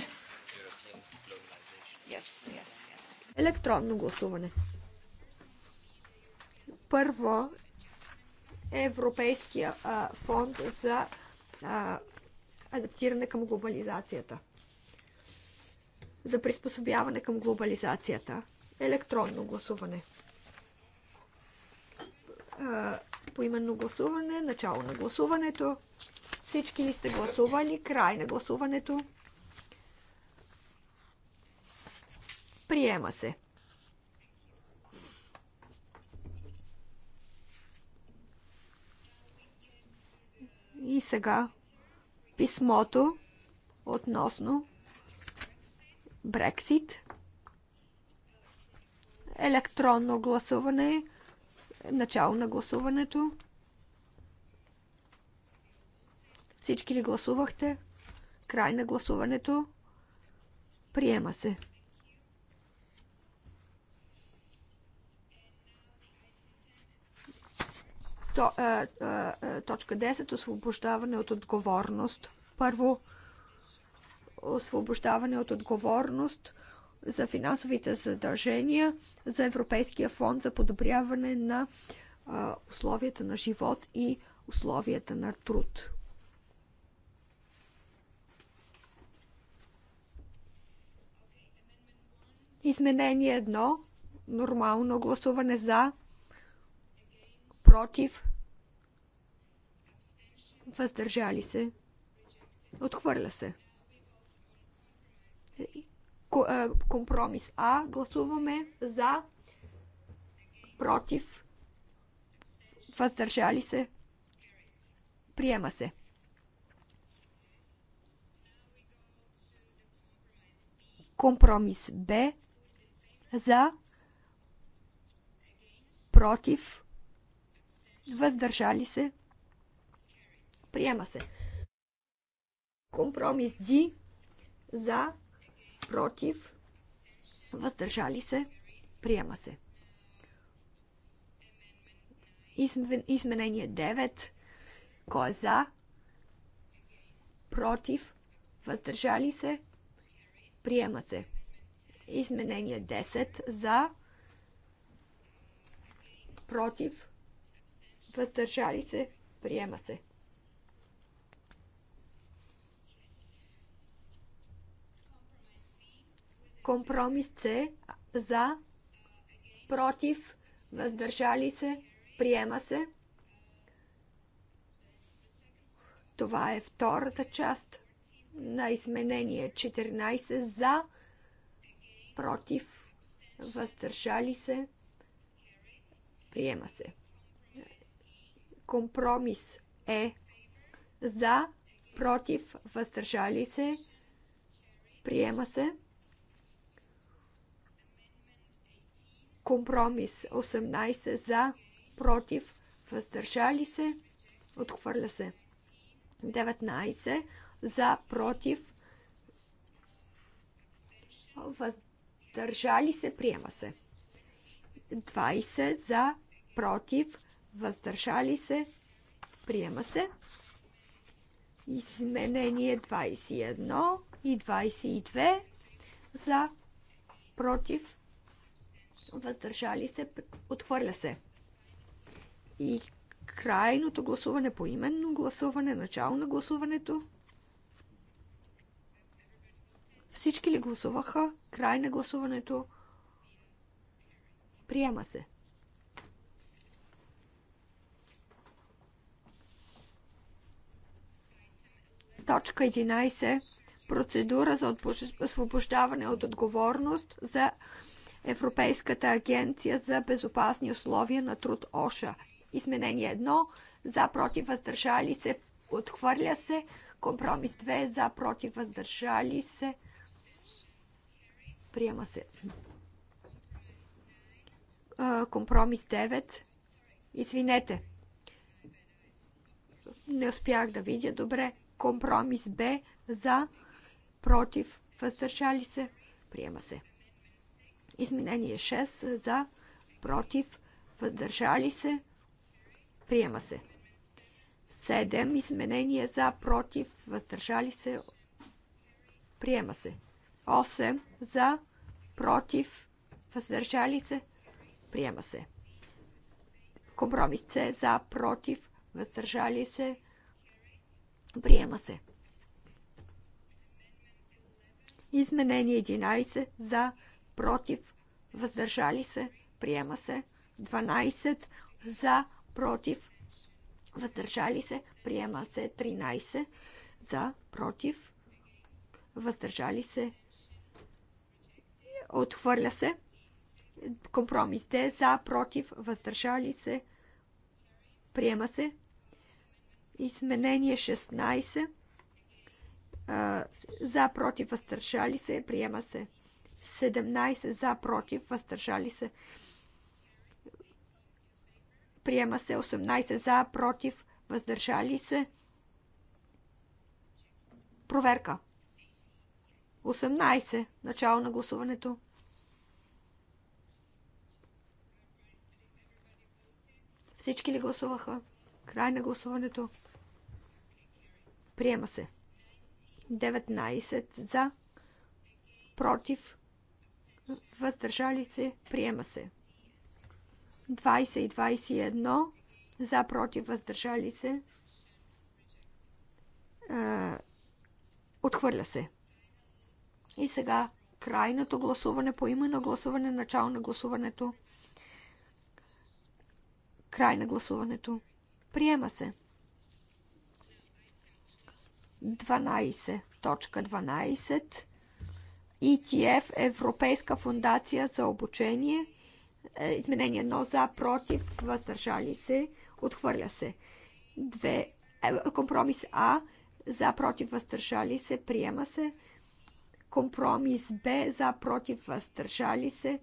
Yes, yes, yes.
Електронно гласуване. Първо, Европейския фонд за адаптиране към глобализацията. За приспособяване към глобализацията. Електронно гласуване. Поименно гласуване, начало на гласуването. Всички ли сте гласували? Край на гласуването. Приема се. И сега писмото относно Брексит, електронно гласуване, начало на гласуването. Всички ли гласувахте? Край на гласуването. Приема се. то, а, а, точка 10 освобождаване от отговорност. Първо, освобождаване от отговорност за финансовите задължения за Европейския фонд за подобряване на а, условията на живот и условията на труд. Изменение едно, Нормално гласуване за против, въздържали се, отхвърля се. Компромис А. Гласуваме за, против, въздържали се, приема се. Компромис Б за, против, въздържали се, приема се. Компромис D за, против, въздържали се, приема се. Изменение 9. Кой е за? Против? Въздържали се? Приема се. Изменение 10. За? Против? въздържали се, приема се. Компромис С за, против, въздържали се, приема се. Това е втората част на изменение 14 за, против, въздържали се, приема се. Компромис е за, против, въздържали се, приема се. Компромис 18 за, против, въздържали се, отхвърля се. 19 за, против, въздържали се, приема се. 20 за, против, въздържали се, приема се. Изменение 21 и 22 за, против, въздържали се, отхвърля се. И крайното гласуване по именно гласуване, начало на гласуването. Всички ли гласуваха? Край на гласуването. Приема се. точка 11 процедура за освобождаване от отговорност за Европейската агенция за безопасни условия на труд ОША. Изменение 1 за против въздържали се отхвърля се. Компромис 2 за против въздържали се. Приема се. Компромис 9. Извинете. Не успях да видя добре. Компромис Б за, против, въздържали се, приема се. Изменение 6 за, против, въздържали се, приема се. 7 изменение за, против, въздържали се, приема се. 8 за, против, въздържали се, приема се. Компромис С за, против, въздържали се, Приема се. Изменение 11 за, против, въздържали се, приема се. 12 за, против, въздържали се, приема се. 13 за, против, въздържали се, отхвърля се. Компромис Д за, против, въздържали се, приема се. Изменение 16. За, против, въздържали се. Приема се. 17. За, против, въздържали се. Приема се. 18. За, против, въздържали се. Проверка. 18. Начало на гласуването. Всички ли гласуваха? Край на гласуването. Приема се. 19 за, против, въздържали се, приема се. 20 и 21 за, против, въздържали се, отхвърля се. И сега крайното гласуване, по именно гласуване, начало на гласуването, край на гласуването. Приема се. 12. Точка 12. ETF Европейска фундация за обучение. Е, изменение 1 за, против, въздържали се, отхвърля се. 2. Е, компромис А за, против, въздържали се, приема се. Компромис Б за, против, въздържали се,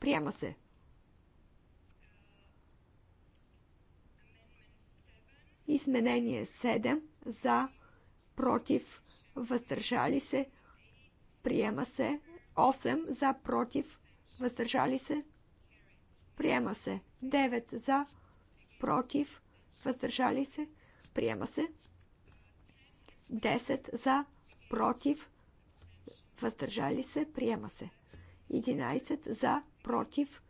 приема се. Изменение 7 за, против, въздържали се, приема се. 8 за, против, въздържали се, приема се. 9 за, против, въздържали се, приема се. 10 за, против, въздържали се, приема се. 11 за, против,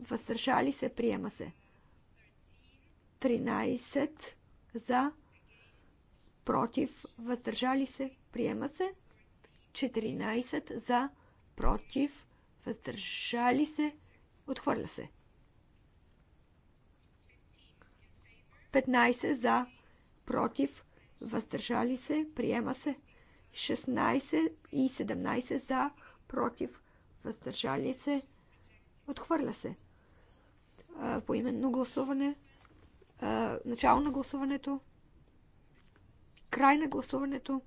въздържали се, приема се. 13 за, против, въздържали се, приема се. 14 за, против, въздържали се, отхвърля се. 15 за, против, въздържали се, приема се. 16 и 17 за, против, въздържали се, отхвърля се. Поименно гласуване Начало на гласуването. Край на гласуването.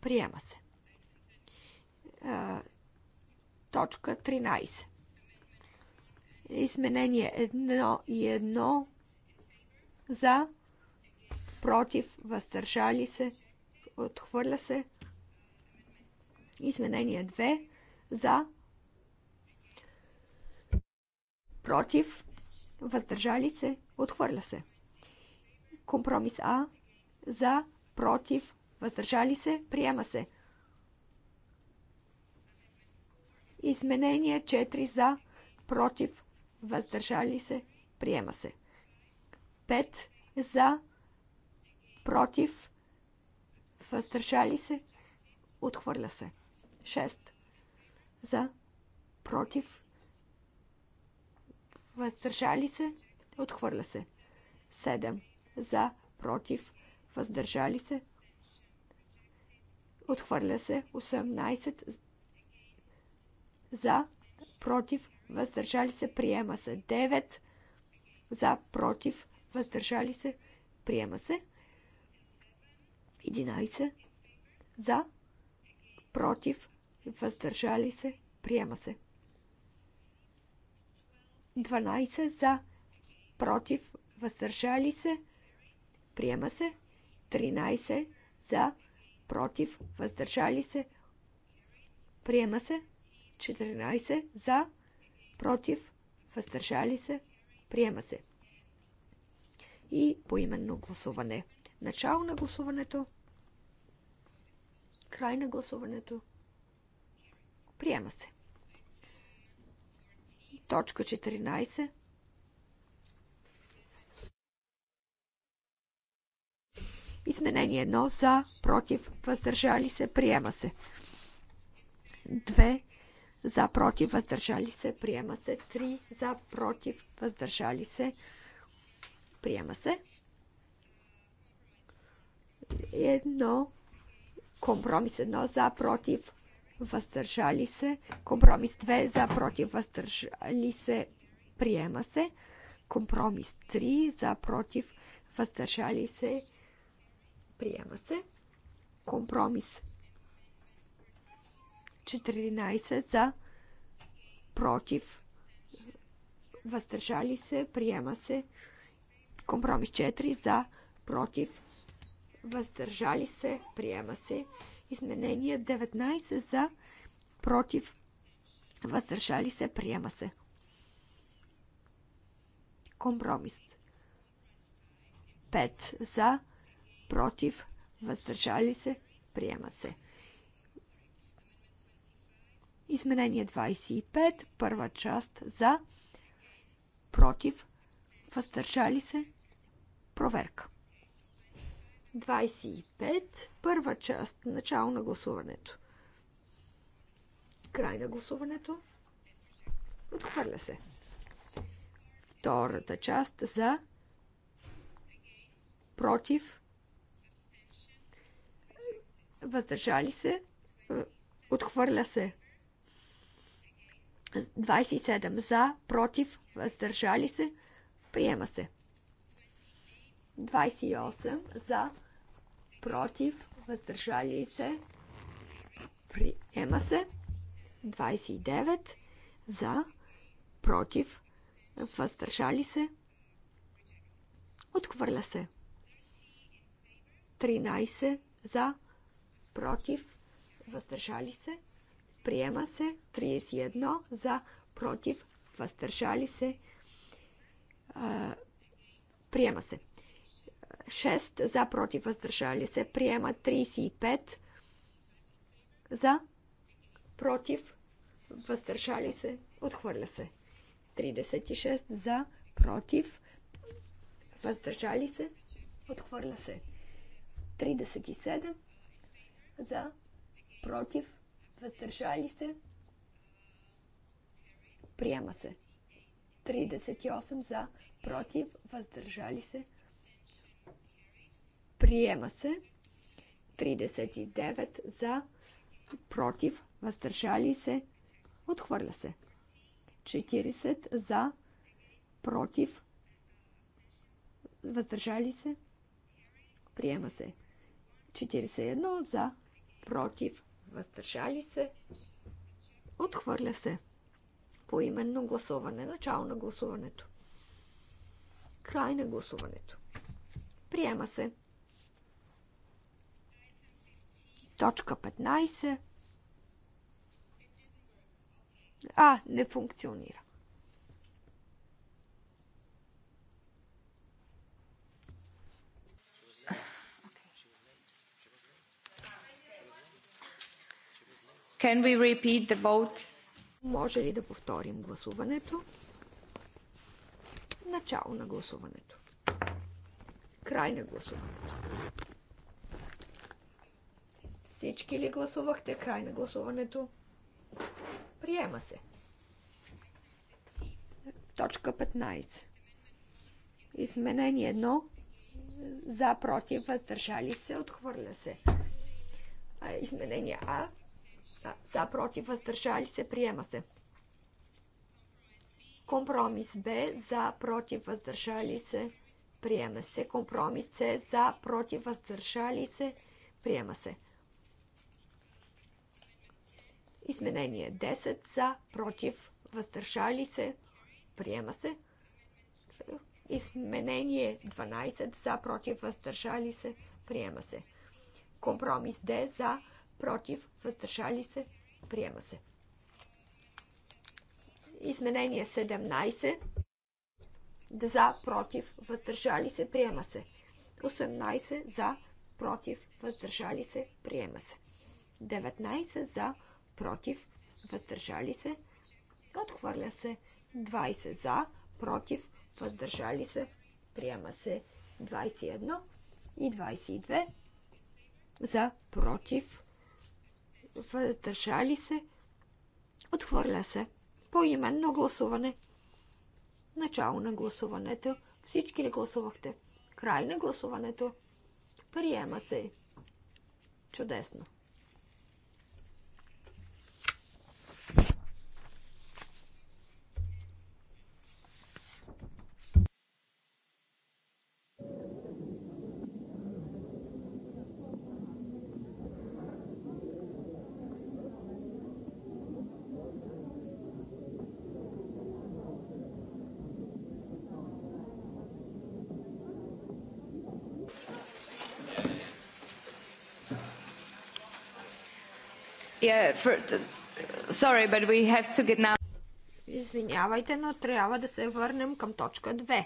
Приема се. Точка 13. Изменение 1 и 1 за, против, въздържали се, отхвърля се. Изменение 2 за, против, въздържали се, отхвърля се. Компромис А за, против, въздържали се, приема се. Изменение 4 за, против, въздържали се, приема се. 5 за, против, въздържали се, отхвърля се. 6 за, против, въздържали се, отхвърля се. 7. За, против, въздържали се, отхвърля се. 18. За, против, въздържали се, приема се. 9. За, против, въздържали се, приема се. 11. За, против, въздържали се, приема се. 12 за, против, въздържали се, приема се. 13 за, против, въздържали се, приема се. 14 за, против, въздържали се, приема се. И поименно гласуване. Начало на гласуването. Край на гласуването. Приема се. Точка 14. Изменение 1 за, против, въздържали се, приема се. 2 за, против, въздържали се, приема се. 3 за, против, въздържали се, приема се. Едно, компромис 1 за, против, въздържали се. Компромис 2 за, против, въздържали се, приема се. Компромис 3 за, против, въздържали се, приема се. Компромис 14 за, против, въздържали се, приема се. Компромис 4 за, против, въздържали се, приема се. Изменение 19 за, против, въздържали се, приема се. Компромис. 5 за, против, въздържали се, приема се. Изменение 25, първа част за, против, въздържали се, проверка. 25, първа част, начало на гласуването. Край на гласуването. Отхвърля се. Втората част за против въздържали се отхвърля се 27 за, против, въздържали се, приема се. 28 за, против, въздържали се, приема се. 29 за, против, въздържали се, отхвърля се. 13 за, против, въздържали се, приема се. 31 за, против, въздържали се, приема се. 6 за, против, въздържали се, приема 35 за, против, въздържали се, отхвърля се. 36 за, против, въздържали се, отхвърля се. 37 за, против, въздържали се, приема се. 38 за, против, въздържали се, Приема се. 39 за. Против. Въздържали се. Отхвърля се. 40 за. Против. Въздържали се. Приема се. 41 за. Против. Въздържали се. Отхвърля се. Поименно гласуване. Начало на гласуването. Край на гласуването. Приема се. Точка 15. А, не функционира. Can we repeat the vote? Може ли да повторим гласуването? Начало на гласуването. Край на гласуването. Всички ли гласувахте? Край на гласуването. Приема се. Точка 15. Изменение 1. За, против, въздържали се, отхвърля се. Изменение А. За, против, въздържали се, приема се. Компромис Б. За, против, въздържали се, приема се. Компромис С. За, против, въздържали се, приема се. Изменение 10 за, против, въздържали се, приема се. Изменение 12 за, против, въздържали се, приема се. Компромис Д за, против, въздържали се, приема се. Изменение 17 за, против, въздържали се, приема се. 18 за, против, въздържали се, приема се. 19 за, против, против, въздържали се, отхвърля се 20 за, против, въздържали се, приема се 21 и 22 за, против, въздържали се, отхвърля се по именно гласуване. Начало на гласуването. Всички ли гласувахте? Край на гласуването. Приема се. Чудесно. Yeah, for... Sorry, but we have to get now... Извинявайте, но трябва да се върнем към точка 2.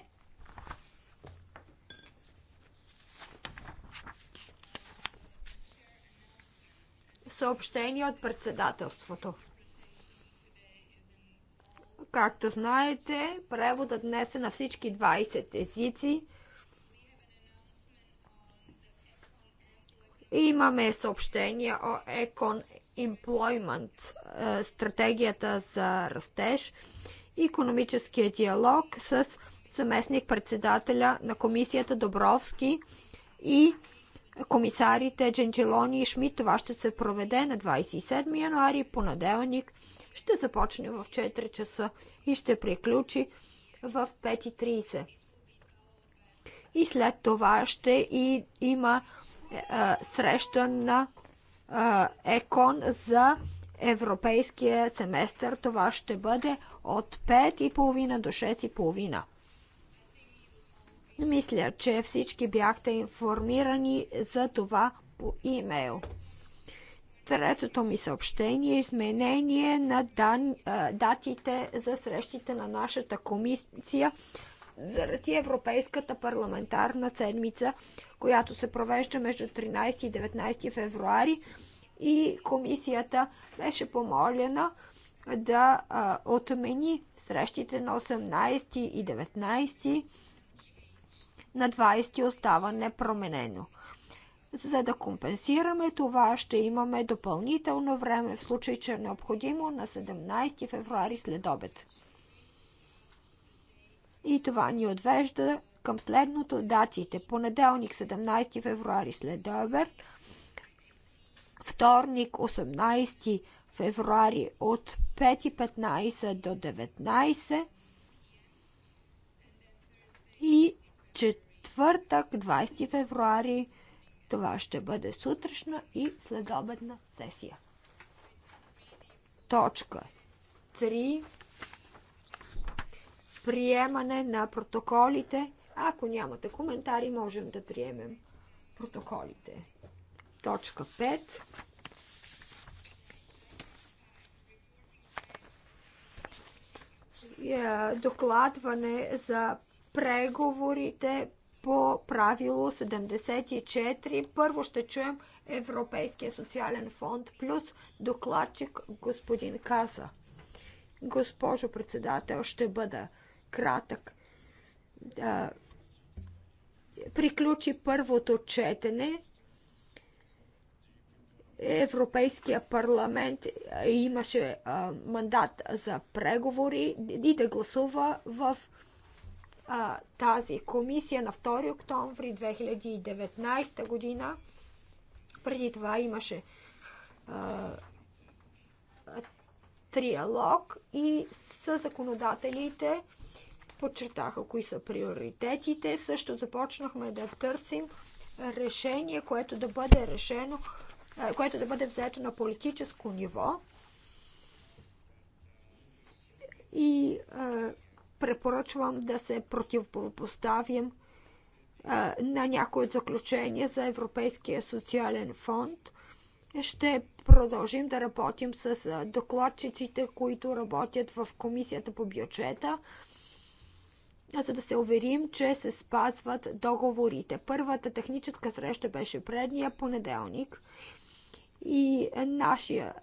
Съобщение от председателството. Както знаете, преводът днес е на всички 20 езици. Имаме съобщение о Екон employment, стратегията за растеж, економическия диалог с съместник председателя на комисията Добровски и комисарите Дженджелони и Шмид. Това ще се проведе на 27 януари, понеделник. Ще започне в 4 часа и ще приключи в 5.30. И след това ще и има е, среща на ЕКОН за европейския семестър. Това ще бъде от 5,5 до 6,5. Мисля, че всички бяхте информирани за това по имейл. Третото ми съобщение е изменение на дан, датите за срещите на нашата комисия заради Европейската парламентарна седмица, която се провежда между 13 и 19 февруари и комисията беше помолена да а, отмени срещите на 18 и 19 на 20 остава непроменено. За да компенсираме това, ще имаме допълнително време в случай, че е необходимо на 17 февруари след обед. И това ни отвежда към следното датите. Понеделник 17 февруари след обед, вторник 18 февруари от 5.15 до 19 и четвъртък 20 февруари това ще бъде сутрешна и следобедна сесия. Точка 3 приемане на протоколите. Ако нямате коментари, можем да приемем протоколите. Точка 5. Е, докладване за преговорите по правило 74. Първо ще чуем Европейския социален фонд плюс докладчик господин Каза. Госпожо председател, ще бъда кратък. Да приключи първото четене, Европейския парламент имаше а, мандат за преговори и да гласува в а, тази комисия на 2 октомври 2019 година. Преди това имаше а, триалог и с законодателите подчертаха кои са приоритетите. Също започнахме да търсим решение, което да бъде решено, което да бъде взето на политическо ниво. И препоръчвам да се противопоставим на някои от заключения за Европейския социален фонд. Ще продължим да работим с докладчиците, които работят в Комисията по бюджета за да се уверим, че се спазват договорите. Първата техническа среща беше предния понеделник и нашия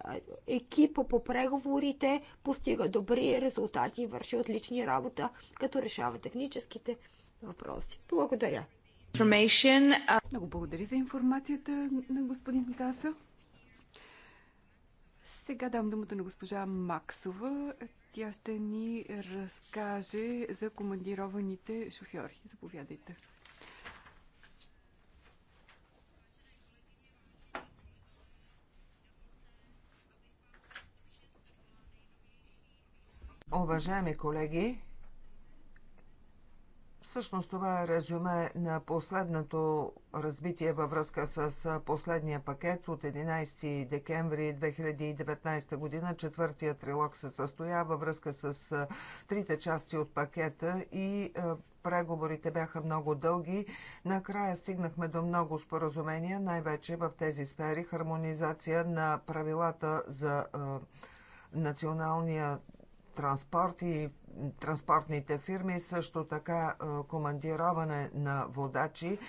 екип по преговорите постига добри резултати и върши отлични работа, като решава техническите въпроси. Благодаря.
Много благодаря за информацията на господин Каса. Сега дам думата на госпожа Максова, тя ще ни разкаже за командированите шофьори. Заповядайте.
Уважаеми колеги, Всъщност това е резюме на последното развитие във връзка с последния пакет от 11 декември 2019 година. Четвъртия трилог се състоя във връзка с трите части от пакета и преговорите бяха много дълги. Накрая стигнахме до много споразумения, най-вече в тези сфери хармонизация на правилата за националния транспорт и транспортните фирми, също така е, командироване на водачи.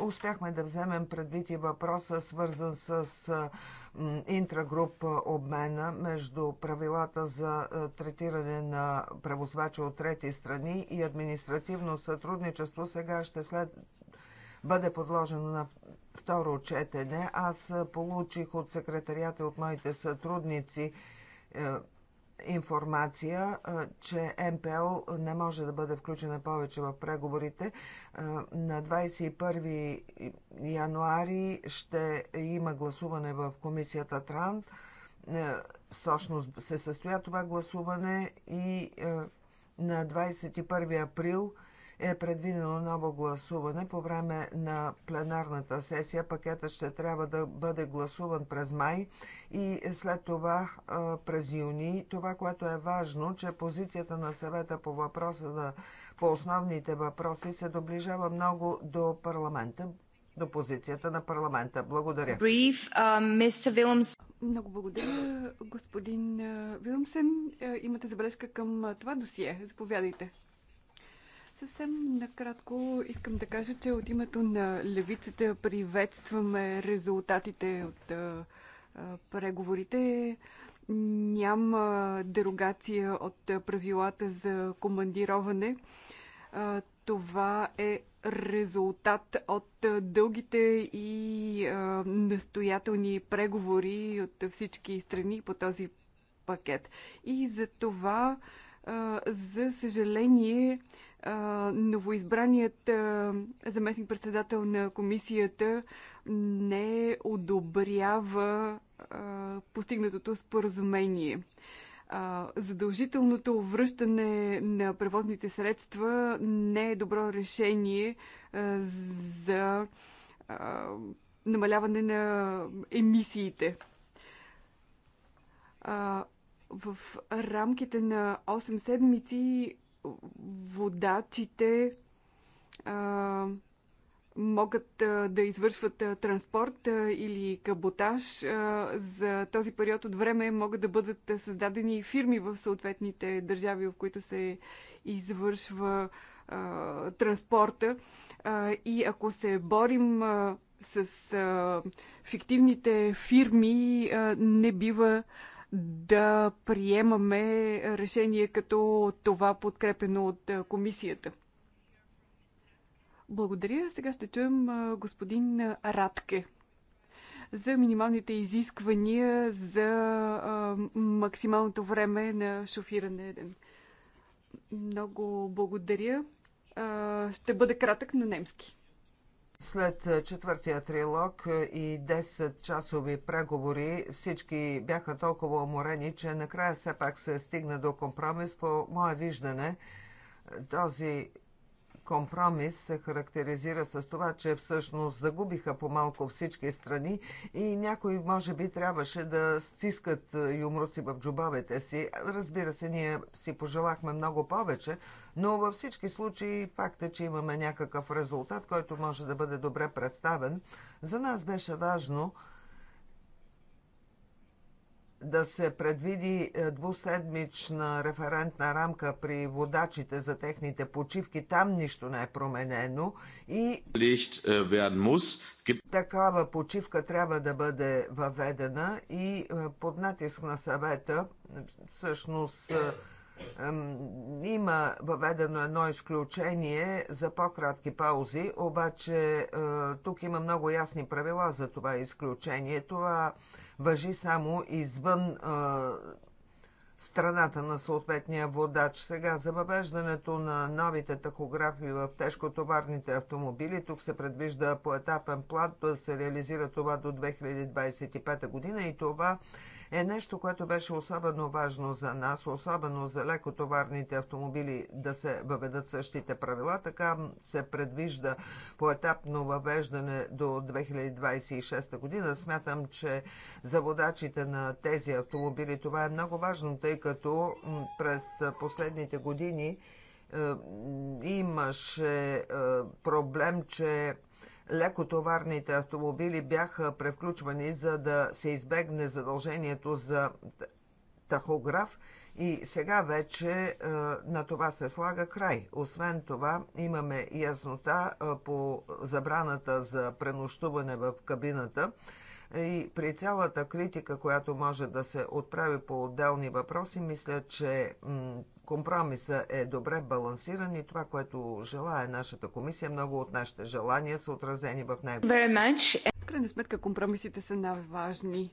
Успяхме да вземем предвид и въпроса, свързан с е, интрагруп обмена между правилата за е, третиране на превозвача от трети страни и административно сътрудничество. Сега ще след бъде подложено на второ четене. Аз получих от секретарията от моите сътрудници информация, че МПЛ не може да бъде включена повече в преговорите. На 21 януари ще има гласуване в комисията Тран. Всъщност се състоя това гласуване и на 21 април е предвидено ново гласуване по време на пленарната сесия. Пакетът ще трябва да бъде гласуван през май и след това през юни. Това, което е важно, че позицията на съвета по въпроса на, по основните въпроси се доближава много до парламента до позицията на парламента. Благодаря.
Brief, uh, Много благодаря, господин Вилмсен. Имате забележка към това досие. Заповядайте. Съвсем накратко искам да кажа, че от името на левицата приветстваме резултатите от а, преговорите. Няма дерогация от правилата за командироване. А, това е резултат от дългите и а, настоятелни преговори от всички страни по този пакет. И за това, а, за съжаление, новоизбраният заместник-председател на комисията не одобрява постигнатото споразумение. Задължителното връщане на превозните средства не е добро решение за намаляване на емисиите в рамките на 8 седмици водачите а, могат а, да извършват а, транспорт а, или каботаж. А, за този период от време могат да бъдат създадени фирми в съответните държави, в които се извършва а, транспорта. А, и ако се борим а, с а, фиктивните фирми, а, не бива да приемаме решение като това подкрепено от комисията. Благодаря. Сега ще чуем господин Радке за минималните изисквания за максималното време на шофиране. Много благодаря. Ще бъде кратък на немски.
След е, четвъртия трилог е, и 10-часови преговори всички бяха толкова уморени, че накрая все пак се стигна до компромис. По мое виждане, е, този компромис се характеризира с това, че всъщност загубиха по-малко всички страни и някои може би трябваше да стискат юмруци в джубавете си. Разбира се, ние си пожелахме много повече, но във всички случаи факта, че имаме някакъв резултат, който може да бъде добре представен, за нас беше важно да се предвиди е, двуседмична референтна рамка при водачите за техните почивки. Там нищо не е променено и е, такава почивка трябва да бъде въведена и е, под натиск на съвета всъщност има въведено едно изключение за по-кратки паузи, обаче тук има много ясни правила за това изключение. Това въжи само извън страната на съответния водач. Сега за въвеждането на новите тахографи в тежкотоварните автомобили, тук се предвижда поетапен план да се реализира това до 2025 година и това е нещо, което беше особено важно за нас, особено за лекотоварните автомобили да се въведат същите правила. Така се предвижда поетапно въвеждане до 2026 година. Смятам, че за водачите на тези автомобили това е много важно, тъй като през последните години е, имаше е, проблем, че лекотоварните автомобили бяха превключвани, за да се избегне задължението за тахограф и сега вече е, на това се слага край. Освен това, имаме яснота е, по забраната за пренощуване в кабината. И при цялата критика, която може да се отправи по отделни въпроси, мисля, че Компромиса е добре балансиран и това, което желая нашата комисия, много от нашите желания са отразени в него.
В крайна сметка компромисите са най-важни.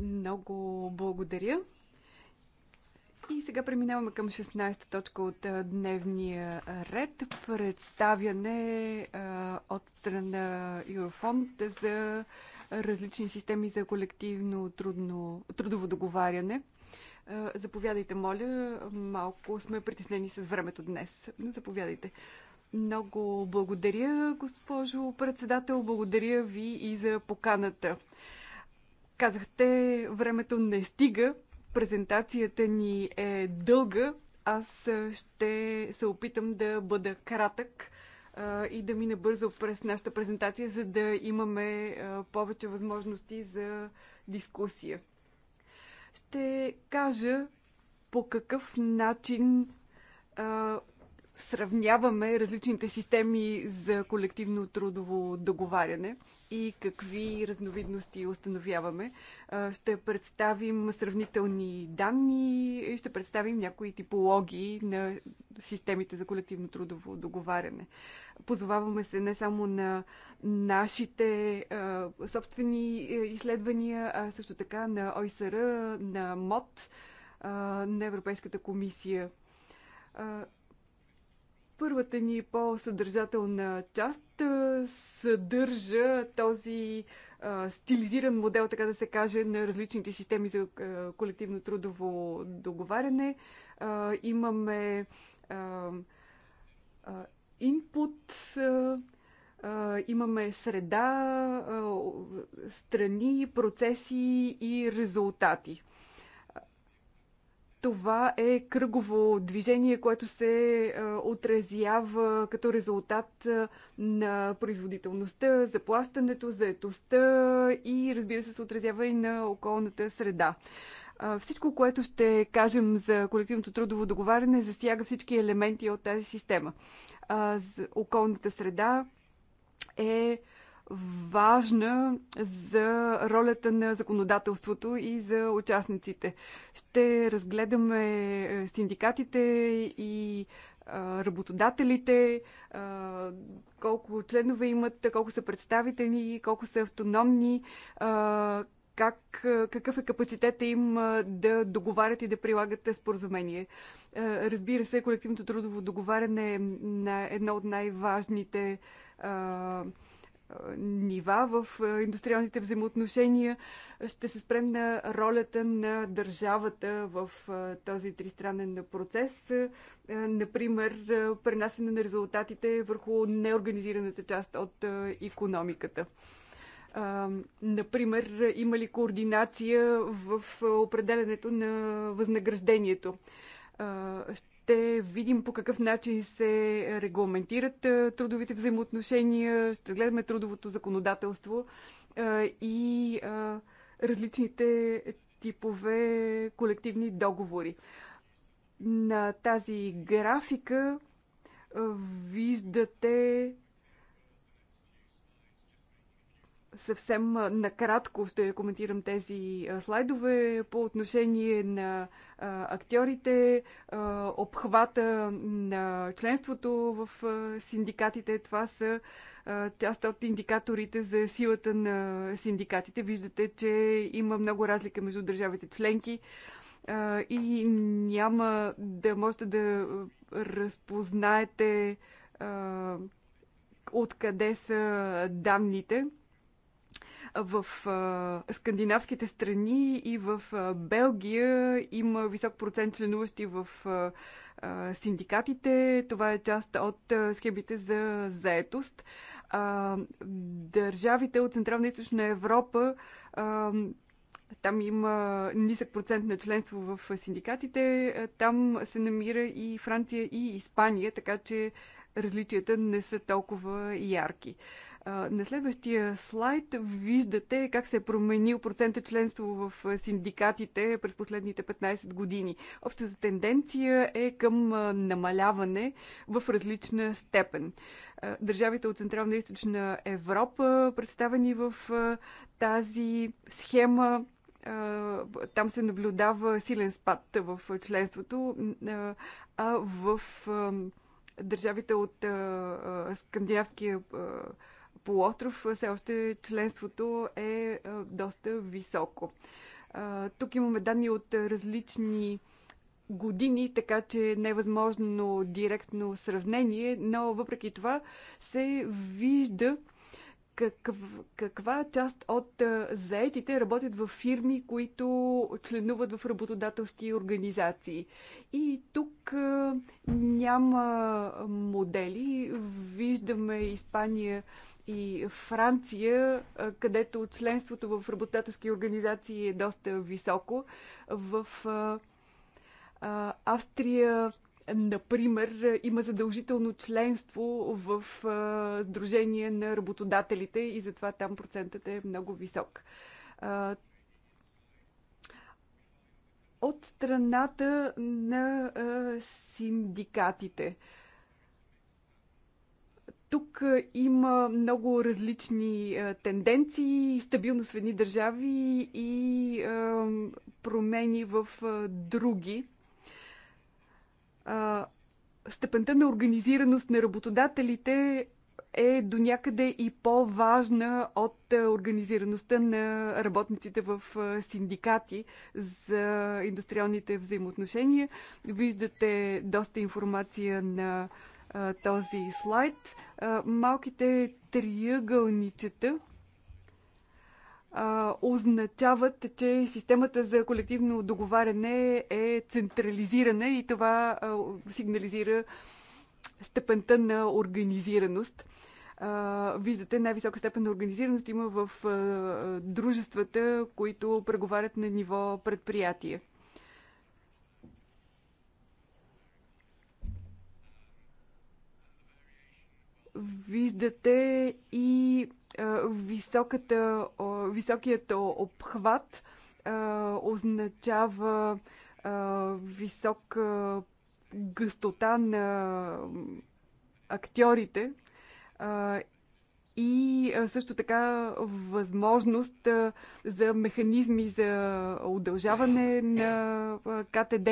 Много благодаря. И сега преминаваме към 16-та точка от дневния ред. Представяне от страна Юрофонд за различни системи за колективно трудно, трудово договаряне. Е, заповядайте, моля. Малко сме притеснени с времето днес. Заповядайте. Много благодаря, госпожо председател. Благодаря ви и за поканата. Казахте, времето не стига. Презентацията ни е дълга. Аз ще се опитам да бъда кратък е, и да мина бързо през нашата презентация, за да имаме е, повече възможности за дискусия ще кажа по какъв начин а, сравняваме различните системи за колективно трудово договаряне и какви разновидности установяваме. Ще представим сравнителни данни и ще представим някои типологии на системите за колективно трудово договаряне. Позоваваме се не само на нашите собствени е, изследвания, а също така на ОИСР, на МОД, на Европейската комисия Първата ни по-съдържателна част съдържа този стилизиран модел, така да се каже, на различните системи за колективно трудово договаряне. Имаме инпут, имаме среда, страни, процеси и резултати. Това е кръгово движение, което се е, отразява като резултат е, на производителността, заплащането, заетостта и разбира се се отразява и на околната среда. Е, всичко, което ще кажем за колективното трудово договаряне, засяга всички елементи от тази система. Околната среда е важна за ролята на законодателството и за участниците. Ще разгледаме е, синдикатите и работодателите, колко членове имат, колко са представителни, колко са автономни, как, какъв е капацитета им да договарят и да прилагат споразумение. Разбира се, колективното трудово договаряне е едно от най-важните нива в е, индустриалните взаимоотношения. Ще се спрем на ролята на държавата в е, този тристранен процес. Е, например, пренасене на резултатите върху неорганизираната част от економиката. Например, има ли координация в определенето на възнаграждението? ще видим по какъв начин се регламентират е, трудовите взаимоотношения, ще гледаме трудовото законодателство е, и е, различните типове колективни договори. На тази графика виждате съвсем накратко ще коментирам тези слайдове по отношение на актьорите, обхвата на членството в синдикатите. Това са част от индикаторите за силата на синдикатите. Виждате, че има много разлика между държавите членки и няма да можете да разпознаете откъде са данните. В скандинавските страни и в Белгия има висок процент членуващи в синдикатите. Това е част от схемите за заетост. Държавите от Централна и Източна Европа там има нисък процент на членство в синдикатите. Там се намира и Франция и Испания, така че различията не са толкова ярки. На следващия слайд виждате как се е променил процента членство в синдикатите през последните 15 години. Общата тенденция е към намаляване в различна степен. Държавите от Централна и Източна Европа, представени в тази схема, там се наблюдава силен спад в членството, а в държавите от скандинавския полуостров все още членството е, е доста високо. Тук имаме данни от различни години, така че не е възможно директно сравнение, но въпреки това се вижда какъв, каква част от заетите работят в фирми, които членуват в работодателски организации. И тук няма модели. Виждаме Испания и Франция, където членството в работодателски организации е доста високо. В Австрия, например, има задължително членство в Сдружение на работодателите и затова там процентът е много висок. От страната на синдикатите. Тук има много различни тенденции, стабилност в едни държави и промени в други. Степента на организираност на работодателите е до някъде и по-важна от организираността на работниците в синдикати за индустриалните взаимоотношения. Виждате доста информация на този слайд. Малките триъгълничета означават, че системата за колективно договаряне е централизирана и това сигнализира степента на организираност. Виждате, най-висока степен на организираност има в дружествата, които преговарят на ниво предприятие. виждате и високата, високият обхват означава висока гъстота на актьорите и също така възможност за механизми за удължаване на КТД.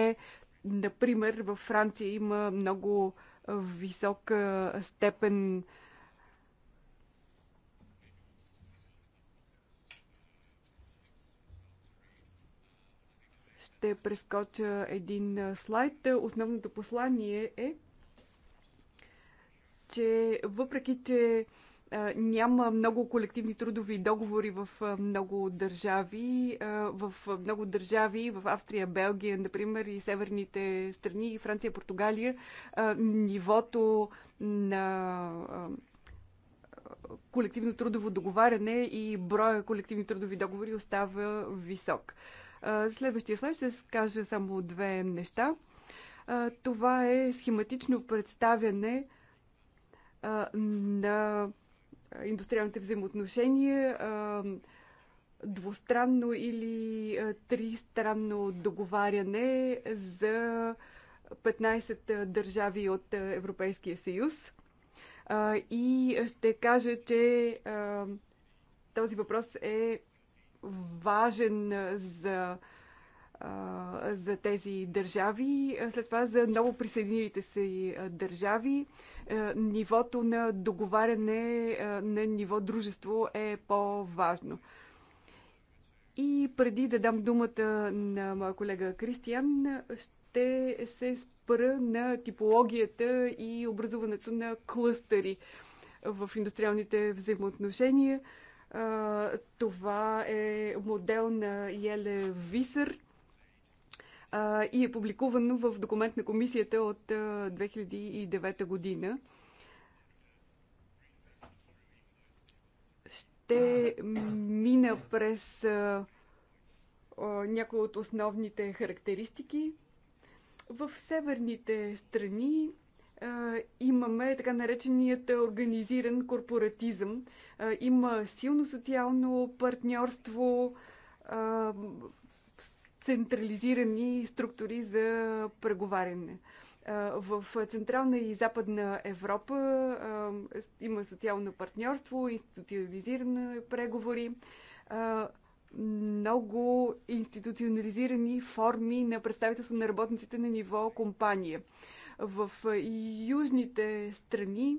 Например, във Франция има много висока степен ще прескоча един слайд. Основното послание е, че въпреки, че няма много колективни трудови договори в много държави. В много държави, в Австрия, Белгия, например, и северните страни, и Франция, Португалия, нивото на колективно трудово договаряне и броя колективни трудови договори остава висок. Следващия слайд ще кажа само две неща. Това е схематично представяне на индустриалните взаимоотношения, двустранно или тристранно договаряне за 15 държави от Европейския съюз. И ще кажа, че този въпрос е важен за за тези държави, след това за ново присъединилите се държави. Нивото на договаряне на ниво дружество е по-важно. И преди да дам думата на моя колега Кристиян, ще се спра на типологията и образуването на клъстери в индустриалните взаимоотношения. Това е модел на Еле Висър – а, и е публикувано в документ на комисията от а, 2009 година. Ще мина през а, а, някои от основните характеристики. В северните страни имаме така нареченият организиран корпоратизъм. Има силно социално партньорство, централизирани структури за преговаряне. В Централна и Западна Европа има социално партньорство, институционализирани преговори, много институционализирани форми на представителство на работниците на ниво компания. В южните страни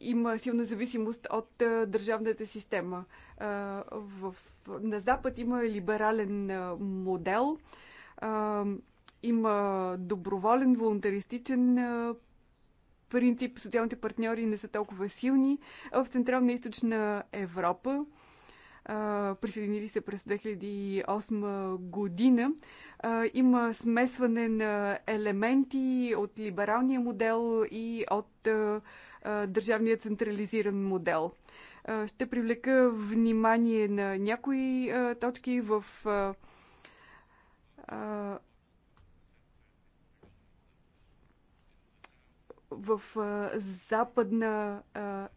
има силна зависимост от държавната система. В на Запад има либерален модел, има доброволен, волонтаристичен принцип, социалните партньори не са толкова силни. В Централна и Източна Европа присъединили се през 2008 година. Има смесване на елементи от либералния модел и от държавния централизиран модел. Ще привлека внимание на някои точки в в Западна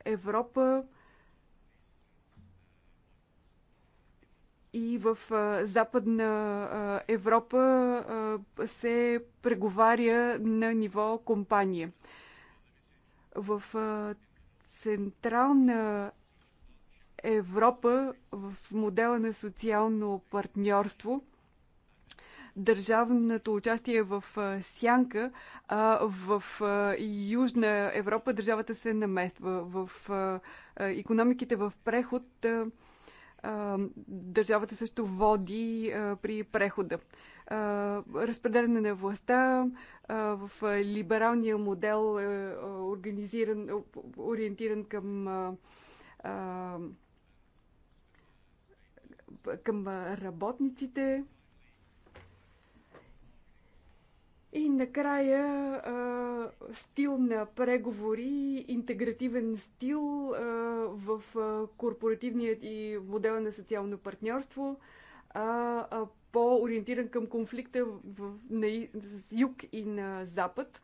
Европа и в Западна Европа се преговаря на ниво компания. В Централна Европа в модела на социално партньорство, държавното участие е в Сянка, а в Южна Европа държавата се намества. В економиките в преход държавата също води при прехода. Разпределяне на властта в либералния модел, е, организиран, ориентиран към към работниците. И накрая стил на преговори, интегративен стил в корпоративният и модел на социално партньорство, по-ориентиран към конфликта на юг и на запад.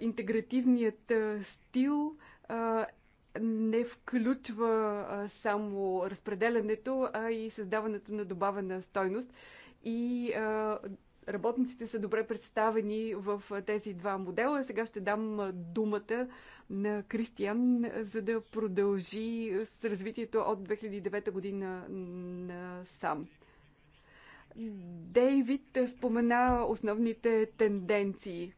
интегративният стил не включва а, само разпределянето, а и създаването на добавена стойност. И а, работниците са добре представени в тези два модела. Сега ще дам думата на Кристиан, за да продължи с развитието от 2009 година на сам. Дейвид спомена основните тенденции.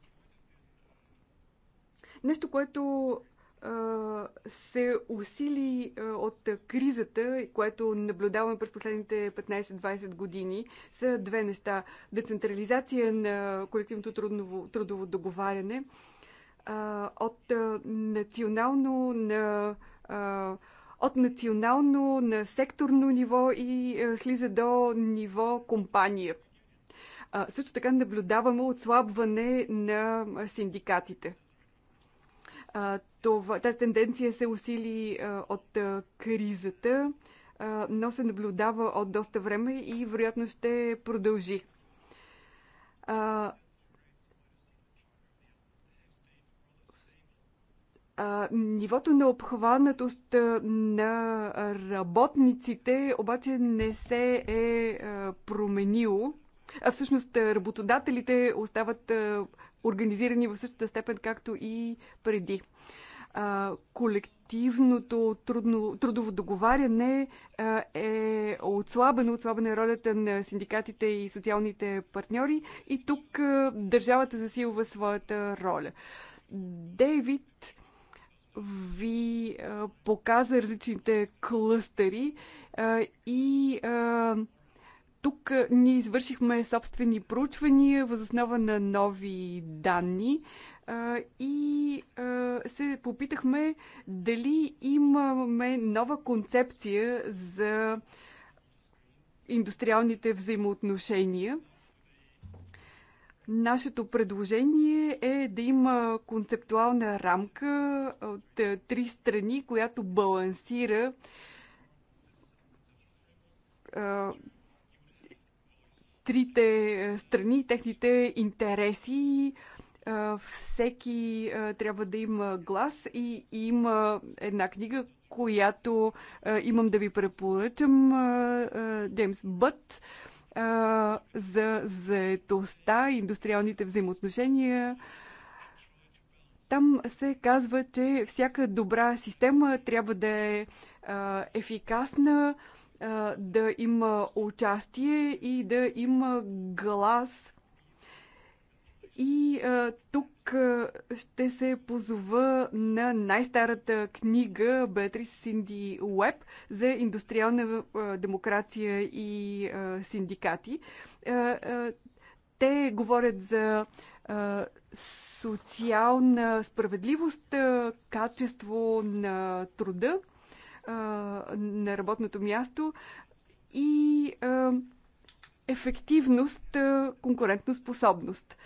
Нещо, което се усили от кризата, което наблюдаваме през последните 15-20 години, са две неща. Децентрализация на колективното трудово, трудово договаряне от национално на от национално на секторно ниво и слиза до ниво компания. Също така наблюдаваме отслабване на синдикатите това, тази тенденция се усили а, от а, кризата, а, но се наблюдава от доста време и вероятно ще продължи. А, а, нивото на обхванатост на работниците обаче не се е променило. А всъщност работодателите остават организирани в същата степен, както и преди а, колективното трудно, трудово договаряне а, е отслабено, отслабена е ролята на синдикатите и социалните партньори и тук а, държавата засилва своята роля. Дейвид ви а, показа различните клъстери а, и а, тук ние извършихме собствени проучвания възоснова на нови данни и се попитахме дали имаме нова концепция за индустриалните взаимоотношения. Нашето предложение е да има концептуална рамка от три страни, която балансира трите страни, техните интереси, всеки трябва да има глас и има една книга, която имам да ви препоръчам, Джеймс Бът, за заетостта, индустриалните взаимоотношения. Там се казва, че всяка добра система трябва да е ефикасна, да има участие и да има глас и а, тук а, ще се позова на най-старата книга Беатрис Синди Уеб за индустриална а, демокрация и а, синдикати. А, а, те говорят за а, социална справедливост, а, качество на труда, а, на работното място и а, ефективност, конкурентоспособност. способност.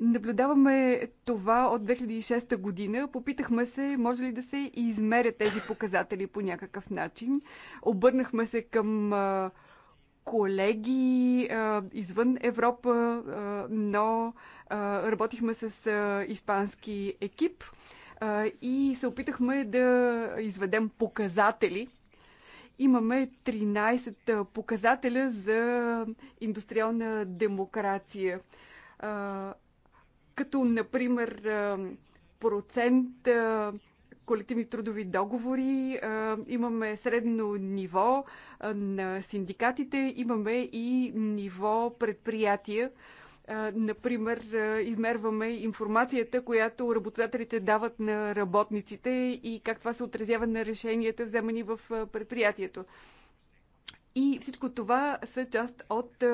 Наблюдаваме това от 2006 година. Попитахме се, може ли да се измерят тези показатели по някакъв начин. Обърнахме се към колеги извън Европа, но работихме с испански екип и се опитахме да изведем показатели Имаме 13 показателя за индустриална демокрация, като например процент колективни трудови договори, имаме средно ниво на синдикатите, имаме и ниво предприятия, Например, измерваме информацията, която работодателите дават на работниците и как това се отразява на решенията, вземани в предприятието. И всичко това са част от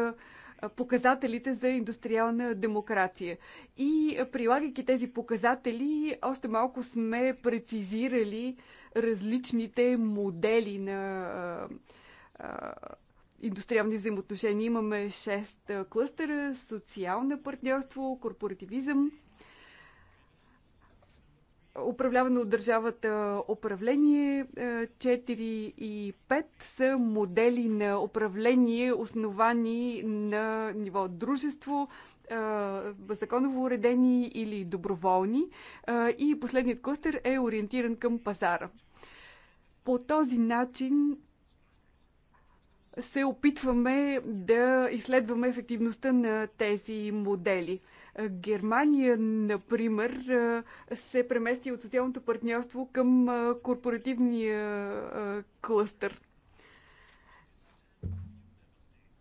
показателите за индустриална демокрация. И прилагайки тези показатели, още малко сме прецизирали различните модели на индустриални взаимоотношения имаме 6 клъстера социално партньорство, корпоративизъм, управлявано от държавата управление 4 и 5 са модели на управление, основани на ниво дружество, законово уредени или доброволни. И последният клъстер е ориентиран към пазара. По този начин се опитваме да изследваме ефективността на тези модели. Германия, например, се премести от социалното партньорство към корпоративния клъстър.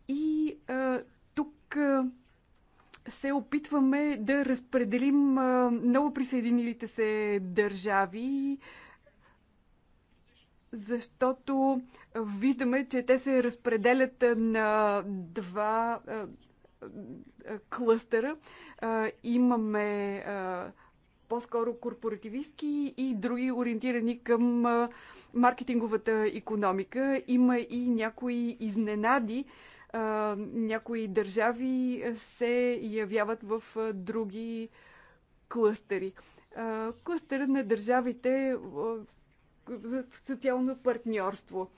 И тук се опитваме да разпределим ново присъединилите се държави защото виждаме, че те се разпределят на два клъстера. Имаме по-скоро корпоративистки и други ориентирани към маркетинговата економика. Има и някои изненади. Някои държави се явяват в други клъстери. Клъстера на държавите за социално партньорство.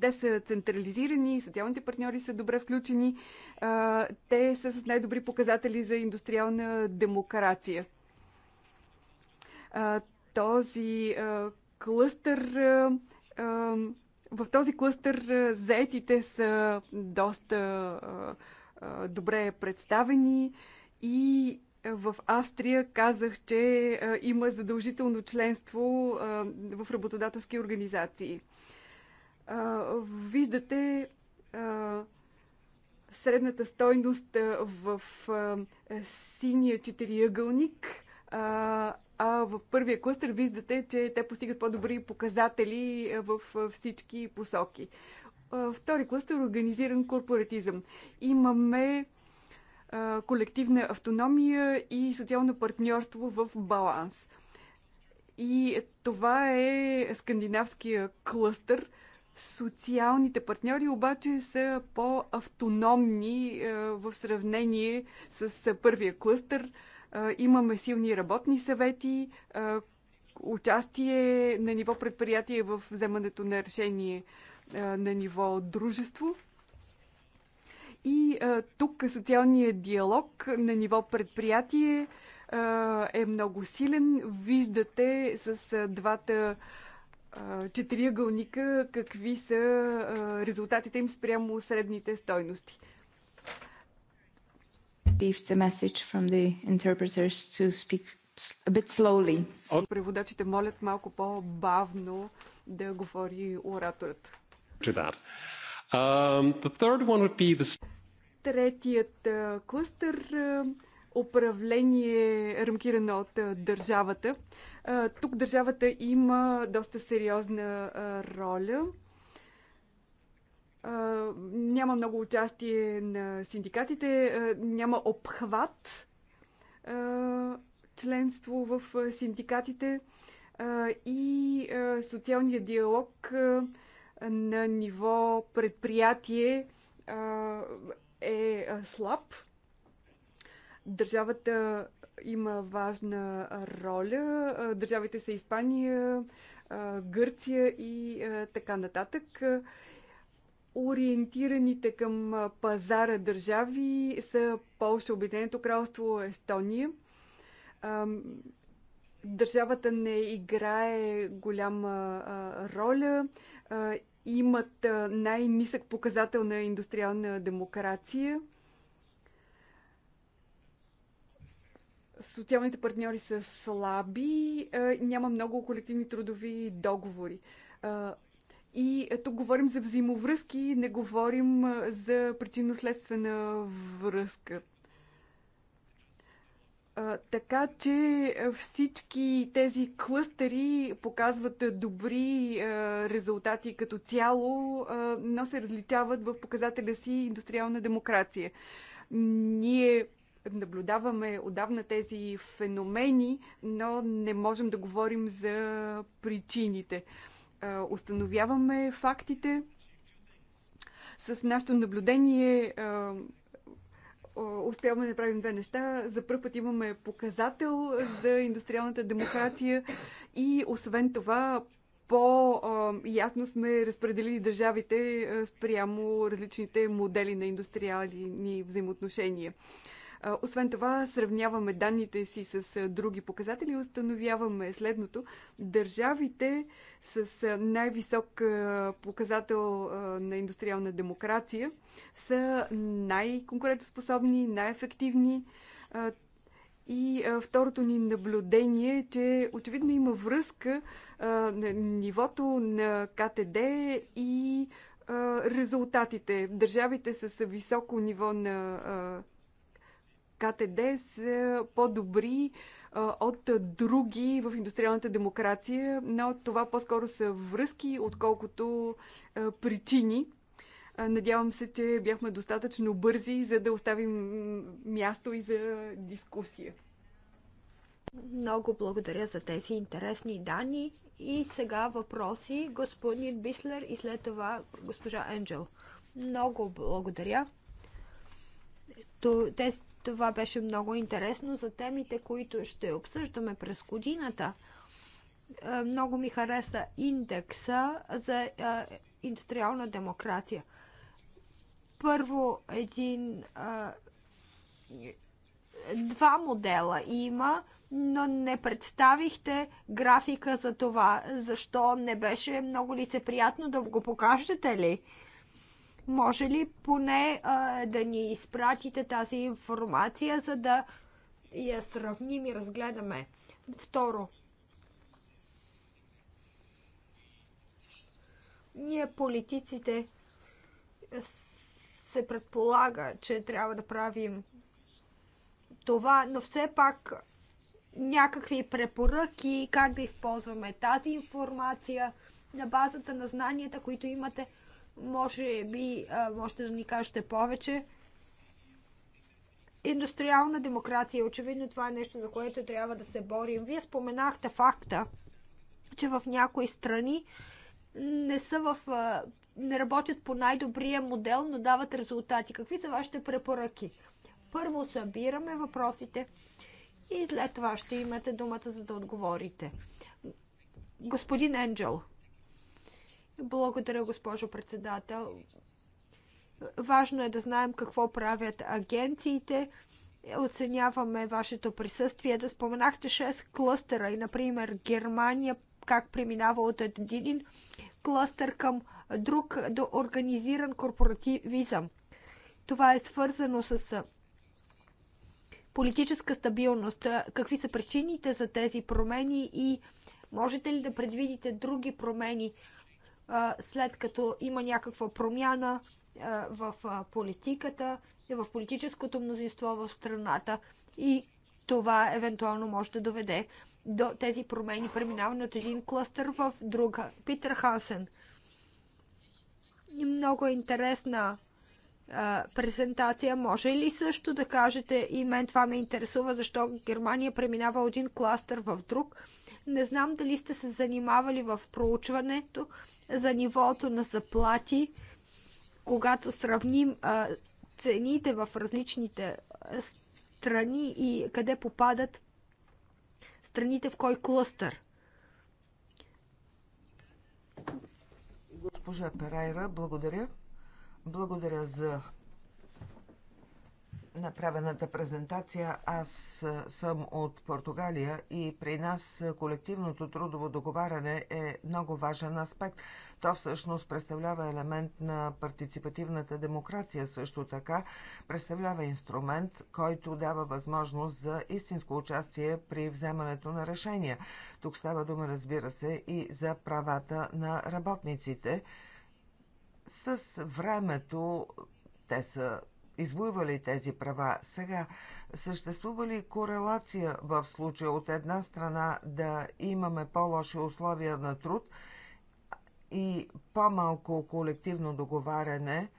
Те са централизирани, социалните партньори са добре включени, те са с най-добри показатели за индустриална демокрация. Този клъстър в този клъстър заетите са доста добре представени и в Австрия казах, че има задължително членство в работодателски организации. Виждате средната стойност в синия четириъгълник, а в първия клъстър виждате, че те постигат по-добри показатели в всички посоки. Втори клъстър – организиран корпоратизъм. Имаме колективна автономия и социално партньорство в баланс. И това е скандинавския клъстър. Социалните партньори обаче са по-автономни в сравнение с първия клъстър. Имаме силни работни съвети, участие на ниво предприятие в вземането на решение на ниво дружество – и а, тук социалният диалог на ниво предприятие а, е много силен. Виждате с а, двата четириъгълника какви са а, резултатите им спрямо средните стойности.
The
Преводачите молят малко по-бавно да говори ораторът. Um, the third one would be the Третият клъстър управление, рамкирано от държавата. Тук държавата има доста сериозна роля. Няма много участие на синдикатите, няма обхват членство в синдикатите и социалния диалог на ниво предприятие е слаб. Държавата има важна роля. Държавите са Испания, Гърция и така нататък. Ориентираните към пазара държави са Польша, Обединеното кралство, Естония. Държавата не играе голяма роля имат най-нисък показател на индустриална демокрация. Социалните партньори са слаби, няма много колективни трудови договори. И тук говорим за взаимовръзки, не говорим за причинно-следствена връзка така че всички тези клъстери показват добри резултати като цяло, но се различават в показателя си индустриална демокрация. Ние наблюдаваме отдавна тези феномени, но не можем да говорим за причините. Установяваме фактите. С нашето наблюдение е, успяваме да правим две неща. За първ път имаме показател за индустриалната демокрация и освен това по-ясно сме разпределили държавите е, спрямо различните модели на индустриални взаимоотношения. Освен това, сравняваме данните си с други показатели и установяваме следното. Държавите с най-висок показател на индустриална демокрация са най-конкурентоспособни, най-ефективни. И второто ни наблюдение е, че очевидно има връзка на нивото на КТД и резултатите. Държавите с високо ниво на КТД са по-добри от други в индустриалната демокрация, но това по-скоро са връзки, отколкото причини. Надявам се, че бяхме достатъчно бързи, за да оставим място и за дискусия. Много благодаря за тези интересни данни.
И сега въпроси господин Бислер и след това госпожа Енджел. Много благодаря. Това беше много интересно за темите, които ще обсъждаме през годината. Е, много ми хареса индекса за е, индустриална демокрация. Първо един е, два модела има, но не представихте графика за това. Защо не беше много лицеприятно да го покажете ли? Може ли поне а, да ни изпратите тази информация, за да я сравним и разгледаме? Второ, ние политиците се предполага, че трябва да правим това, но все пак някакви препоръки, как да използваме тази информация на базата на знанията, които имате – може би а, можете да ни кажете повече. Индустриална демокрация. Очевидно това е нещо, за което трябва да се борим. Вие споменахте факта, че в някои страни не са в не работят по най-добрия модел, но дават резултати. Какви са вашите препоръки? Първо събираме въпросите и след това ще имате думата, за да отговорите. Господин Енджел. Благодаря, госпожо председател. Важно е да знаем какво правят агенциите. Оценяваме вашето присъствие. Да споменахте 6 клъстера и, например, Германия как преминава от един клъстер към друг до организиран корпоративизъм. Това е свързано с политическа стабилност. Какви са причините за тези промени и можете ли да предвидите други промени? след като има някаква промяна в политиката, и в политическото мнозинство в страната и това евентуално може да доведе до тези промени, преминаване от един клъстър в друга. Питер Хансен. И Много интересна а, презентация. Може ли също да кажете, и мен това ме интересува, защо Германия преминава от един кластър в друг? Не знам дали сте се занимавали в проучването, за нивото на заплати, когато сравним цените в различните страни и къде попадат страните в кой клъстър.
Госпожа Перайра, благодаря. Благодаря за направената презентация. Аз съм от Португалия и при нас колективното трудово договаряне е много важен аспект. То всъщност представлява елемент на партиципативната демокрация. Също така представлява инструмент, който дава възможност за истинско участие при вземането на решения. Тук става дума, разбира се, и за правата на работниците. С времето те са извоювали тези права. Сега, съществува ли корелация в случая от една страна да имаме по-лоши условия на труд и по-малко колективно договаряне,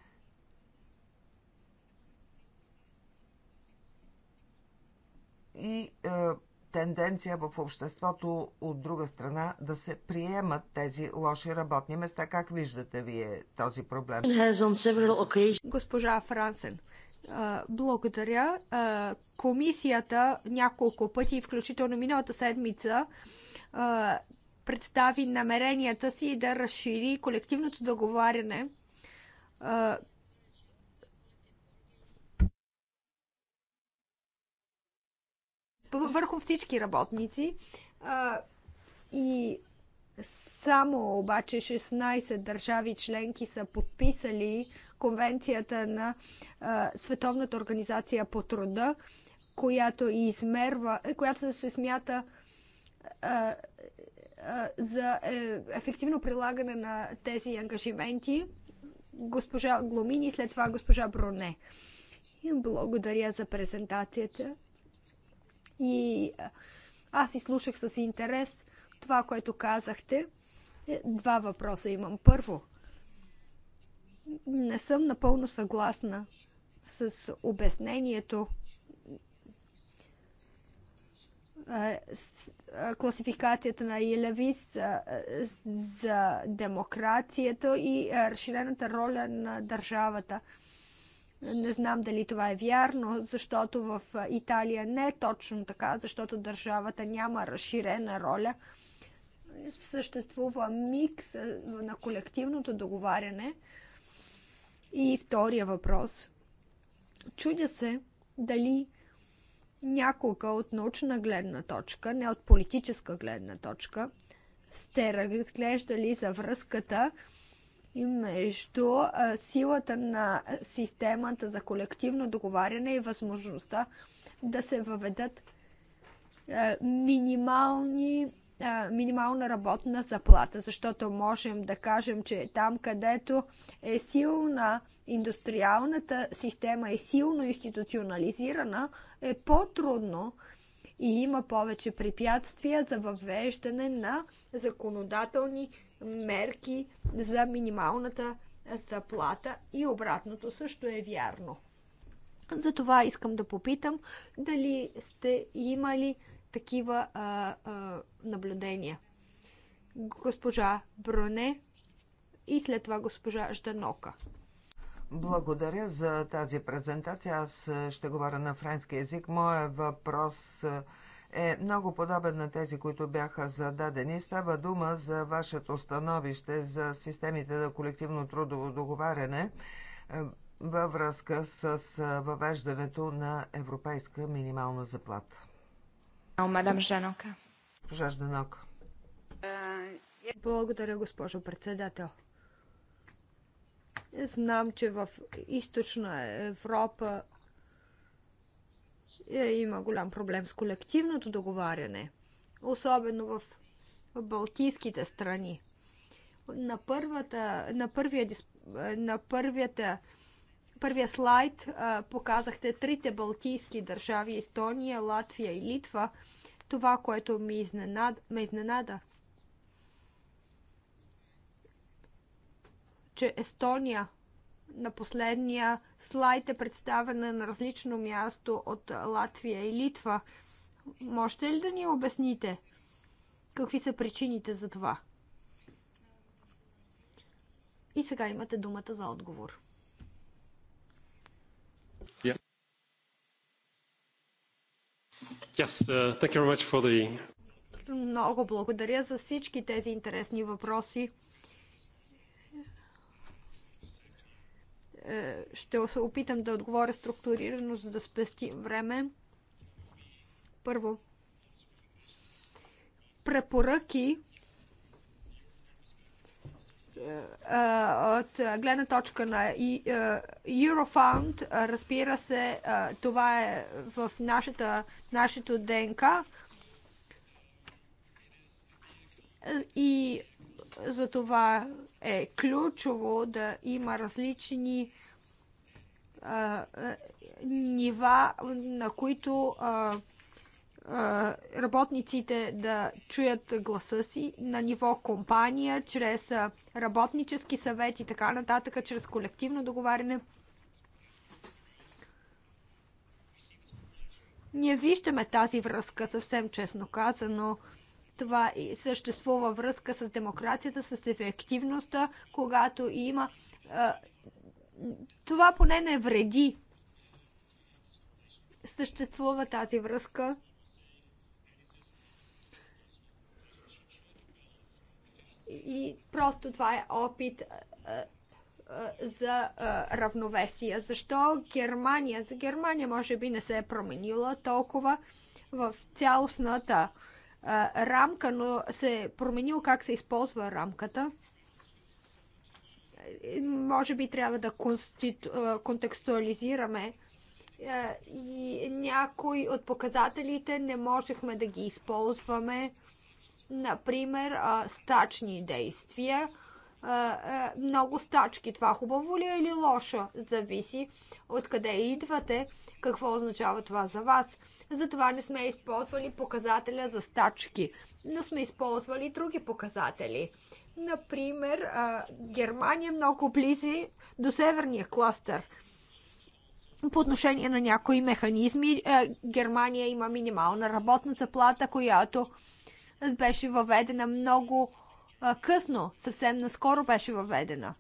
и е, тенденция в обществото от друга страна да се приемат тези лоши работни места. Как виждате вие този проблем?
Госпожа Франсен, благодаря. Комисията няколко пъти, включително миналата седмица, представи намеренията си да разшири колективното договаряне върху всички работници. И само обаче 16 държави членки са подписали конвенцията на Световната организация по труда, която измерва, която се смята за е, ефективно прилагане на тези ангажименти госпожа Гломини и след това госпожа Броне. И благодаря за презентацията. И аз изслушах с интерес това, което казахте. Е, два въпроса имам. Първо, не съм напълно съгласна с обяснението. Класификацията на Елевис за демокрацията и разширената роля на държавата. Не знам дали това е вярно, защото в Италия не е точно така, защото държавата няма разширена роля. Съществува микс на колективното договаряне – и втория въпрос. Чудя се дали няколко от научна гледна точка, не от политическа гледна точка, сте разглеждали за връзката между силата на системата за колективно договаряне и възможността да се въведат минимални минимална работна заплата, защото можем да кажем, че там, където е силна индустриалната система, е силно институционализирана, е по-трудно и има повече препятствия за въвеждане на законодателни мерки за минималната заплата и обратното също е вярно. Затова искам да попитам дали сте имали такива а, а, наблюдения. Госпожа Броне и след това госпожа Жданока.
Благодаря за тази презентация. Аз ще говоря на френски язик. Моя въпрос е много подобен на тези, които бяха зададени. Става дума за вашето становище за системите на колективно трудово договаряне във връзка с въвеждането на европейска минимална заплата.
Благодаря, госпожо председател. Знам, че в източна Европа е, има голям проблем с колективното договаряне, особено в Балтийските страни. На, първата, на, първия, на първията първия слайд а, показахте трите балтийски държави Естония, Латвия и Литва. Това, което ми изненада, ме изненада, че Естония на последния слайд е представена на различно място от Латвия и Литва. Можете ли да ни обясните какви са причините за това? И сега имате думата за отговор.
Yes, uh, thank you very much for the...
Много благодаря за всички тези интересни въпроси. Е, ще се опитам да отговоря структурирано, за да спести време. Първо, препоръки е, от гледна точка на е, Eurofound, е, разбира се, това е в нашата, нашето ДНК. И за това е ключово да има различни нива, на които работниците да чуят гласа си на ниво компания, чрез работнически съвети и така нататък, чрез колективно договаряне. Ние виждаме тази връзка, съвсем честно казано. Това и съществува връзка с демокрацията, с ефективността, когато има. Това поне не вреди. Съществува тази връзка и просто това е опит за равновесие. Защо Германия? За Германия може би не се е променила толкова в цялостната рамка, но се е променил как се използва рамката. Може би трябва да контекстуализираме и някои от показателите не можехме да ги използваме например, стачни действия, много стачки. Това хубаво ли е или лошо? Зависи откъде идвате, какво означава това за вас. Затова не сме използвали показателя за стачки, но сме използвали други показатели. Например, Германия е много близи до северния кластър. По отношение на някои механизми, Германия има минимална работна заплата, която беше въведена много а, късно, съвсем наскоро беше въведена.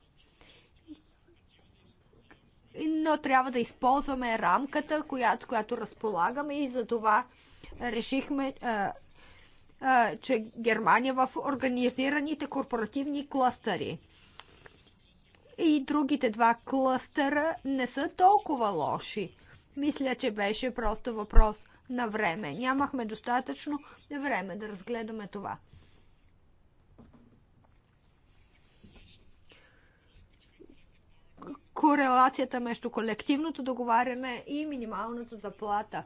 Но трябва да използваме рамката, която, която разполагаме и за това решихме, а, а, че Германия в организираните корпоративни кластъри. и другите два кластъра не са толкова лоши. Мисля, че беше просто въпрос – на време. Нямахме достатъчно време да разгледаме това. Корелацията между колективното договаряне и минималната заплата.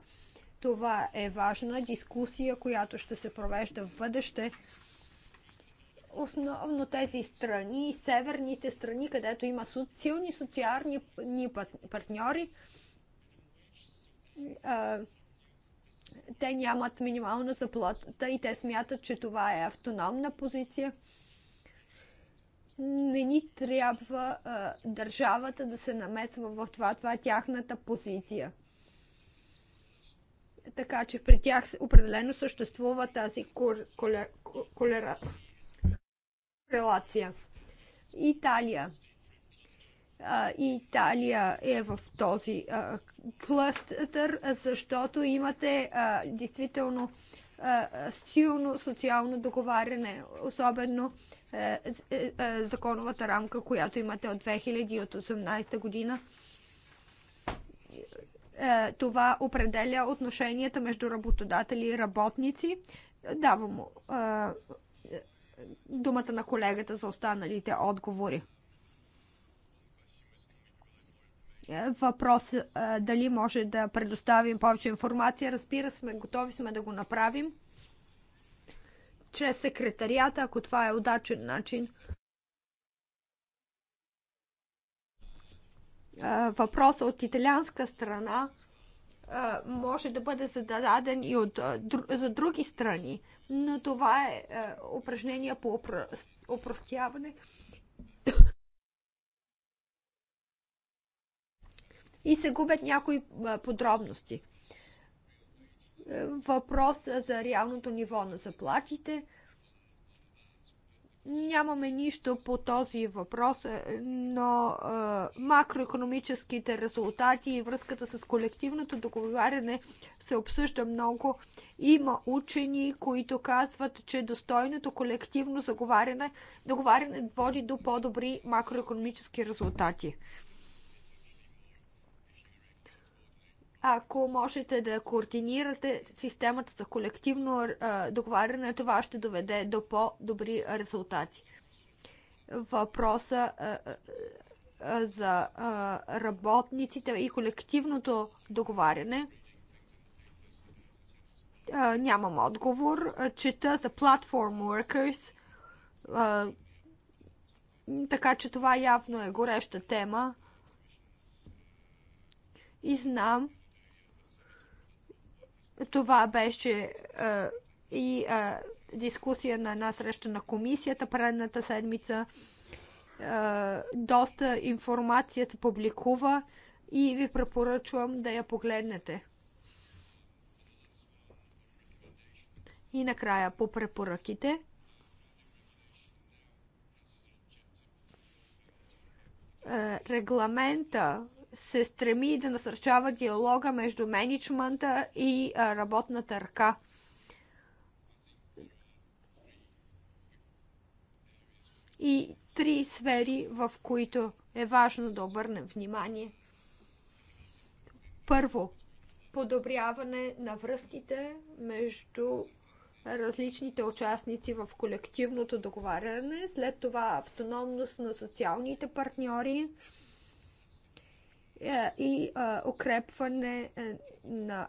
Това е важна дискусия, която ще се провежда в бъдеще основно тези страни, северните страни, където има силни социални партньори, те нямат минимална заплата и те смятат, че това е автономна позиция. Не ни трябва а, държавата да се намесва в това. Това е тяхната позиция. Така че при тях определено съществува тази кор, колер, колера, релация. Италия. И Италия е в този клъстър, защото имате действително силно социално договаряне, особено е, е, е, законовата рамка, която имате от 2018 година. Това определя отношенията между работодатели и работници. Давам думата на колегата за останалите отговори. въпрос дали може да предоставим повече информация. Разбира сме, готови сме да го направим чрез секретарията, ако това е удачен начин. въпрос от италианска страна може да бъде зададен и от, за други страни, но това е упражнение по опростяване. и се губят някои подробности. Е, въпрос за реалното ниво на заплатите. Нямаме нищо по този въпрос, е, но макроекономическите резултати и връзката с колективното договаряне се обсъжда много. Има учени, които казват, че достойното колективно договаряне води до по-добри макроекономически резултати. Ако можете да координирате системата за колективно договаряне, това ще доведе до по-добри резултати. Въпроса за работниците и колективното договаряне – нямам отговор. Чета за Platform Workers. така че това явно е гореща тема. И знам, това беше а, и а, дискусия на една среща на комисията предната седмица. А, доста информация се публикува и ви препоръчвам да я погледнете. И накрая по препоръките. Регламента се стреми да насърчава диалога между менеджмента и работната ръка. И три сфери, в които е важно да обърнем внимание. Първо, подобряване на връзките между различните участници в колективното договаряне, след това автономност на социалните партньори, е, и укрепване е, на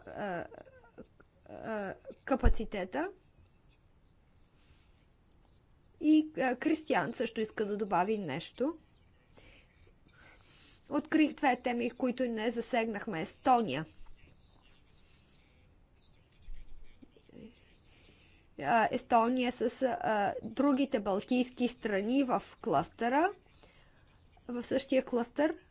е, капацитета. И Кристиан също иска да добави нещо. Открих две теми, които не засегнахме. Естония. Естония с а, другите балтийски страни в кластъра, в същия кластър –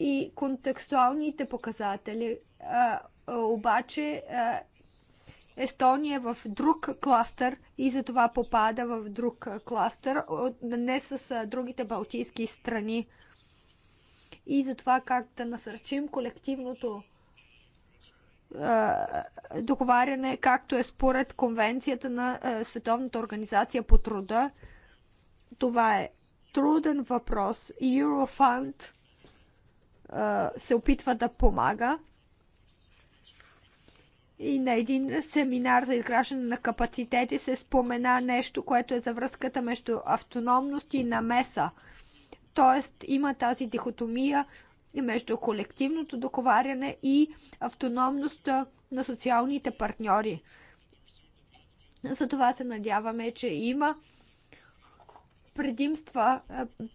и контекстуалните показатели. А, обаче а, Естония е в друг кластър и затова попада в друг кластър, не с другите балтийски страни. И за това как да насърчим колективното договаряне, както е според конвенцията на Световната организация по труда. Това е труден въпрос. Eurofund – се опитва да помага. И на един семинар за изграждане на капацитети се спомена нещо, което е за връзката между автономност и намеса. Тоест има тази дихотомия между колективното договаряне и автономността на социалните партньори. Затова се надяваме, че има предимства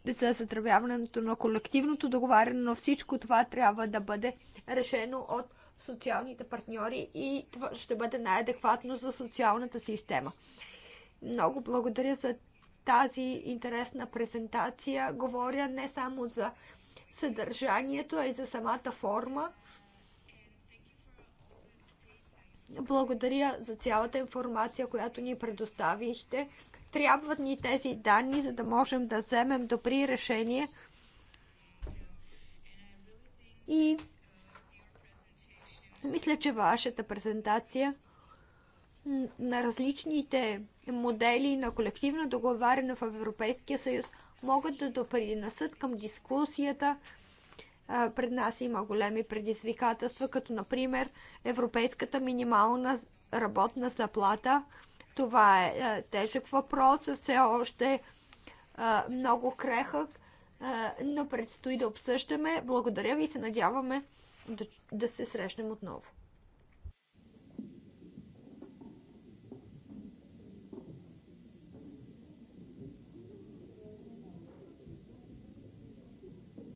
за затребяването на колективното договаряне, но всичко това трябва да бъде решено от социалните партньори и това ще бъде най-адекватно за социалната система. Много благодаря за тази интересна презентация. Говоря не само за съдържанието, а и за самата форма. Благодаря за цялата информация, която ни предоставихте. Трябват ни тези данни, за да можем да вземем добри решения. И мисля, че вашата презентация на различните модели на колективно договаряне в Европейския съюз могат да допринесат към дискусията. Пред нас има големи предизвикателства, като например Европейската минимална работна заплата – това е, е тежък въпрос, все още е, много крехък, е, но предстои да обсъждаме. Благодаря ви и се надяваме да, да се срещнем отново.